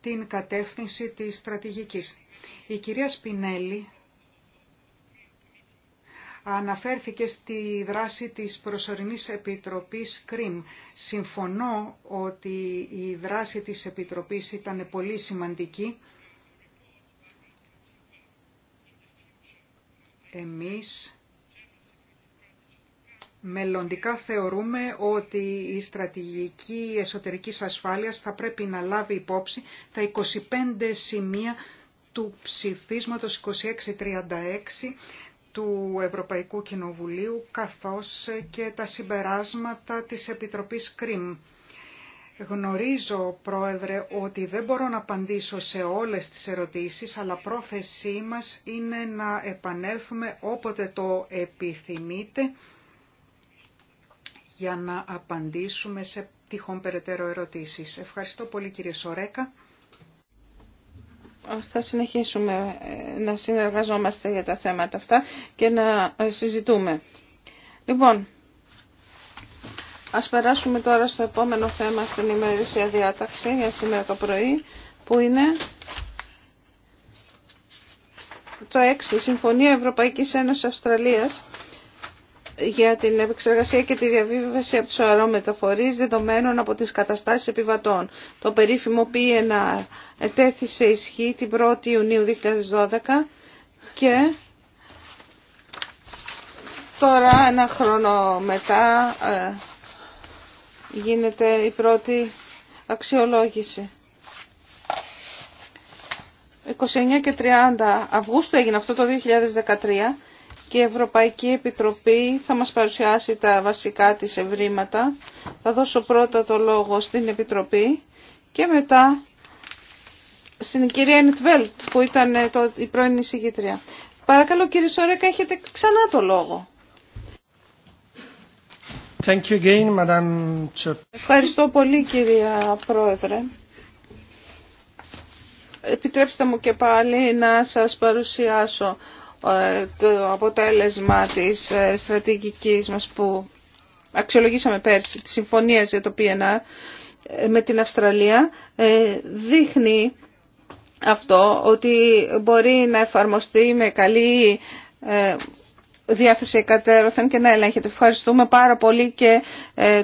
την κατεύθυνση της στρατηγικής. Η κυρία Σπινέλη αναφέρθηκε στη δράση της προσωρινής Επιτροπής ΚΡΙΜ. Συμφωνώ ότι η δράση της Επιτροπής ήταν πολύ σημαντική. Εμείς μελλοντικά θεωρούμε ότι η στρατηγική εσωτερικής ασφάλειας θα πρέπει να λάβει υπόψη τα 25 σημεία του ψηφίσματος 2636 του Ευρωπαϊκού Κοινοβουλίου καθώς και τα συμπεράσματα της Επιτροπής ΚΡΙΜ. Γνωρίζω, Πρόεδρε, ότι δεν μπορώ να απαντήσω σε όλες τις ερωτήσεις, αλλά πρόθεσή μας είναι να επανέλθουμε όποτε το επιθυμείτε για να απαντήσουμε σε τυχόν περαιτέρω ερωτήσεις. Ευχαριστώ πολύ κύριε Σορέκα θα συνεχίσουμε ε, να συνεργαζόμαστε για τα θέματα αυτά και να ε, συζητούμε. Λοιπόν, ας περάσουμε τώρα στο επόμενο θέμα στην ημερήσια διάταξη για σήμερα το πρωί, που είναι το 6, Συμφωνία Ευρωπαϊκής Ένωσης Αυστραλίας για την επεξεργασία και τη διαβίβαση από τους αερομεταφορείς δεδομένων από τις καταστάσεις επιβατών. Το περίφημο PNR ετέθησε ισχύ την 1η Ιουνίου 2012 και τώρα ένα χρόνο μετά ε, γίνεται η πρώτη αξιολόγηση. 29 και 30 Αυγούστου έγινε αυτό το 2013 και η Ευρωπαϊκή Επιτροπή θα μας παρουσιάσει τα βασικά της ευρήματα. Θα δώσω πρώτα το λόγο στην Επιτροπή και μετά στην κυρία Νιτβέλτ που ήταν ε, το, η πρώην εισηγήτρια. Παρακαλώ κύριε Σόρεκα, έχετε ξανά το λόγο. Thank you again, Ευχαριστώ πολύ κυρία Πρόεδρε. Επιτρέψτε μου και πάλι να σας παρουσιάσω ε, το αποτέλεσμα της ε, στρατηγικής μας που αξιολογήσαμε πέρσι, τη συμφωνία για το PNR ε, με την Αυστραλία, δείχνει αυτό ότι μπορεί να εφαρμοστεί με καλή διάθεση εκατέρωθεν και να ελέγχεται. Ευχαριστούμε πάρα πολύ και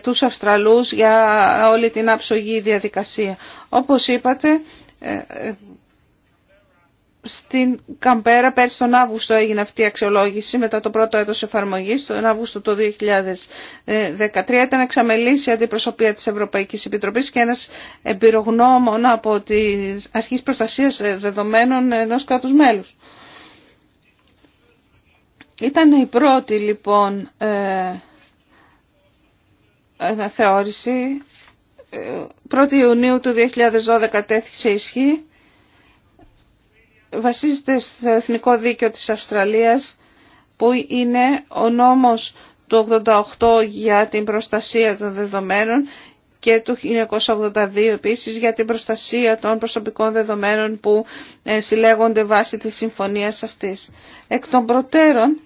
τους Αυστραλούς για όλη την άψογη διαδικασία. Όπως είπατε, στην Καμπέρα πέρσι τον Αύγουστο έγινε αυτή η αξιολόγηση μετά το πρώτο έτος εφαρμογής, τον Αύγουστο του 2013. Ήταν εξαμελής η αντιπροσωπεία της Ευρωπαϊκής Επιτροπής και ένας εμπειρογνώμων από τις αρχής προστασίας δεδομένων ενός κράτους μέλους. Ήταν η πρώτη λοιπόν, ε, αναθεώρηση. 1η ε, Ιουνίου του 2012 τέθηκε σε ισχύ βασίζεται στο εθνικό δίκαιο της Αυστραλίας που είναι ο νόμος του 88 για την προστασία των δεδομένων και του 1982 επίσης για την προστασία των προσωπικών δεδομένων που ε, συλλέγονται βάσει της συμφωνίας αυτής. Εκ των προτέρων,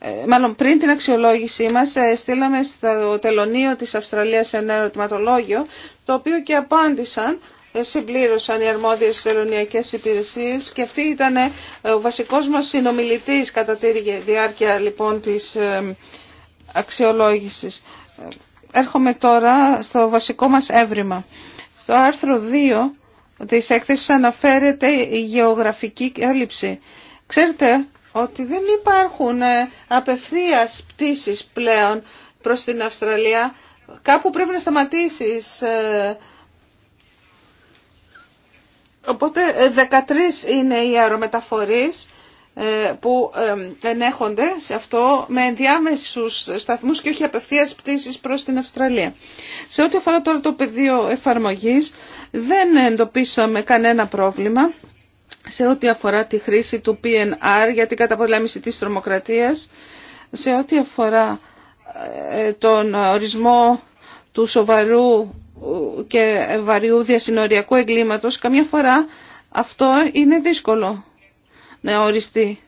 ε, μάλλον πριν την αξιολόγησή μας, ε, στείλαμε στο τελωνίο της Αυστραλίας ένα ερωτηματολόγιο, το οποίο και απάντησαν ε, συμπλήρωσαν οι αρμόδιες ελληνικέ υπηρεσίες και αυτή ήταν ε, ο βασικός μας συνομιλητής κατά τη διάρκεια λοιπόν της ε, αξιολόγησης. Έρχομαι τώρα στο βασικό μας έβριμα. Στο άρθρο 2 της έκθεσης αναφέρεται η γεωγραφική έλλειψη. Ξέρετε ότι δεν υπάρχουν απευθείας πτήσεις πλέον προς την Αυστραλία. Κάπου πρέπει να σταματήσεις Οπότε 13 ε, είναι οι αερομεταφορείς ε, που ε, ενέχονται σε αυτό με ενδιάμεσους σταθμούς και όχι απευθείας πτήσεις προς την Αυστραλία. Σε ό,τι αφορά τώρα το πεδίο εφαρμογής δεν εντοπίσαμε κανένα πρόβλημα σε ό,τι αφορά τη χρήση του PNR για την καταπολέμηση της τρομοκρατίας, σε ό,τι αφορά τον ορισμό του σοβαρού και βαριού διασυνοριακού εγκλήματος, καμιά φορά αυτό είναι δύσκολο να οριστεί.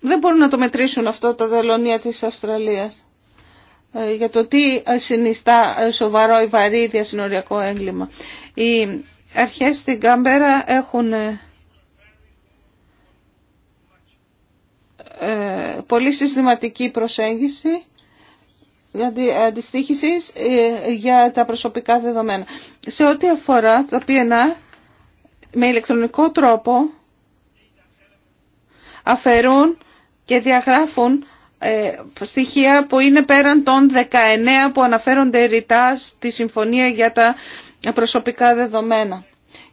Δεν μπορούν να το μετρήσουν αυτό τα δελωνία της Αυστραλίας ε, για το τι συνιστά σοβαρό ή βαρύ διασυνοριακό έγκλημα. Οι αρχές στην Κάμπερα έχουν ε, Ε, πολύ συστηματική προσέγγιση αντιστοίχησης ε, για τα προσωπικά δεδομένα. Σε ό,τι αφορά τα PNA, με ηλεκτρονικό τρόπο αφαιρούν και διαγράφουν ε, στοιχεία που είναι πέραν των 19 που αναφέρονται ρητά στη Συμφωνία για τα προσωπικά δεδομένα.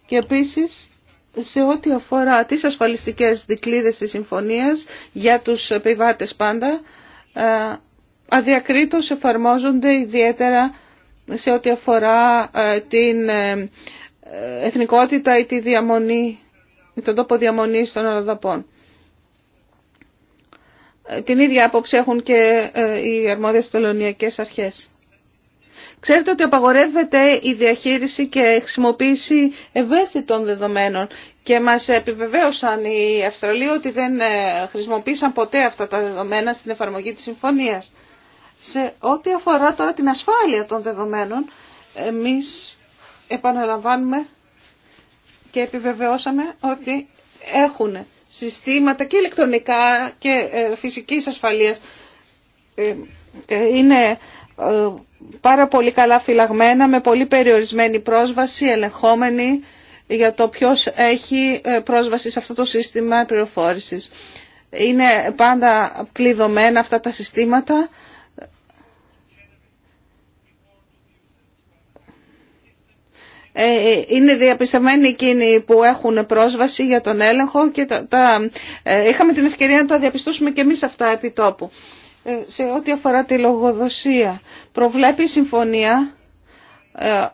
Και επίσης σε ό,τι αφορά τις ασφαλιστικές δικλείδες της συμφωνίας για τους επιβάτες πάντα, ε, αδιακρίτως εφαρμόζονται ιδιαίτερα σε ό,τι αφορά ε, την ε, εθνικότητα ή τη διαμονή, τον τόπο διαμονής των αλλοδαπών. Την ίδια άποψη έχουν και οι αρμόδιες τελωνιακές αρχές. Ξέρετε ότι απαγορεύεται η διαχείριση και χρησιμοποίηση ευαίσθητων δεδομένων και μας επιβεβαίωσαν οι Αυστραλοί ότι δεν ε, χρησιμοποίησαν ποτέ αυτά τα δεδομένα στην εφαρμογή της συμφωνίας. Σε ό,τι αφορά τώρα την ασφάλεια των δεδομένων, εμείς επαναλαμβάνουμε και επιβεβαιώσαμε ότι έχουν συστήματα και ηλεκτρονικά και ε, φυσικής ασφαλείας. Ε, είναι ε, πάρα πολύ καλά φυλαγμένα, με πολύ περιορισμένη πρόσβαση, ελεγχόμενη για το ποιος έχει ε, πρόσβαση σε αυτό το σύστημα πληροφόρησης. Είναι πάντα κλειδωμένα αυτά τα συστήματα. Ε, είναι διαπιστευμένοι εκείνοι που έχουν πρόσβαση για τον έλεγχο και τα, τα, είχαμε την ευκαιρία να τα διαπιστώσουμε και εμείς αυτά επί τόπου. Ε, σε ό,τι αφορά τη λογοδοσία. Προβλέπει η συμφωνία ε,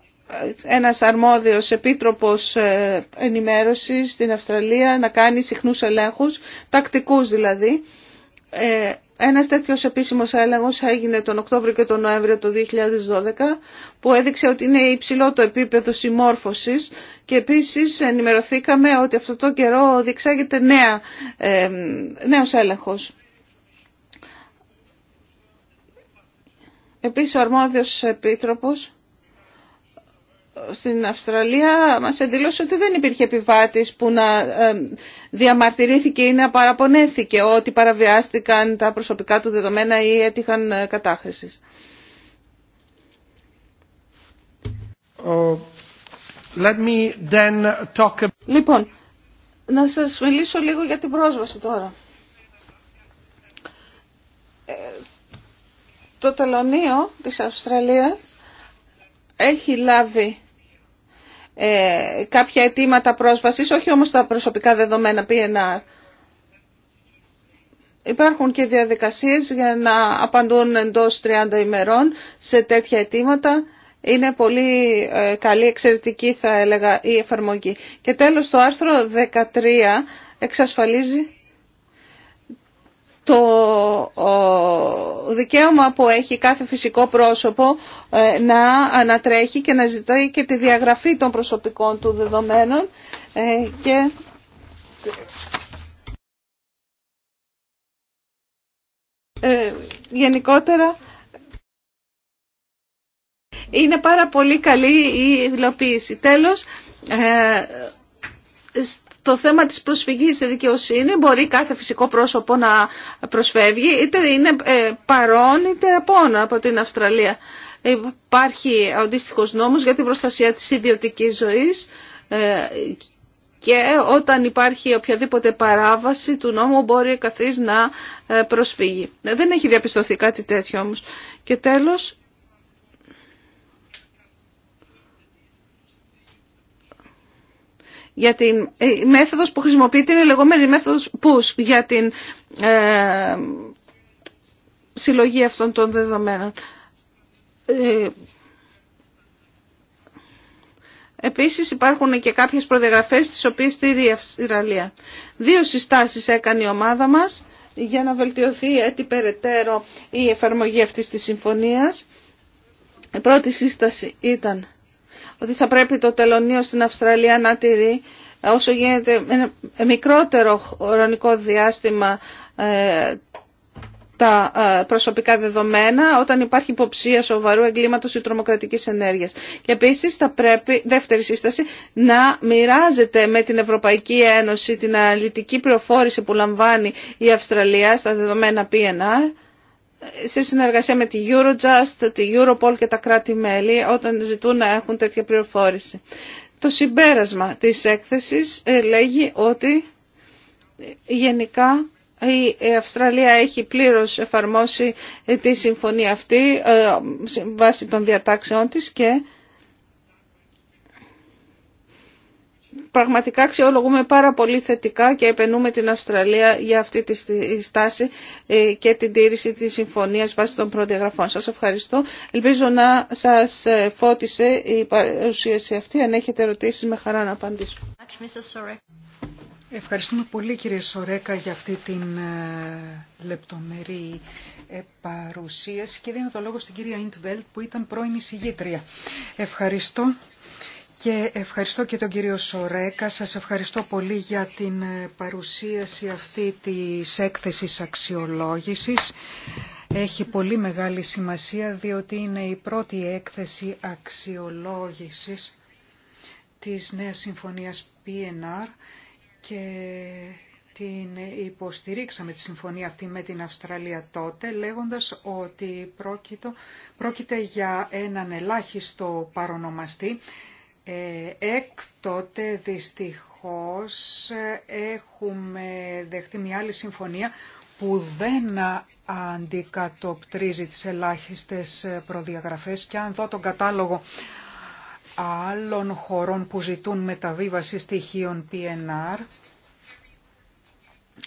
ένας αρμόδιος επίτροπος ε, ενημέρωσης στην Αυστραλία να κάνει συχνούς ελέγχους, τακτικούς δηλαδή. Ένας τέτοιος επίσημος έλεγχος έγινε τον Οκτώβριο και τον Νοέμβριο του 2012 που έδειξε ότι είναι υψηλό το επίπεδο συμμόρφωσης και επίσης ενημερωθήκαμε ότι αυτό το καιρό διεξάγεται νέα, νέος έλεγχος. Επίσης ο αρμόδιος επίτροπος στην Αυστραλία μας εντυλώσε ότι δεν υπήρχε επιβάτης που να διαμαρτυρήθηκε ή να παραπονέθηκε ότι παραβιάστηκαν τα προσωπικά του δεδομένα ή έτυχαν ε, κατάχρησης. Oh, λοιπόν, να σας μιλήσω λίγο για την πρόσβαση τώρα. το Τελωνείο της Αυστραλίας έχει λάβει ε, κάποια αιτήματα πρόσβασης, όχι όμως τα προσωπικά δεδομένα PNR. Υπάρχουν και διαδικασίες για να απαντούν εντός 30 ημερών σε τέτοια αιτήματα. Είναι πολύ ε, καλή, εξαιρετική θα έλεγα η εφαρμογή. Και τέλος το άρθρο 13 εξασφαλίζει το δικαίωμα που έχει κάθε φυσικό πρόσωπο ε, να ανατρέχει και να ζητάει και τη διαγραφή των προσωπικών του δεδομένων ε, και ε, γενικότερα είναι πάρα πολύ καλή η υλοποίηση. Τέλος, το θέμα της προσφυγής στη δικαιοσύνη μπορεί κάθε φυσικό πρόσωπο να προσφεύγει, είτε είναι ε, παρόν είτε απόν από την Αυστραλία. Υπάρχει ο αντίστοιχο νόμος για την προστασία της ιδιωτικής ζωής ε, και όταν υπάρχει οποιαδήποτε παράβαση του νόμου μπορεί καθής να ε, προσφύγει. Δεν έχει διαπιστωθεί κάτι τέτοιο όμως. Και τέλος, για την ε, η μέθοδος που χρησιμοποιείται είναι η λεγόμενη μέθοδος push για την ε, συλλογή αυτών των δεδομένων. Ε, επίσης υπάρχουν και κάποιες προδιαγραφές τις οποίες στηρεί η Αυστραλία. Δύο συστάσεις έκανε η ομάδα μας για να βελτιωθεί έτσι περαιτέρω η εφαρμογή αυτής της συμφωνίας. Η πρώτη σύσταση ήταν ότι θα πρέπει το τελωνίο στην Αυστραλία να τηρεί ε, όσο γίνεται ένα μικρότερο χρονικό διάστημα ε, τα ε, προσωπικά δεδομένα όταν υπάρχει υποψία σοβαρού εγκλήματος ή τρομοκρατικής ενέργειας. Και επίσης θα πρέπει, δεύτερη σύσταση, να μοιράζεται με την Ευρωπαϊκή Ένωση την αναλυτική πληροφόρηση που λαμβάνει η Αυστραλία στα δεδομένα PNR σε συνεργασία με τη Eurojust, τη Europol και τα κράτη-μέλη όταν ζητούν να έχουν τέτοια πληροφόρηση. Το συμπέρασμα της έκθεσης ε, λέγει ότι ε, γενικά η Αυστραλία έχει πλήρως εφαρμόσει ε, τη συμφωνία αυτή βάσει των διατάξεών της και πραγματικά αξιολογούμε πάρα πολύ θετικά και επενούμε την Αυστραλία για αυτή τη στάση ε, και την τήρηση της συμφωνίας βάσει των προδιαγραφών. Σας ευχαριστώ. Ελπίζω να σας ε, φώτισε η παρουσίαση αυτή. Αν έχετε ερωτήσεις με χαρά να απαντήσω. Ευχαριστούμε πολύ κύριε Σορέκα για αυτή την ε, λεπτομερή παρουσίαση και δίνω το λόγο στην κυρία Ιντβέλτ που ήταν πρώην εισηγήτρια. Ευχαριστώ. Και ευχαριστώ και τον κύριο Σορέκα. Σας ευχαριστώ πολύ για την ε, παρουσίαση αυτή της έκθεσης αξιολόγησης. Έχει πολύ μεγάλη σημασία διότι είναι η πρώτη έκθεση αξιολόγησης της νέας συμφωνίας PNR και την υποστηρίξαμε τη συμφωνία αυτή με την Αυστραλία τότε λέγοντας ότι πρόκειται για έναν ελάχιστο παρονομαστή έκτοτε ε, δυστυχώς έχουμε δεχτεί μια άλλη συμφωνία που δεν αντικατοπτρίζει τις ελάχιστες προδιαγραφές και αν δω τον κατάλογο άλλων χωρών που ζητούν μεταβίβαση στοιχείων PNR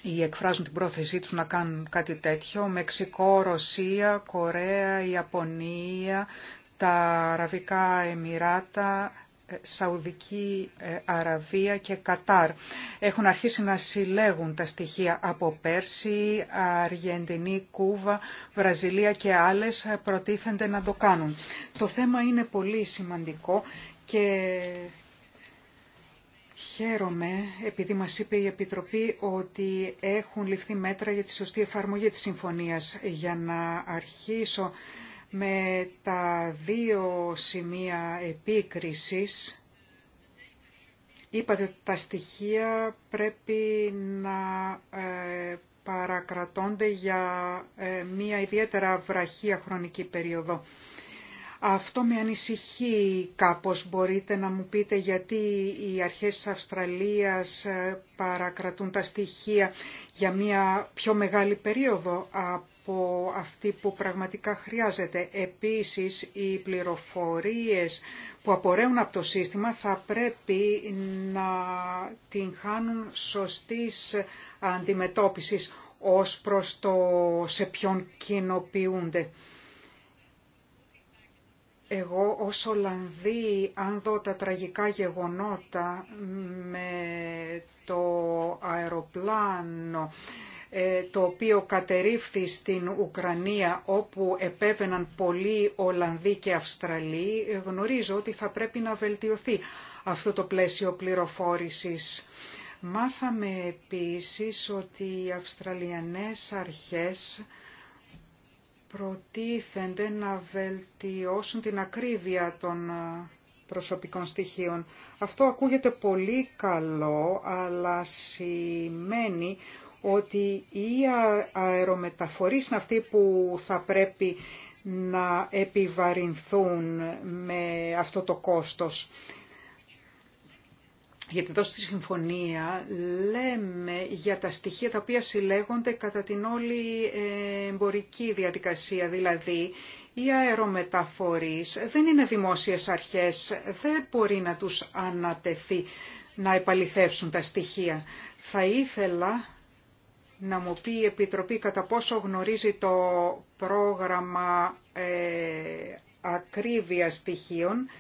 ή εκφράζουν την πρόθεσή τους να κάνουν κάτι τέτοιο, Μεξικό, Ρωσία, Κορέα, Ιαπωνία, τα Αραβικά Εμμυράτα, Σαουδική ε, Αραβία και Κατάρ έχουν αρχίσει να συλλέγουν τα στοιχεία από Πέρση, Αργεντινή, Κούβα, Βραζιλία και άλλες ε, προτίθενται να το κάνουν. Το θέμα είναι πολύ σημαντικό και Χαίρομαι, επειδή μας είπε η Επιτροπή ότι έχουν ληφθεί μέτρα για τη σωστή εφαρμογή της συμφωνίας. Για να αρχίσω με τα δύο σημεία επίκρισης. Είπατε ότι τα στοιχεία πρέπει να ε, παρακρατώνται για ε, μία ιδιαίτερα βραχία χρονική περίοδο. Αυτό με ανησυχεί κάπως. Μπορείτε να μου πείτε γιατί οι αρχές της Αυστραλίας ε, παρακρατούν τα στοιχεία για μια πιο μεγάλη περίοδο από αυτή που πραγματικά χρειάζεται. Επίσης, οι πληροφορίες που απορρέουν από το σύστημα θα πρέπει να την χάνουν σωστής αντιμετώπισης ως προς το σε ποιον κοινοποιούνται. Εγώ ως Ολλανδή, αν δω τα τραγικά γεγονότα με το αεροπλάνο ε, το οποίο κατερρύφθη στην Ουκρανία όπου επέβαιναν πολλοί Ολλανδοί και Αυστραλοί, ε, γνωρίζω ότι θα πρέπει να βελτιωθεί αυτό το πλαίσιο πληροφόρησης. Μάθαμε επίσης ότι οι Αυστραλιανές αρχές προτίθενται να βελτιώσουν την ακρίβεια των ε, προσωπικών στοιχείων. Αυτό ακούγεται πολύ καλό, αλλά σημαίνει ότι οι αερομεταφορείς είναι αυτοί που θα πρέπει να επιβαρυνθούν με αυτό το κόστος. Γιατί εδώ στη συμφωνία λέμε για τα στοιχεία τα οποία συλλέγονται κατά την όλη ε, εμπορική διαδικασία, δηλαδή οι αερομεταφορείς δεν είναι δημόσιες αρχές, δεν μπορεί να τους ανατεθεί να επαληθεύσουν τα στοιχεία. Θα ήθελα να μου πει η Επιτροπή κατά πόσο γνωρίζει το πρόγραμμα ε, ακρίβεια στοιχείων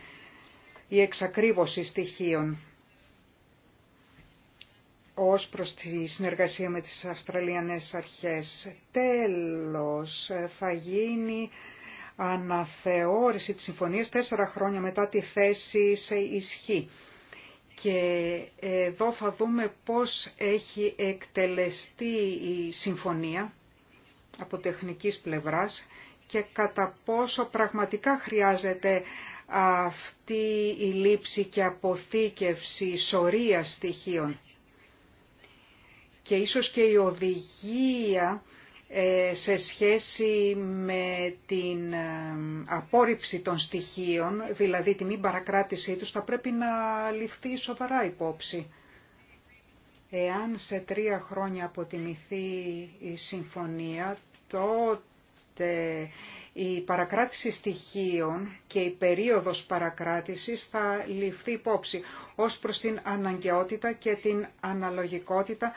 ή εξακρίβωση στοιχείων ως προς τη συνεργασία με τις Αυστραλιανές Αρχές. Τέλος, θα γίνει αναθεώρηση της συμφωνίας τέσσερα χρόνια μετά τη θέση σε ισχύ και ε, εδώ θα δούμε πώς έχει εκτελεστεί η συμφωνία από τεχνικής πλευράς και κατά πόσο πραγματικά χρειάζεται αυτή η λήψη και αποθήκευση σωρία στοιχείων. Και ίσως και η οδηγία ε, σε σχέση με την ε, απόρριψη των στοιχείων, δηλαδή τη μη παρακράτησή τους, θα πρέπει να ληφθεί σοβαρά υπόψη. Εάν σε τρία χρόνια αποτιμηθεί η συμφωνία, τότε η παρακράτηση στοιχείων και η περίοδος παρακράτησης θα ληφθεί υπόψη ως προς την αναγκαιότητα και την αναλογικότητα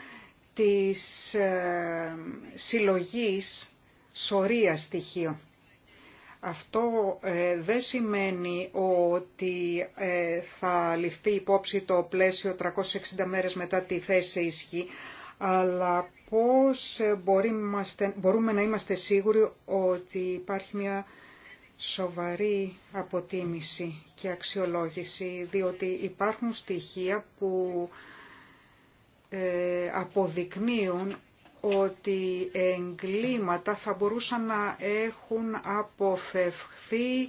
της ε, συλλογής σωρία στοιχείων. Αυτό ε, δεν σημαίνει ότι ε, θα ληφθεί υπόψη το πλαίσιο 360 μέρες μετά τη θέση ισχύ, αλλά πώς μπορούμε να είμαστε σίγουροι ότι υπάρχει μια σοβαρή αποτίμηση και αξιολόγηση, διότι υπάρχουν στοιχεία που ε, αποδεικνύουν ότι εγκλήματα θα μπορούσαν να έχουν αποφευχθεί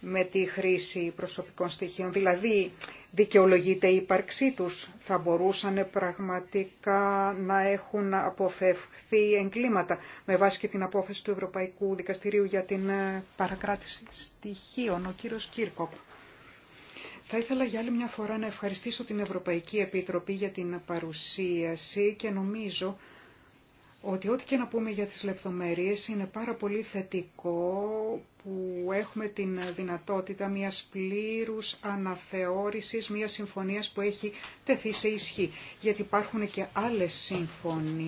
με τη χρήση προσωπικών στοιχείων. Δηλαδή, δικαιολογείται η ύπαρξή τους. Θα μπορούσαν πραγματικά να έχουν αποφευχθεί εγκλήματα με βάση και την απόφαση του Ευρωπαϊκού Δικαστηρίου για την ε, παρακράτηση στοιχείων. Ο κύριος Κύρκοπ. Θα ήθελα για άλλη μια φορά να ευχαριστήσω την Ευρωπαϊκή Επιτροπή για την παρουσίαση και νομίζω ότι ό,τι και να πούμε για τις λεπτομέρειες είναι πάρα πολύ θετικό που έχουμε την δυνατότητα μιας πλήρους αναθεώρησης, μιας συμφωνίας που έχει τεθεί σε ισχύ. Γιατί υπάρχουν και άλλες συμφωνίες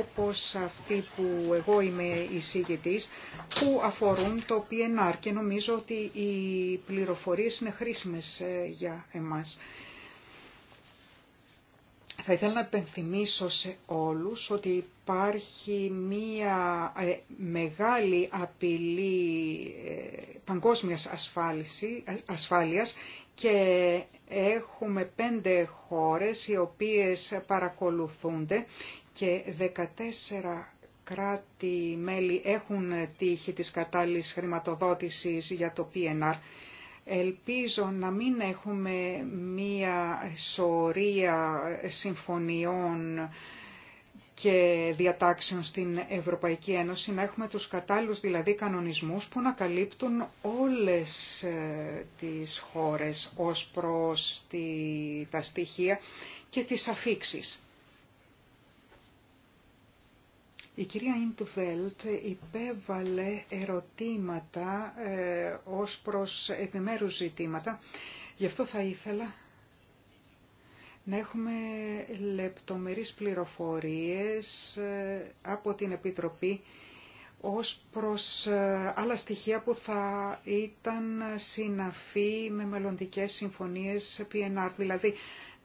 όπως αυτή που εγώ είμαι εισηγητής που αφορούν το PNR και νομίζω ότι οι πληροφορίες είναι χρήσιμες ε, για εμάς. Θα ήθελα να επενθυμίσω σε όλους ότι υπάρχει μία ε, μεγάλη απειλή ε, παγκόσμιας ασφάλειας και έχουμε πέντε χώρες οι οποίες παρακολουθούνται και 14 κράτη-μέλη έχουν τύχη της κατάλληλης χρηματοδότησης για το PNR. Ελπίζω να μην έχουμε μία σωρία συμφωνιών και διατάξεων στην Ευρωπαϊκή Ένωση, να έχουμε τους κατάλληλους δηλαδή κανονισμούς που να καλύπτουν όλες ε, τις χώρες ως προς τη, τα στοιχεία και τις αφήξεις. Η κυρία Ιντουβέλτ υπέβαλε ερωτήματα ε, ως προς επιμέρους ζητήματα. Γι' αυτό θα ήθελα να έχουμε λεπτομερείς πληροφορίες ε, από την Επιτροπή ως προς ε, άλλα στοιχεία που θα ήταν συναφή με μελλοντικές συμφωνίες PNR. Δηλαδή,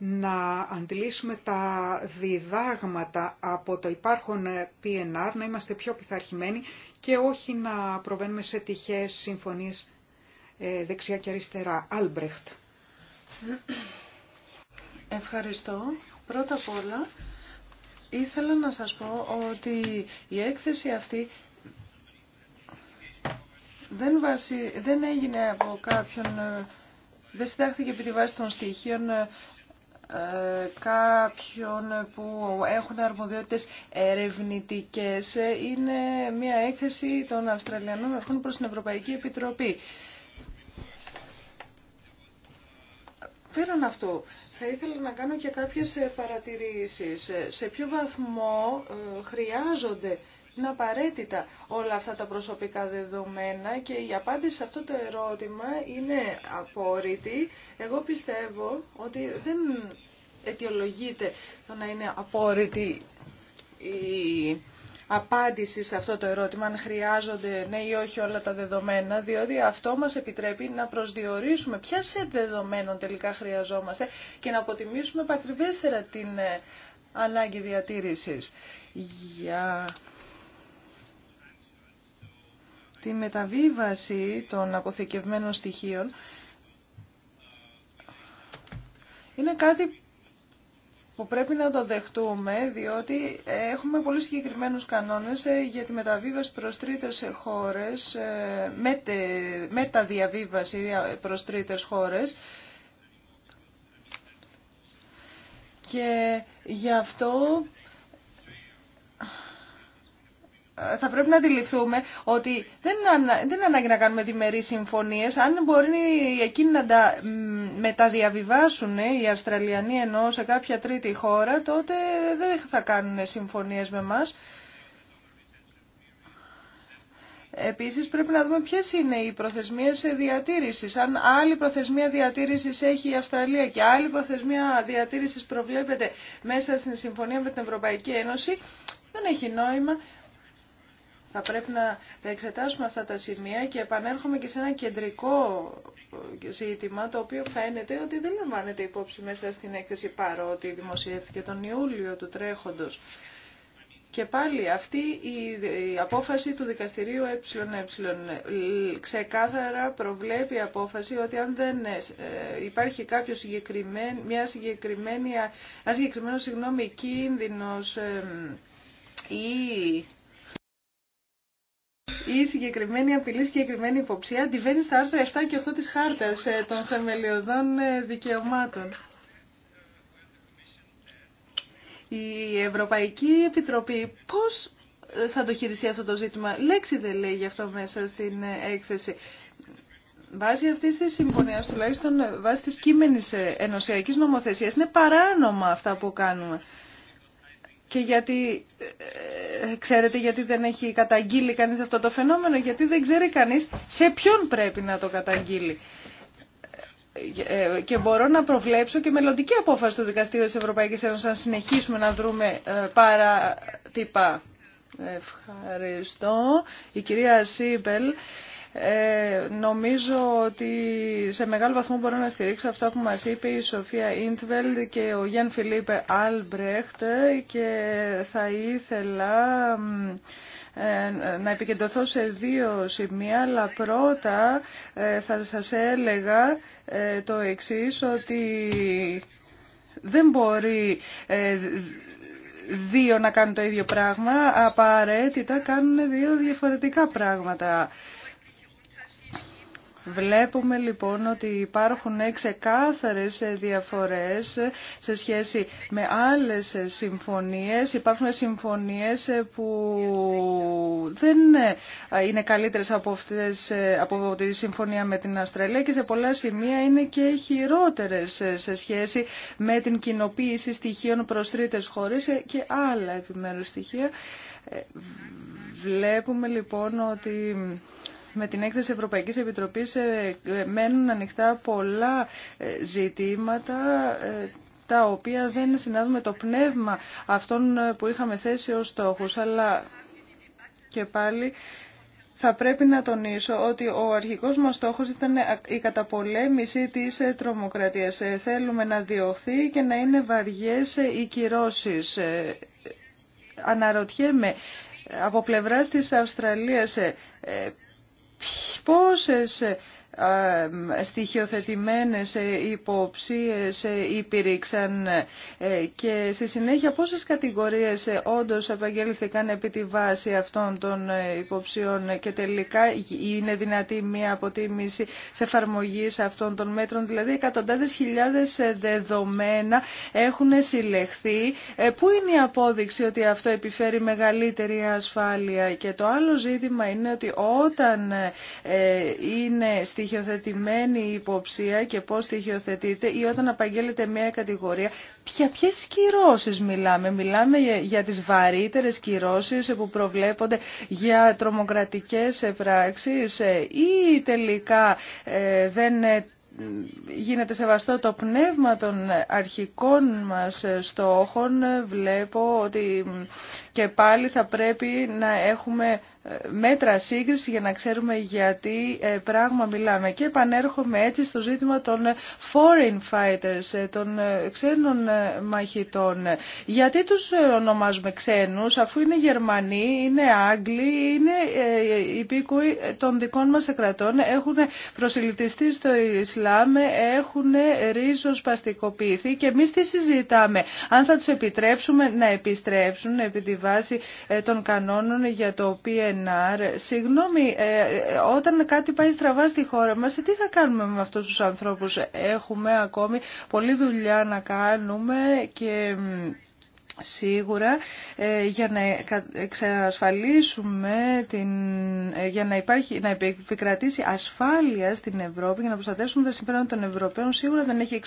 να αντιλήσουμε τα διδάγματα από το υπάρχον PNR, να είμαστε πιο πειθαρχημένοι και όχι να προβαίνουμε σε τυχές συμφωνίες ε, δεξιά και αριστερά. Άλμπρεχτ. Ευχαριστώ. Πρώτα απ' όλα ήθελα να σας πω ότι η έκθεση αυτή δεν, βασι... δεν έγινε από κάποιον ε, δεν συντάχθηκε επί τη βάση των στοιχείων ε, κάποιων που έχουν αρμοδιότητες ερευνητικές είναι μια έκθεση των Αυστραλιανών Αρχών προς την Ευρωπαϊκή Επιτροπή. Πέραν αυτό. θα ήθελα να κάνω και κάποιες παρατηρήσεις. Σε ποιο βαθμό ε, χρειάζονται είναι απαραίτητα όλα αυτά τα προσωπικά δεδομένα και η απάντηση σε αυτό το ερώτημα είναι απόρριτη. Εγώ πιστεύω ότι δεν αιτιολογείται το να είναι απόρριτη η απάντηση σε αυτό το ερώτημα, αν χρειάζονται ναι ή όχι όλα τα δεδομένα, διότι αυτό μας επιτρέπει να προσδιορίσουμε ποια σε δεδομένων τελικά χρειαζόμαστε και να αποτιμήσουμε επακριβέστερα την ε, ανάγκη διατήρησης τη μεταβίβαση των αποθηκευμένων στοιχείων είναι κάτι που πρέπει να το δεχτούμε, διότι έχουμε πολύ συγκεκριμένους κανόνες ε, για τη μεταβίβαση προς τρίτες χώρες, ε, μεταδιαβίβαση ε, προς τρίτες χώρες, και γι' αυτό θα πρέπει να αντιληφθούμε ότι δεν, είναι δεν ανάγκη να κάνουμε διμερείς συμφωνίες. Αν μπορεί εκείνοι να τα μεταδιαβιβάσουν ε, οι Αυστραλιανοί ενώ σε κάποια τρίτη χώρα, τότε δεν θα κάνουν συμφωνίες με μας. Επίσης πρέπει να δούμε ποιες είναι οι προθεσμίες διατήρησης. Αν άλλη προθεσμία διατήρησης έχει η Αυστραλία και άλλη προθεσμία διατήρησης προβλέπεται μέσα στην συμφωνία με την Ευρωπαϊκή Ένωση, δεν έχει νόημα θα πρέπει να εξετάσουμε αυτά τα σημεία και επανέρχομαι και σε ένα κεντρικό ζήτημα το οποίο φαίνεται ότι δεν λαμβάνεται υπόψη μέσα στην έκθεση παρότι δημοσιεύθηκε τον Ιούλιο του τρέχοντος. Και πάλι αυτή η απόφαση του δικαστηρίου ΕΕ ξεκάθαρα προβλέπει η απόφαση ότι αν δεν ε, υπάρχει κάποιο συγκεκριμένο, μια συγκεκριμένη, ένα συγκεκριμένο συγγνώμη, κίνδυνος ή η συγκεκριμένη απειλή, συγκεκριμένη υποψία αντιβαίνει στα άρθρα 7 και 8 της Χάρτας ε, των Θεμελιωδών ε, Δικαιωμάτων. Η Ευρωπαϊκή Επιτροπή πώς ε, θα το χειριστεί αυτό το ζήτημα. Λέξη δεν λέει γι' αυτό μέσα στην έκθεση. Βάσει αυτή τη συμφωνία, τουλάχιστον βάσει τη κείμενη ενωσιακή νομοθεσία, είναι παράνομα αυτά που κάνουμε. Και γιατί ξέρετε γιατί δεν έχει καταγγείλει κανείς αυτό το φαινόμενο, γιατί δεν ξέρει κανείς σε ποιον πρέπει να το καταγγείλει. Ε, και μπορώ να προβλέψω και μελλοντική απόφαση του Δικαστήριου της Ευρωπαϊκής Ένωσης να συνεχίσουμε να δρούμε ε, παρατυπά. Ευχαριστώ. Η κυρία Σίμπελ ε, νομίζω ότι σε μεγάλο βαθμό μπορώ να στηρίξω αυτά που μας είπε η Σοφία Ίντβελντ και ο Γιάνν Φιλίπε Άλμπρεχτ και θα ήθελα ε, να επικεντρωθώ σε δύο σημεία, αλλά πρώτα ε, θα σας έλεγα το εξής, ότι δεν μπορεί δύο να κάνουν το ίδιο πράγμα, απαραίτητα κάνουν δύο διαφορετικά πράγματα. Βλέπουμε λοιπόν ότι υπάρχουν ξεκάθαρες διαφορές σε σχέση με άλλες συμφωνίες. Υπάρχουν συμφωνίες που δεν είναι καλύτερες από, αυτές, από τη συμφωνία με την Αυστραλία και σε πολλά σημεία είναι και χειρότερες σε σχέση με την κοινοποίηση στοιχείων προς τρίτες χώρες και άλλα επιμέρους στοιχεία. Ε, βλέπουμε λοιπόν ότι με την έκθεση Ευρωπαϊκής Επιτροπής ε, ε, μένουν ανοιχτά πολλά ε, ζητήματα τα οποία δεν συνάδουν με το πνεύμα αυτών που είχαμε θέσει ως στόχους. Αλλά και πάλι θα πρέπει να τονίσω ότι ο αρχικός μας στόχος ήταν η καταπολέμηση της τρομοκρατίας. Θέλουμε να διωχθεί και να είναι βαριές οι κυρώσεις. Αναρωτιέμαι από πλευράς της Αυστραλίας πόσες ε, στοιχειοθετημένες ε, υποψίες ε, υπήρξαν ε, και στη συνέχεια πόσες κατηγορίες όντως επαγγέλθηκαν επί τη βάση αυτών των υποψιών και τελικά είναι δυνατή μια αποτίμηση σε εφαρμογή αυτών των μέτρων. Δηλαδή εκατοντάδες χιλιάδες δεδομένα έχουν συλλεχθεί. Πού είναι η απόδειξη ότι αυτό επιφέρει μεγαλύτερη ασφάλεια και το άλλο ζήτημα είναι ότι όταν είναι στοιχειοθετημένη υποψία και πώς στοιχειοθετείται ή όταν απαγγέλλεται μια κατηγορία, ποια ποιες κυρώσεις μιλάμε. Μιλάμε για τις βαρύτερες κυρώσεις που προβλέπονται για τρομοκρατικές πράξεις ε, ή τελικά ε, δεν ε, γίνεται σεβαστό το πνεύμα των αρχικών μας στόχων. Βλέπω ότι και πάλι θα πρέπει να έχουμε μέτρα σύγκριση για να ξέρουμε γιατί ε, πράγμα μιλάμε. Και επανέρχομαι έτσι στο ζήτημα των ε, foreign fighters, ε, των ξένων μαχητών. Γιατί τους ονομάζουμε ξένους αφού είναι Γερμανοί, είναι Άγγλοι, είναι υπήκοοι των δικών μας κρατών, έχουν προσιλητιστεί στο Ισλάμ, έχουν ρίζος παστικοποιηθεί και εμείς τι συζητάμε. Αν θα τους επιτρέψουμε να επιστρέψουν επί τη βάση των κανόνων για το οποίο Συγγνώμη, ε, όταν κάτι πάει στραβά στη χώρα μας, τι θα κάνουμε με αυτούς τους ανθρώπους. Έχουμε ακόμη πολλή δουλειά να κάνουμε και... Σίγουρα ε, για να εξασφαλίσουμε την, ε, για να, υπάρχει, να επικρατήσει ασφάλεια στην Ευρώπη για να προστατεύσουμε τα συμφέροντα των Ευρωπαίων σίγουρα δεν έχει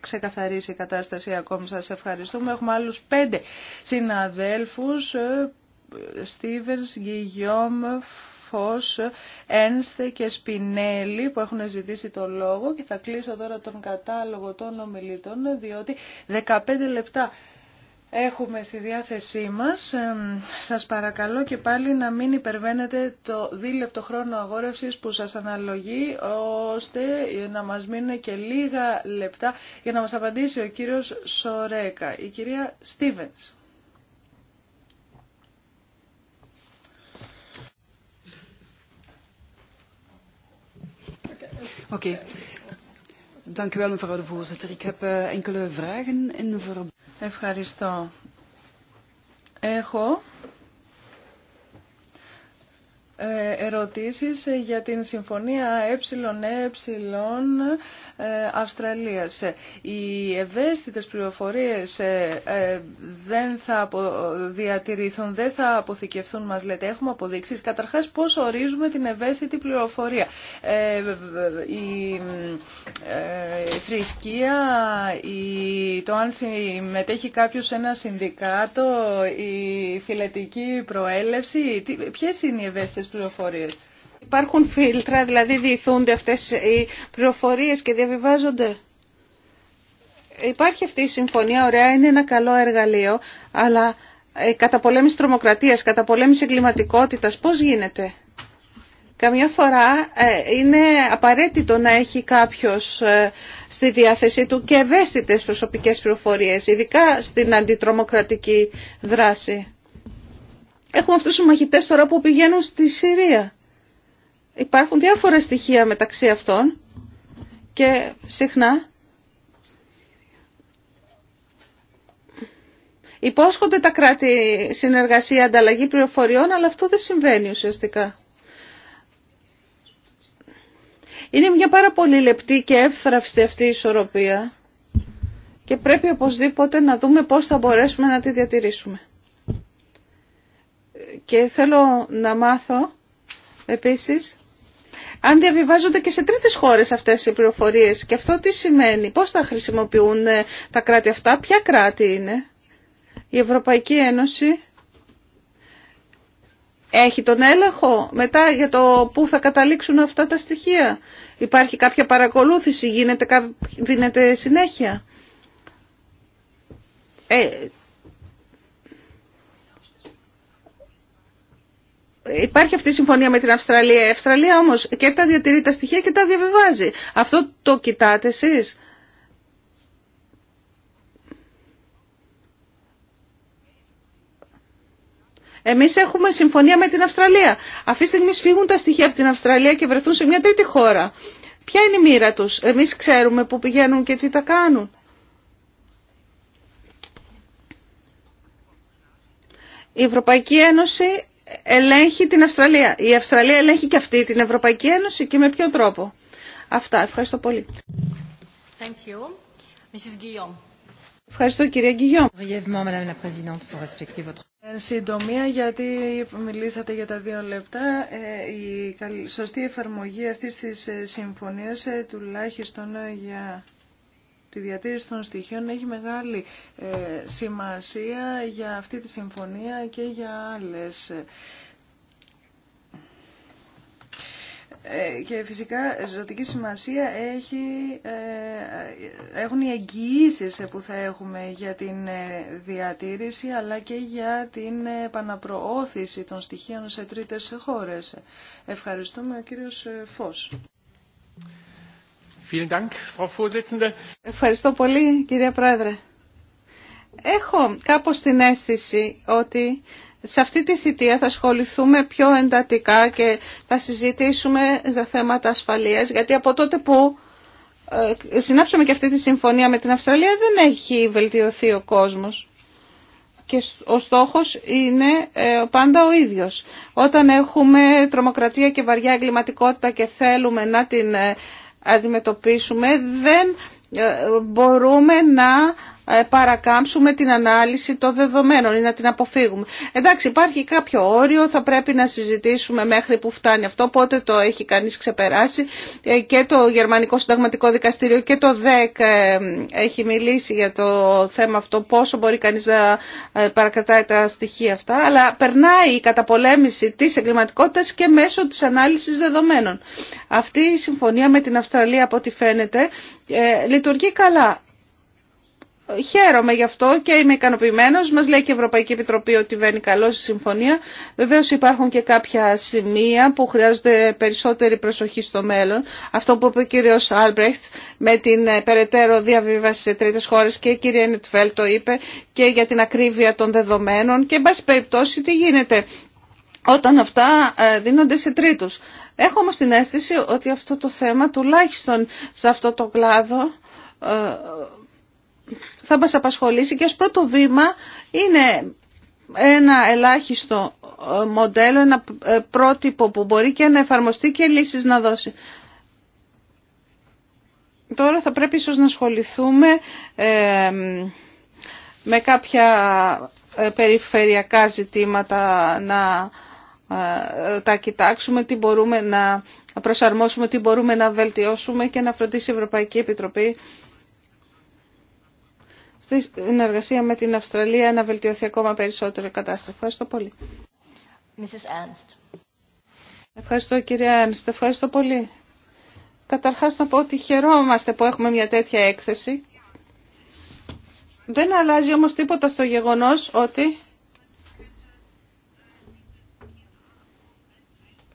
ξεκαθαρίσει η κατάσταση ακόμη. Σας ευχαριστούμε. Έχουμε άλλους πέντε συναδέλφους Στίβενς, Γκυγιόμ, Φως, Ένστε και Σπινέλη που έχουν ζητήσει το λόγο και θα κλείσω τώρα τον κατάλογο των ομιλητών διότι 15 λεπτά έχουμε στη διάθεσή μας. Σας παρακαλώ και πάλι να μην υπερβαίνετε το δίλεπτο χρόνο αγόρευσης που σας αναλογεί ώστε να μας μείνουν και λίγα λεπτά για να μας απαντήσει ο κύριος Σορέκα, η κυρία Στίβενς. Oké. Dank u wel, mevrouw de voorzitter. Ik heb enkele vragen in verband. Ευχαριστώ. Ε, ερωτήσεις για την Συμφωνία ΕΕ ε, Αυστραλίας. Οι ευαίσθητες πληροφορίες ε, δεν θα διατηρηθούν, δεν θα αποθηκευθούν, μας λέτε. Έχουμε αποδείξεις. Καταρχάς, πώς ορίζουμε την ευαίσθητη πληροφορία. Η θρησκεία, το αν συμμετέχει κάποιος σε ένα συνδικάτο, η φιλετική προέλευση, ποιες είναι οι ευαίσθητες Υπάρχουν φίλτρα, δηλαδή διηθούνται αυτές οι πληροφορίες και διαβιβάζονται. Υπάρχει αυτή η συμφωνία, ωραία, είναι ένα καλό εργαλείο, αλλά ε, καταπολέμηση τρομοκρατίας, πολέμηση εγκληματικότητας, πώς γίνεται. Καμιά φορά ε, είναι απαραίτητο να έχει κάποιος ε, στη διάθεσή του και ευαίσθητες προσωπικές πληροφορίες, ειδικά στην αντιτρομοκρατική δράση. Έχουμε αυτούς τους μαχητές τώρα που πηγαίνουν στη Συρία. Υπάρχουν διάφορα στοιχεία μεταξύ αυτών και συχνά υπόσχονται τα κράτη συνεργασία, ανταλλαγή πληροφοριών, αλλά αυτό δεν συμβαίνει ουσιαστικά. Είναι μια πάρα πολύ λεπτή και εύθραυστη αυτή η ισορροπία και πρέπει οπωσδήποτε να δούμε πώς θα μπορέσουμε να τη διατηρήσουμε και θέλω να μάθω επίσης αν διαβιβάζονται και σε τρίτες χώρες αυτές οι πληροφορίες και αυτό τι σημαίνει, πώς θα χρησιμοποιούν τα κράτη αυτά, ποια κράτη είναι. Η Ευρωπαϊκή Ένωση έχει τον έλεγχο μετά για το πού θα καταλήξουν αυτά τα στοιχεία. Υπάρχει κάποια παρακολούθηση, γίνεται, δίνεται συνέχεια. Ε, Υπάρχει αυτή η συμφωνία με την Αυστραλία. Η Αυστραλία όμω και τα διατηρεί τα στοιχεία και τα διαβιβάζει. Αυτό το κοιτάτε εσείς. Εμείς έχουμε συμφωνία με την Αυστραλία. Αυτή τη στιγμή φύγουν τα στοιχεία από την Αυστραλία και βρεθούν σε μια τρίτη χώρα. Ποια είναι η μοίρα τους. Εμείς ξέρουμε που πηγαίνουν και τι τα κάνουν. Η Ευρωπαϊκή Ένωση ελέγχει την Αυστραλία. Η Αυστραλία ελέγχει και αυτή την Ευρωπαϊκή Ένωση και με ποιο τρόπο. Αυτά. Ευχαριστώ πολύ. Thank you. Mrs. Guillaume. Ευχαριστώ κυρία Γκυγιόμ. Εν συντομία, γιατί μιλήσατε για τα δύο λεπτά, ε, η σωστή εφαρμογή αυτής της ε, συμφωνίας, ε, τουλάχιστον για τη διατήρηση των στοιχείων έχει μεγάλη ε, σημασία για αυτή τη συμφωνία και για άλλες. Ε, και φυσικά ζωτική σημασία έχει, ε, έχουν οι εγγυήσει που θα έχουμε για την διατήρηση αλλά και για την επαναπροώθηση των στοιχείων σε τρίτες χώρες. Ευχαριστούμε ο κύριος Φως. Ευχαριστώ πολύ κυρία Πρόεδρε. Έχω κάπως την αίσθηση ότι σε αυτή τη θητεία θα ασχοληθούμε πιο εντατικά και θα συζητήσουμε τα θέματα ασφαλείας γιατί από τότε που ε, συνάψαμε και αυτή τη συμφωνία με την Αυστραλία δεν έχει βελτιωθεί ο κόσμος και ο στόχος είναι ε, πάντα ο ίδιος. Όταν έχουμε τρομοκρατία και βαριά εγκληματικότητα και θέλουμε να την ε, αντιμετωπίσουμε δεν ε, μπορούμε να ε, παρακάμψουμε την ανάλυση των δεδομένων ή να την αποφύγουμε. Εντάξει, υπάρχει κάποιο όριο, θα πρέπει να συζητήσουμε μέχρι που φτάνει αυτό, πότε το έχει κανείς ξεπεράσει. Ε, και το Γερμανικό Συνταγματικό Δικαστήριο και το ΔΕΚ ε, έχει μιλήσει για το θέμα αυτό, πόσο μπορεί κανείς να παρακρατάει τα στοιχεία αυτά, αλλά περνάει η καταπολέμηση της εγκληματικότητας και μέσω της ανάλυσης δεδομένων. Αυτή η συμφωνία με την Αυστραλία, από ό,τι φαίνεται, λειτουργεί καλά Χαίρομαι γι' αυτό και είμαι ικανοποιημένο. Μα λέει και η Ευρωπαϊκή Επιτροπή ότι βαίνει καλώ η συμφωνία. Βεβαίω υπάρχουν και κάποια σημεία που χρειάζονται περισσότερη προσοχή στο μέλλον. Αυτό που είπε ο κύριο Άλμπρεχτ με την ε, περαιτέρω διαβίβαση σε τρίτε χώρε και η κυρία Νιτφέλ το είπε και για την ακρίβεια των δεδομένων. Και εν πάση περιπτώσει τι γίνεται όταν αυτά ε, δίνονται σε τρίτου. Έχω όμω την αίσθηση ότι αυτό το θέμα τουλάχιστον σε αυτό το κλάδο ε, θα μας απασχολήσει και ως πρώτο βήμα είναι ένα ελάχιστο ε, μοντέλο, ένα ε, πρότυπο που μπορεί και να εφαρμοστεί και λύσεις να δώσει. Τώρα θα πρέπει ίσως να ασχοληθούμε ε, με κάποια περιφερειακά ζητήματα να τα κοιτάξουμε, τι μπορούμε να προσαρμόσουμε, τι μπορούμε να βελτιώσουμε και να φροντίσει η Ευρωπαϊκή Επιτροπή στη συνεργασία με την Αυστραλία να βελτιωθεί ακόμα περισσότερο η κατάσταση. Ευχαριστώ πολύ. Mrs. Ernst. Ευχαριστώ κυρία Ernst. ευχαριστώ πολύ. Καταρχάς να πω ότι χαιρόμαστε που έχουμε μια τέτοια έκθεση. Δεν αλλάζει όμως τίποτα στο γεγονός ότι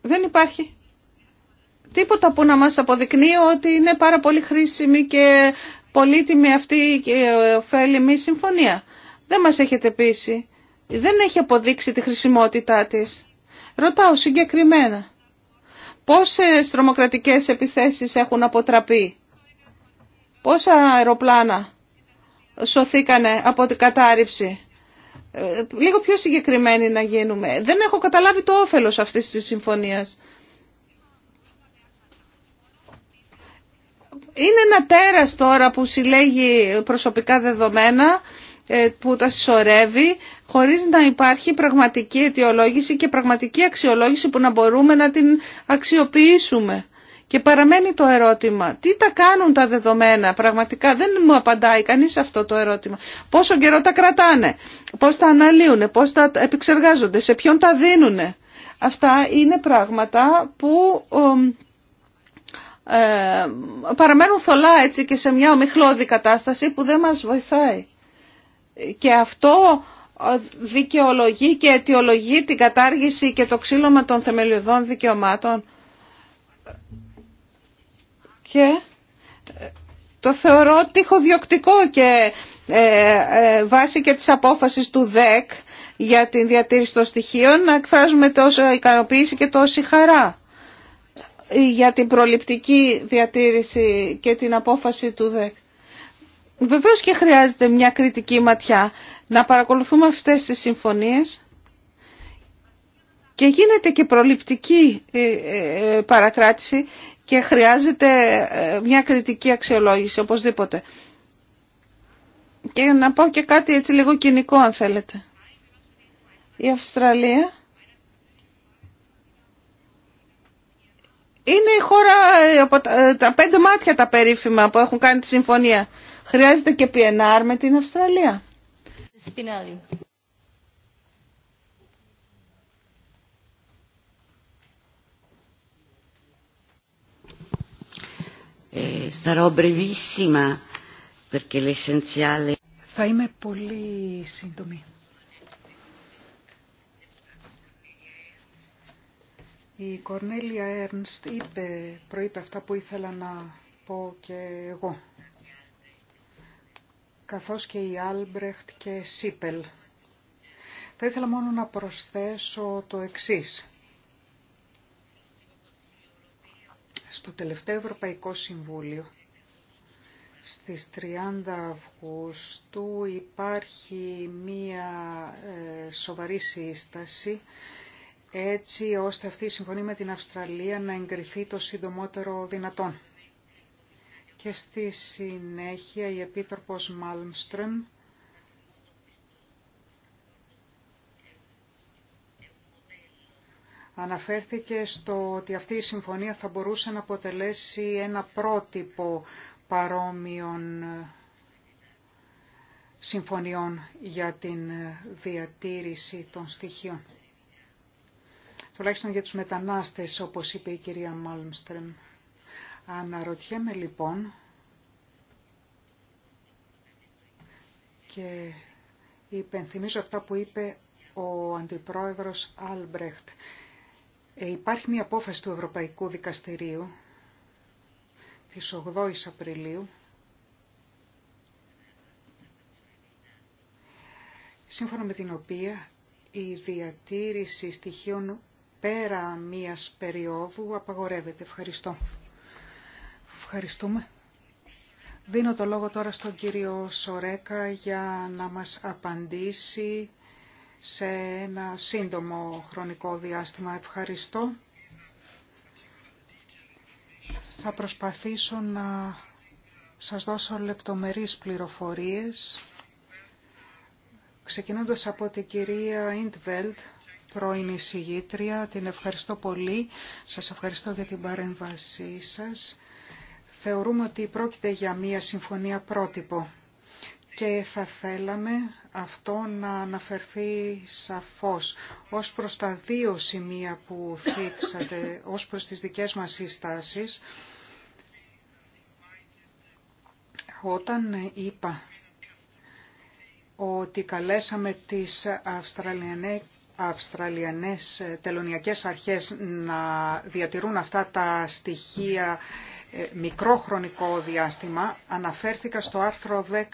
δεν υπάρχει τίποτα που να μας αποδεικνύει ότι είναι πάρα πολύ χρήσιμη και πολύτιμη αυτή και ωφέλιμη συμφωνία. Δεν μας έχετε πείσει. Δεν έχει αποδείξει τη χρησιμότητά της. Ρωτάω συγκεκριμένα. Πόσες τρομοκρατικές επιθέσεις έχουν αποτραπεί. Πόσα αεροπλάνα σωθήκανε από την κατάρριψη. Ε, λίγο πιο συγκεκριμένοι να γίνουμε. Δεν έχω καταλάβει το όφελος αυτής της συμφωνίας. Είναι ένα τέρας τώρα που συλλέγει προσωπικά δεδομένα, ε, που τα συσσωρεύει, χωρίς να υπάρχει πραγματική αιτιολόγηση και πραγματική αξιολόγηση που να μπορούμε να την αξιοποιήσουμε. Και παραμένει το ερώτημα, τι τα κάνουν τα δεδομένα πραγματικά, δεν μου απαντάει κανείς αυτό το ερώτημα. Πόσο καιρό τα κρατάνε, πώς τα αναλύουν, πώς τα επεξεργάζονται, σε ποιον τα δίνουν. Αυτά είναι πράγματα που ε, παραμένουν θολά έτσι και σε μια ομιχλώδη κατάσταση που δεν μας βοηθάει. Και αυτό ε, δικαιολογεί και αιτιολογεί την κατάργηση και το ξύλωμα των θεμελιωδών δικαιωμάτων. Και ε, το θεωρώ τυχοδιοκτικό και βάσει και της απόφασης του ΔΕΚ για την διατήρηση των στοιχείων να εκφράζουμε τόσο ικανοποίηση και τόση χαρά για την προληπτική διατήρηση και την απόφαση του ΔΕΚ. Βεβαίως και χρειάζεται μια κριτική ματιά να παρακολουθούμε αυτές τις συμφωνίες και γίνεται και προληπτική ε, ε, ε, παρακράτηση και χρειάζεται μια κριτική αξιολόγηση οπωσδήποτε. Και να πω και κάτι έτσι λίγο κοινικό αν θέλετε. Η Αυστραλία είναι η χώρα ε, από ε, τα πέντε μάτια τα περίφημα που έχουν κάνει τη συμφωνία. Χρειάζεται και PNR με την Αυστραλία. Ε, Θα είμαι πολύ σύντομη. Η Κορνέλια Έρνστ είπε, προείπε αυτά που ήθελα να πω και εγώ, καθώς και η Άλμπρεχτ και Σίπελ. Θα ήθελα μόνο να προσθέσω το εξής. Στο τελευταίο Ευρωπαϊκό Συμβούλιο, στις 30 Αυγούστου, υπάρχει μία ε, σοβαρή σύσταση έτσι ώστε αυτή η συμφωνία με την Αυστραλία να εγκριθεί το σύντομότερο δυνατόν. Και στη συνέχεια η Επίτροπος Μάλμστρεμ αναφέρθηκε στο ότι αυτή η συμφωνία θα μπορούσε να αποτελέσει ένα πρότυπο παρόμοιων συμφωνιών για την διατήρηση των στοιχείων τουλάχιστον για τους μετανάστες, όπως είπε η κυρία Μάλμστρεμ. Αναρωτιέμαι λοιπόν και υπενθυμίζω αυτά που είπε ο Αντιπρόεδρος Άλμπρεχτ. Ε, υπάρχει μια απόφαση του Ευρωπαϊκού Δικαστηρίου της 8 η Απριλίου σύμφωνα με την οποία η διατήρηση στοιχείων πέρα μίας περίοδου απαγορεύεται. Ευχαριστώ. Ευχαριστούμε. Δίνω το λόγο τώρα στον κύριο Σορέκα για να μας απαντήσει σε ένα σύντομο χρονικό διάστημα. Ευχαριστώ. Θα προσπαθήσω να σας δώσω λεπτομερείς πληροφορίες, ξεκινώντας από την κυρία Ιντβέλτ πρώην εισηγήτρια. Την ευχαριστώ πολύ. Σας ευχαριστώ για την παρέμβασή σας. Θεωρούμε ότι πρόκειται για μία συμφωνία πρότυπο και θα θέλαμε αυτό να αναφερθεί σαφώς ως προς τα δύο σημεία που θίξατε, ως προς τις δικές μας συστάσεις. Όταν είπα ότι καλέσαμε τις Αυστραλιανές Αυστραλιανές ε, τελωνιακές αρχές να διατηρούν αυτά τα στοιχεία ε, μικρό χρονικό διάστημα, αναφέρθηκα στο άρθρο 16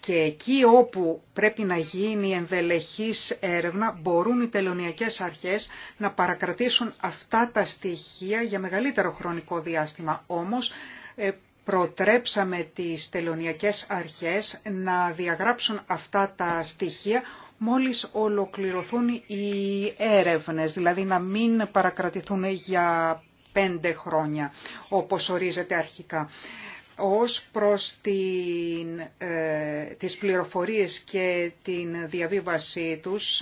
και εκεί όπου πρέπει να γίνει ενδελεχής έρευνα μπορούν οι τελωνιακές αρχές να παρακρατήσουν αυτά τα στοιχεία για μεγαλύτερο χρονικό διάστημα. Όμως ε, προτρέψαμε τις τελωνιακές αρχές να διαγράψουν αυτά τα στοιχεία μόλις ολοκληρωθούν οι έρευνες, δηλαδή να μην παρακρατηθούν για πέντε χρόνια, όπως ορίζεται αρχικά. Ως προς την, ε, τις πληροφορίες και την διαβίβασή τους,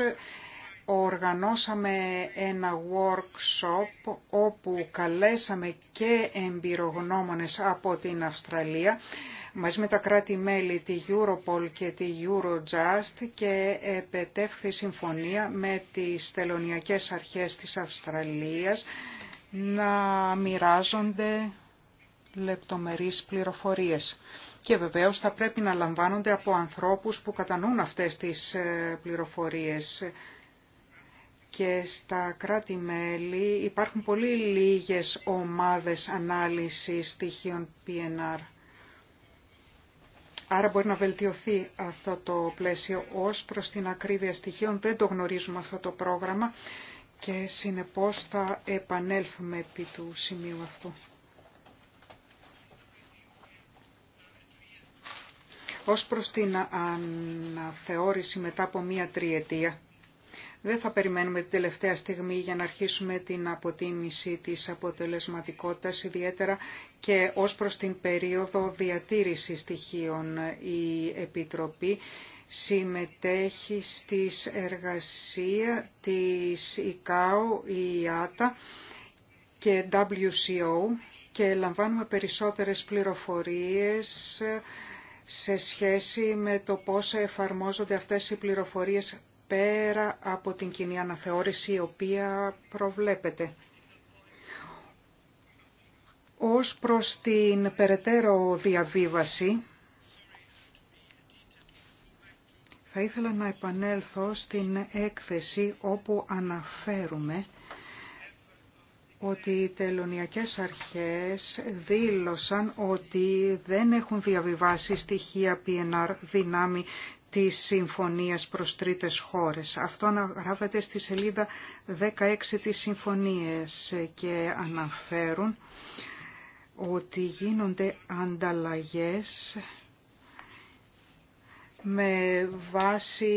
οργανώσαμε ένα workshop όπου καλέσαμε και εμπειρογνώμονες από την Αυστραλία μαζί με τα κράτη-μέλη τη Europol και τη Eurojust και επετεύχθη συμφωνία με τις τελωνιακές αρχές της Αυστραλίας να μοιράζονται λεπτομερείς πληροφορίες. Και βεβαίως θα πρέπει να λαμβάνονται από ανθρώπους που κατανοούν αυτές τις ε, πληροφορίες και στα κράτη-μέλη υπάρχουν πολύ λίγες ομάδες ανάλυσης στοιχείων PNR. Άρα μπορεί να βελτιωθεί αυτό το πλαίσιο ως προς την ακρίβεια στοιχείων. Δεν το γνωρίζουμε αυτό το πρόγραμμα και συνεπώς θα επανέλθουμε επί του σημείου αυτού. Ως προς την αναθεώρηση μετά από μία τριετία δεν θα περιμένουμε την τελευταία στιγμή για να αρχίσουμε την αποτίμηση της αποτελεσματικότητας, ιδιαίτερα και ως προς την περίοδο διατήρηση στοιχείων η Επιτροπή συμμετέχει στις εργασία της ΙΚΑΟ, η ΙΑΤΑ και WCO και λαμβάνουμε περισσότερες πληροφορίες σε σχέση με το πώς εφαρμόζονται αυτές οι πληροφορίες πέρα από την κοινή αναθεώρηση η οποία προβλέπεται. Ως προς την περαιτέρω διαβίβαση, θα ήθελα να επανέλθω στην έκθεση όπου αναφέρουμε ότι οι τελωνιακές αρχές δήλωσαν ότι δεν έχουν διαβιβάσει στοιχεία PNR δυνάμει της συμφωνίας προς τρίτες χώρες. Αυτό αναγράφεται στη σελίδα 16 της συμφωνίας και αναφέρουν ότι γίνονται ανταλλαγές με βάση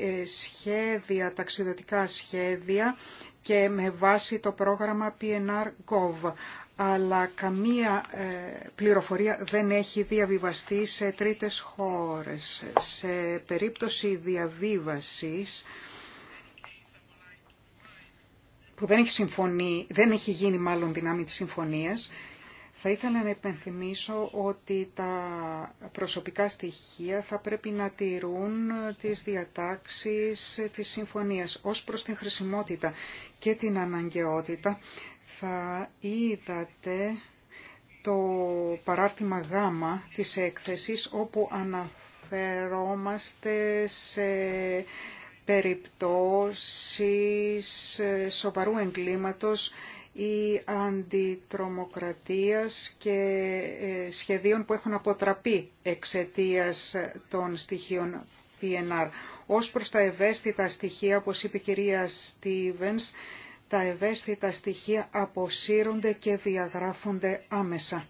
ε, σχέδια, ταξιδιωτικά σχέδια και με βάση το πρόγραμμα PNR-GOV αλλά καμία ε, πληροφορία δεν έχει διαβιβαστεί σε τρίτες χώρες. Σε περίπτωση διαβίβασης που δεν έχει, δεν έχει γίνει μάλλον δυνάμει της συμφωνίας, θα ήθελα να επενθυμίσω ότι τα προσωπικά στοιχεία θα πρέπει να τηρούν τις διατάξεις της συμφωνίας ως προς την χρησιμότητα και την αναγκαιότητα θα είδατε το παράρτημα Γ της έκθεσης όπου αναφερόμαστε σε περιπτώσεις σοβαρού εγκλήματος ή αντιτρομοκρατίας και ε, σχεδίων που έχουν αποτραπεί εξαιτίας των στοιχείων PNR. Ως προς τα ευαίσθητα στοιχεία, όπως είπε η κυρία Στίβενς, τα ευαίσθητα στοιχεία αποσύρονται και διαγράφονται άμεσα.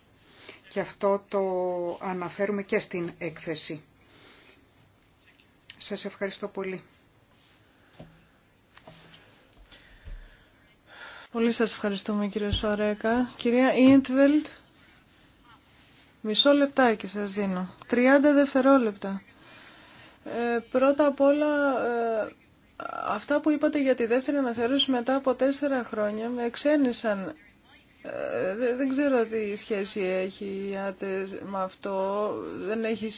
Και αυτό το αναφέρουμε και στην έκθεση. Σας ευχαριστώ πολύ. Πολύ σας ευχαριστούμε κύριε Σορέκα. Κυρία Ιντβελτ, μισό λεπτάκι σας δίνω. 30 δευτερόλεπτα. Ε, πρώτα απ' όλα... Ε, αυτά που είπατε για τη δεύτερη αναθεώρηση μετά από τέσσερα χρόνια με εξένησαν. Ε, δεν ξέρω τι σχέση έχει με αυτό. Δεν έχει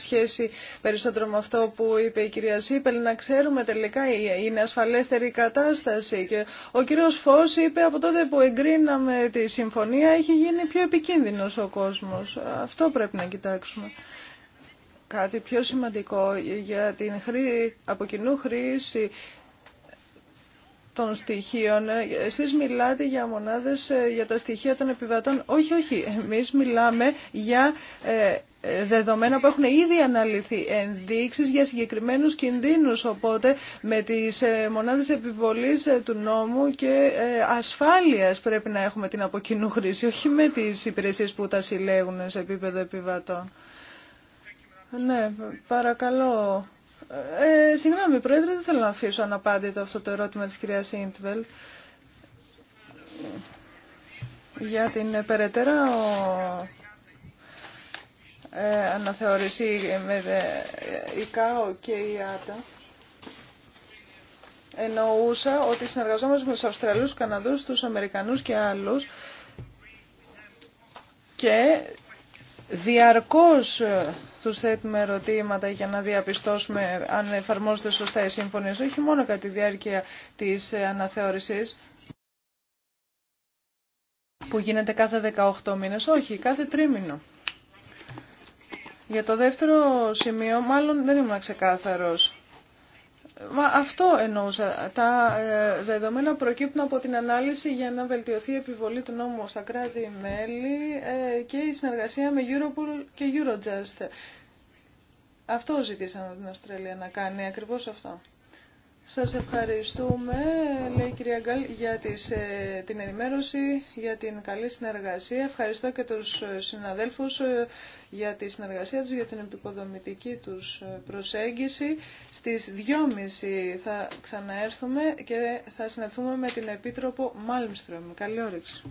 σχέση περισσότερο με αυτό που είπε η κυρία Σίπελ. Να ξέρουμε τελικά είναι ασφαλέστερη η κατάσταση. Και ο κύριος Φως είπε από τότε που εγκρίναμε τη συμφωνία έχει γίνει πιο επικίνδυνος ο κόσμος. Αυτό πρέπει να κοιτάξουμε κάτι πιο σημαντικό για την χρή, από κοινού χρήση των στοιχείων. Εσείς μιλάτε για μονάδες, ε, για τα στοιχεία των επιβατών. Όχι, όχι. Εμείς μιλάμε για ε, ε, δεδομένα που έχουν ήδη αναλυθεί ενδείξεις για συγκεκριμένους κινδύνους οπότε με τις μονάδες επιβολής του νόμου και ασφάλειας πρέπει να έχουμε την αποκοινού χρήση όχι με τις υπηρεσίες που τα συλλέγουν σε επίπεδο επιβατών. Ναι, παρακαλώ. Ε, συγγνώμη, Πρόεδρε, δεν θέλω να αφήσω αναπάντητο αυτό το ερώτημα της κυρίας Ιντβελ για την περαιτέρα ε, ε αναθεωρησή με ε, η ΚΑΟ και η ΆΤΑ εννοούσα ότι συνεργαζόμαστε με τους Αυστραλούς, τους Καναδούς, τους Αμερικανούς και άλλους και Διαρκώς ε, τους θέτουμε ερωτήματα για να διαπιστώσουμε αν εφαρμόζονται σωστά οι σύμφωνες, όχι μόνο κατά τη διάρκεια της ε, αναθεώρησης που γίνεται κάθε 18 μήνες, όχι, κάθε τρίμηνο. Για το δεύτερο σημείο, μάλλον δεν ήμουν ξεκάθαρος. Μα αυτό εννοούσα. Τα ε, δεδομένα προκύπτουν από την ανάλυση για να βελτιωθεί η επιβολή του νόμου στα κράτη-μέλη ε, και η συνεργασία με Europol και Eurojust. Αυτό ζητήσαμε από την Αυστραλία να κάνει, ακριβώς αυτό. Σας ευχαριστούμε, λέει η κυρία Γκάλ, για τις, ε, την ενημέρωση, για την καλή συνεργασία. Ευχαριστώ και τους ε, συναδέλφους ε, για τη συνεργασία τους, για την επικοδομητική τους προσέγγιση. Στις 2.30 θα ξαναέρθουμε και θα συναντηθούμε με την Επίτροπο Μάλμστρομ. Καλή όρεξη.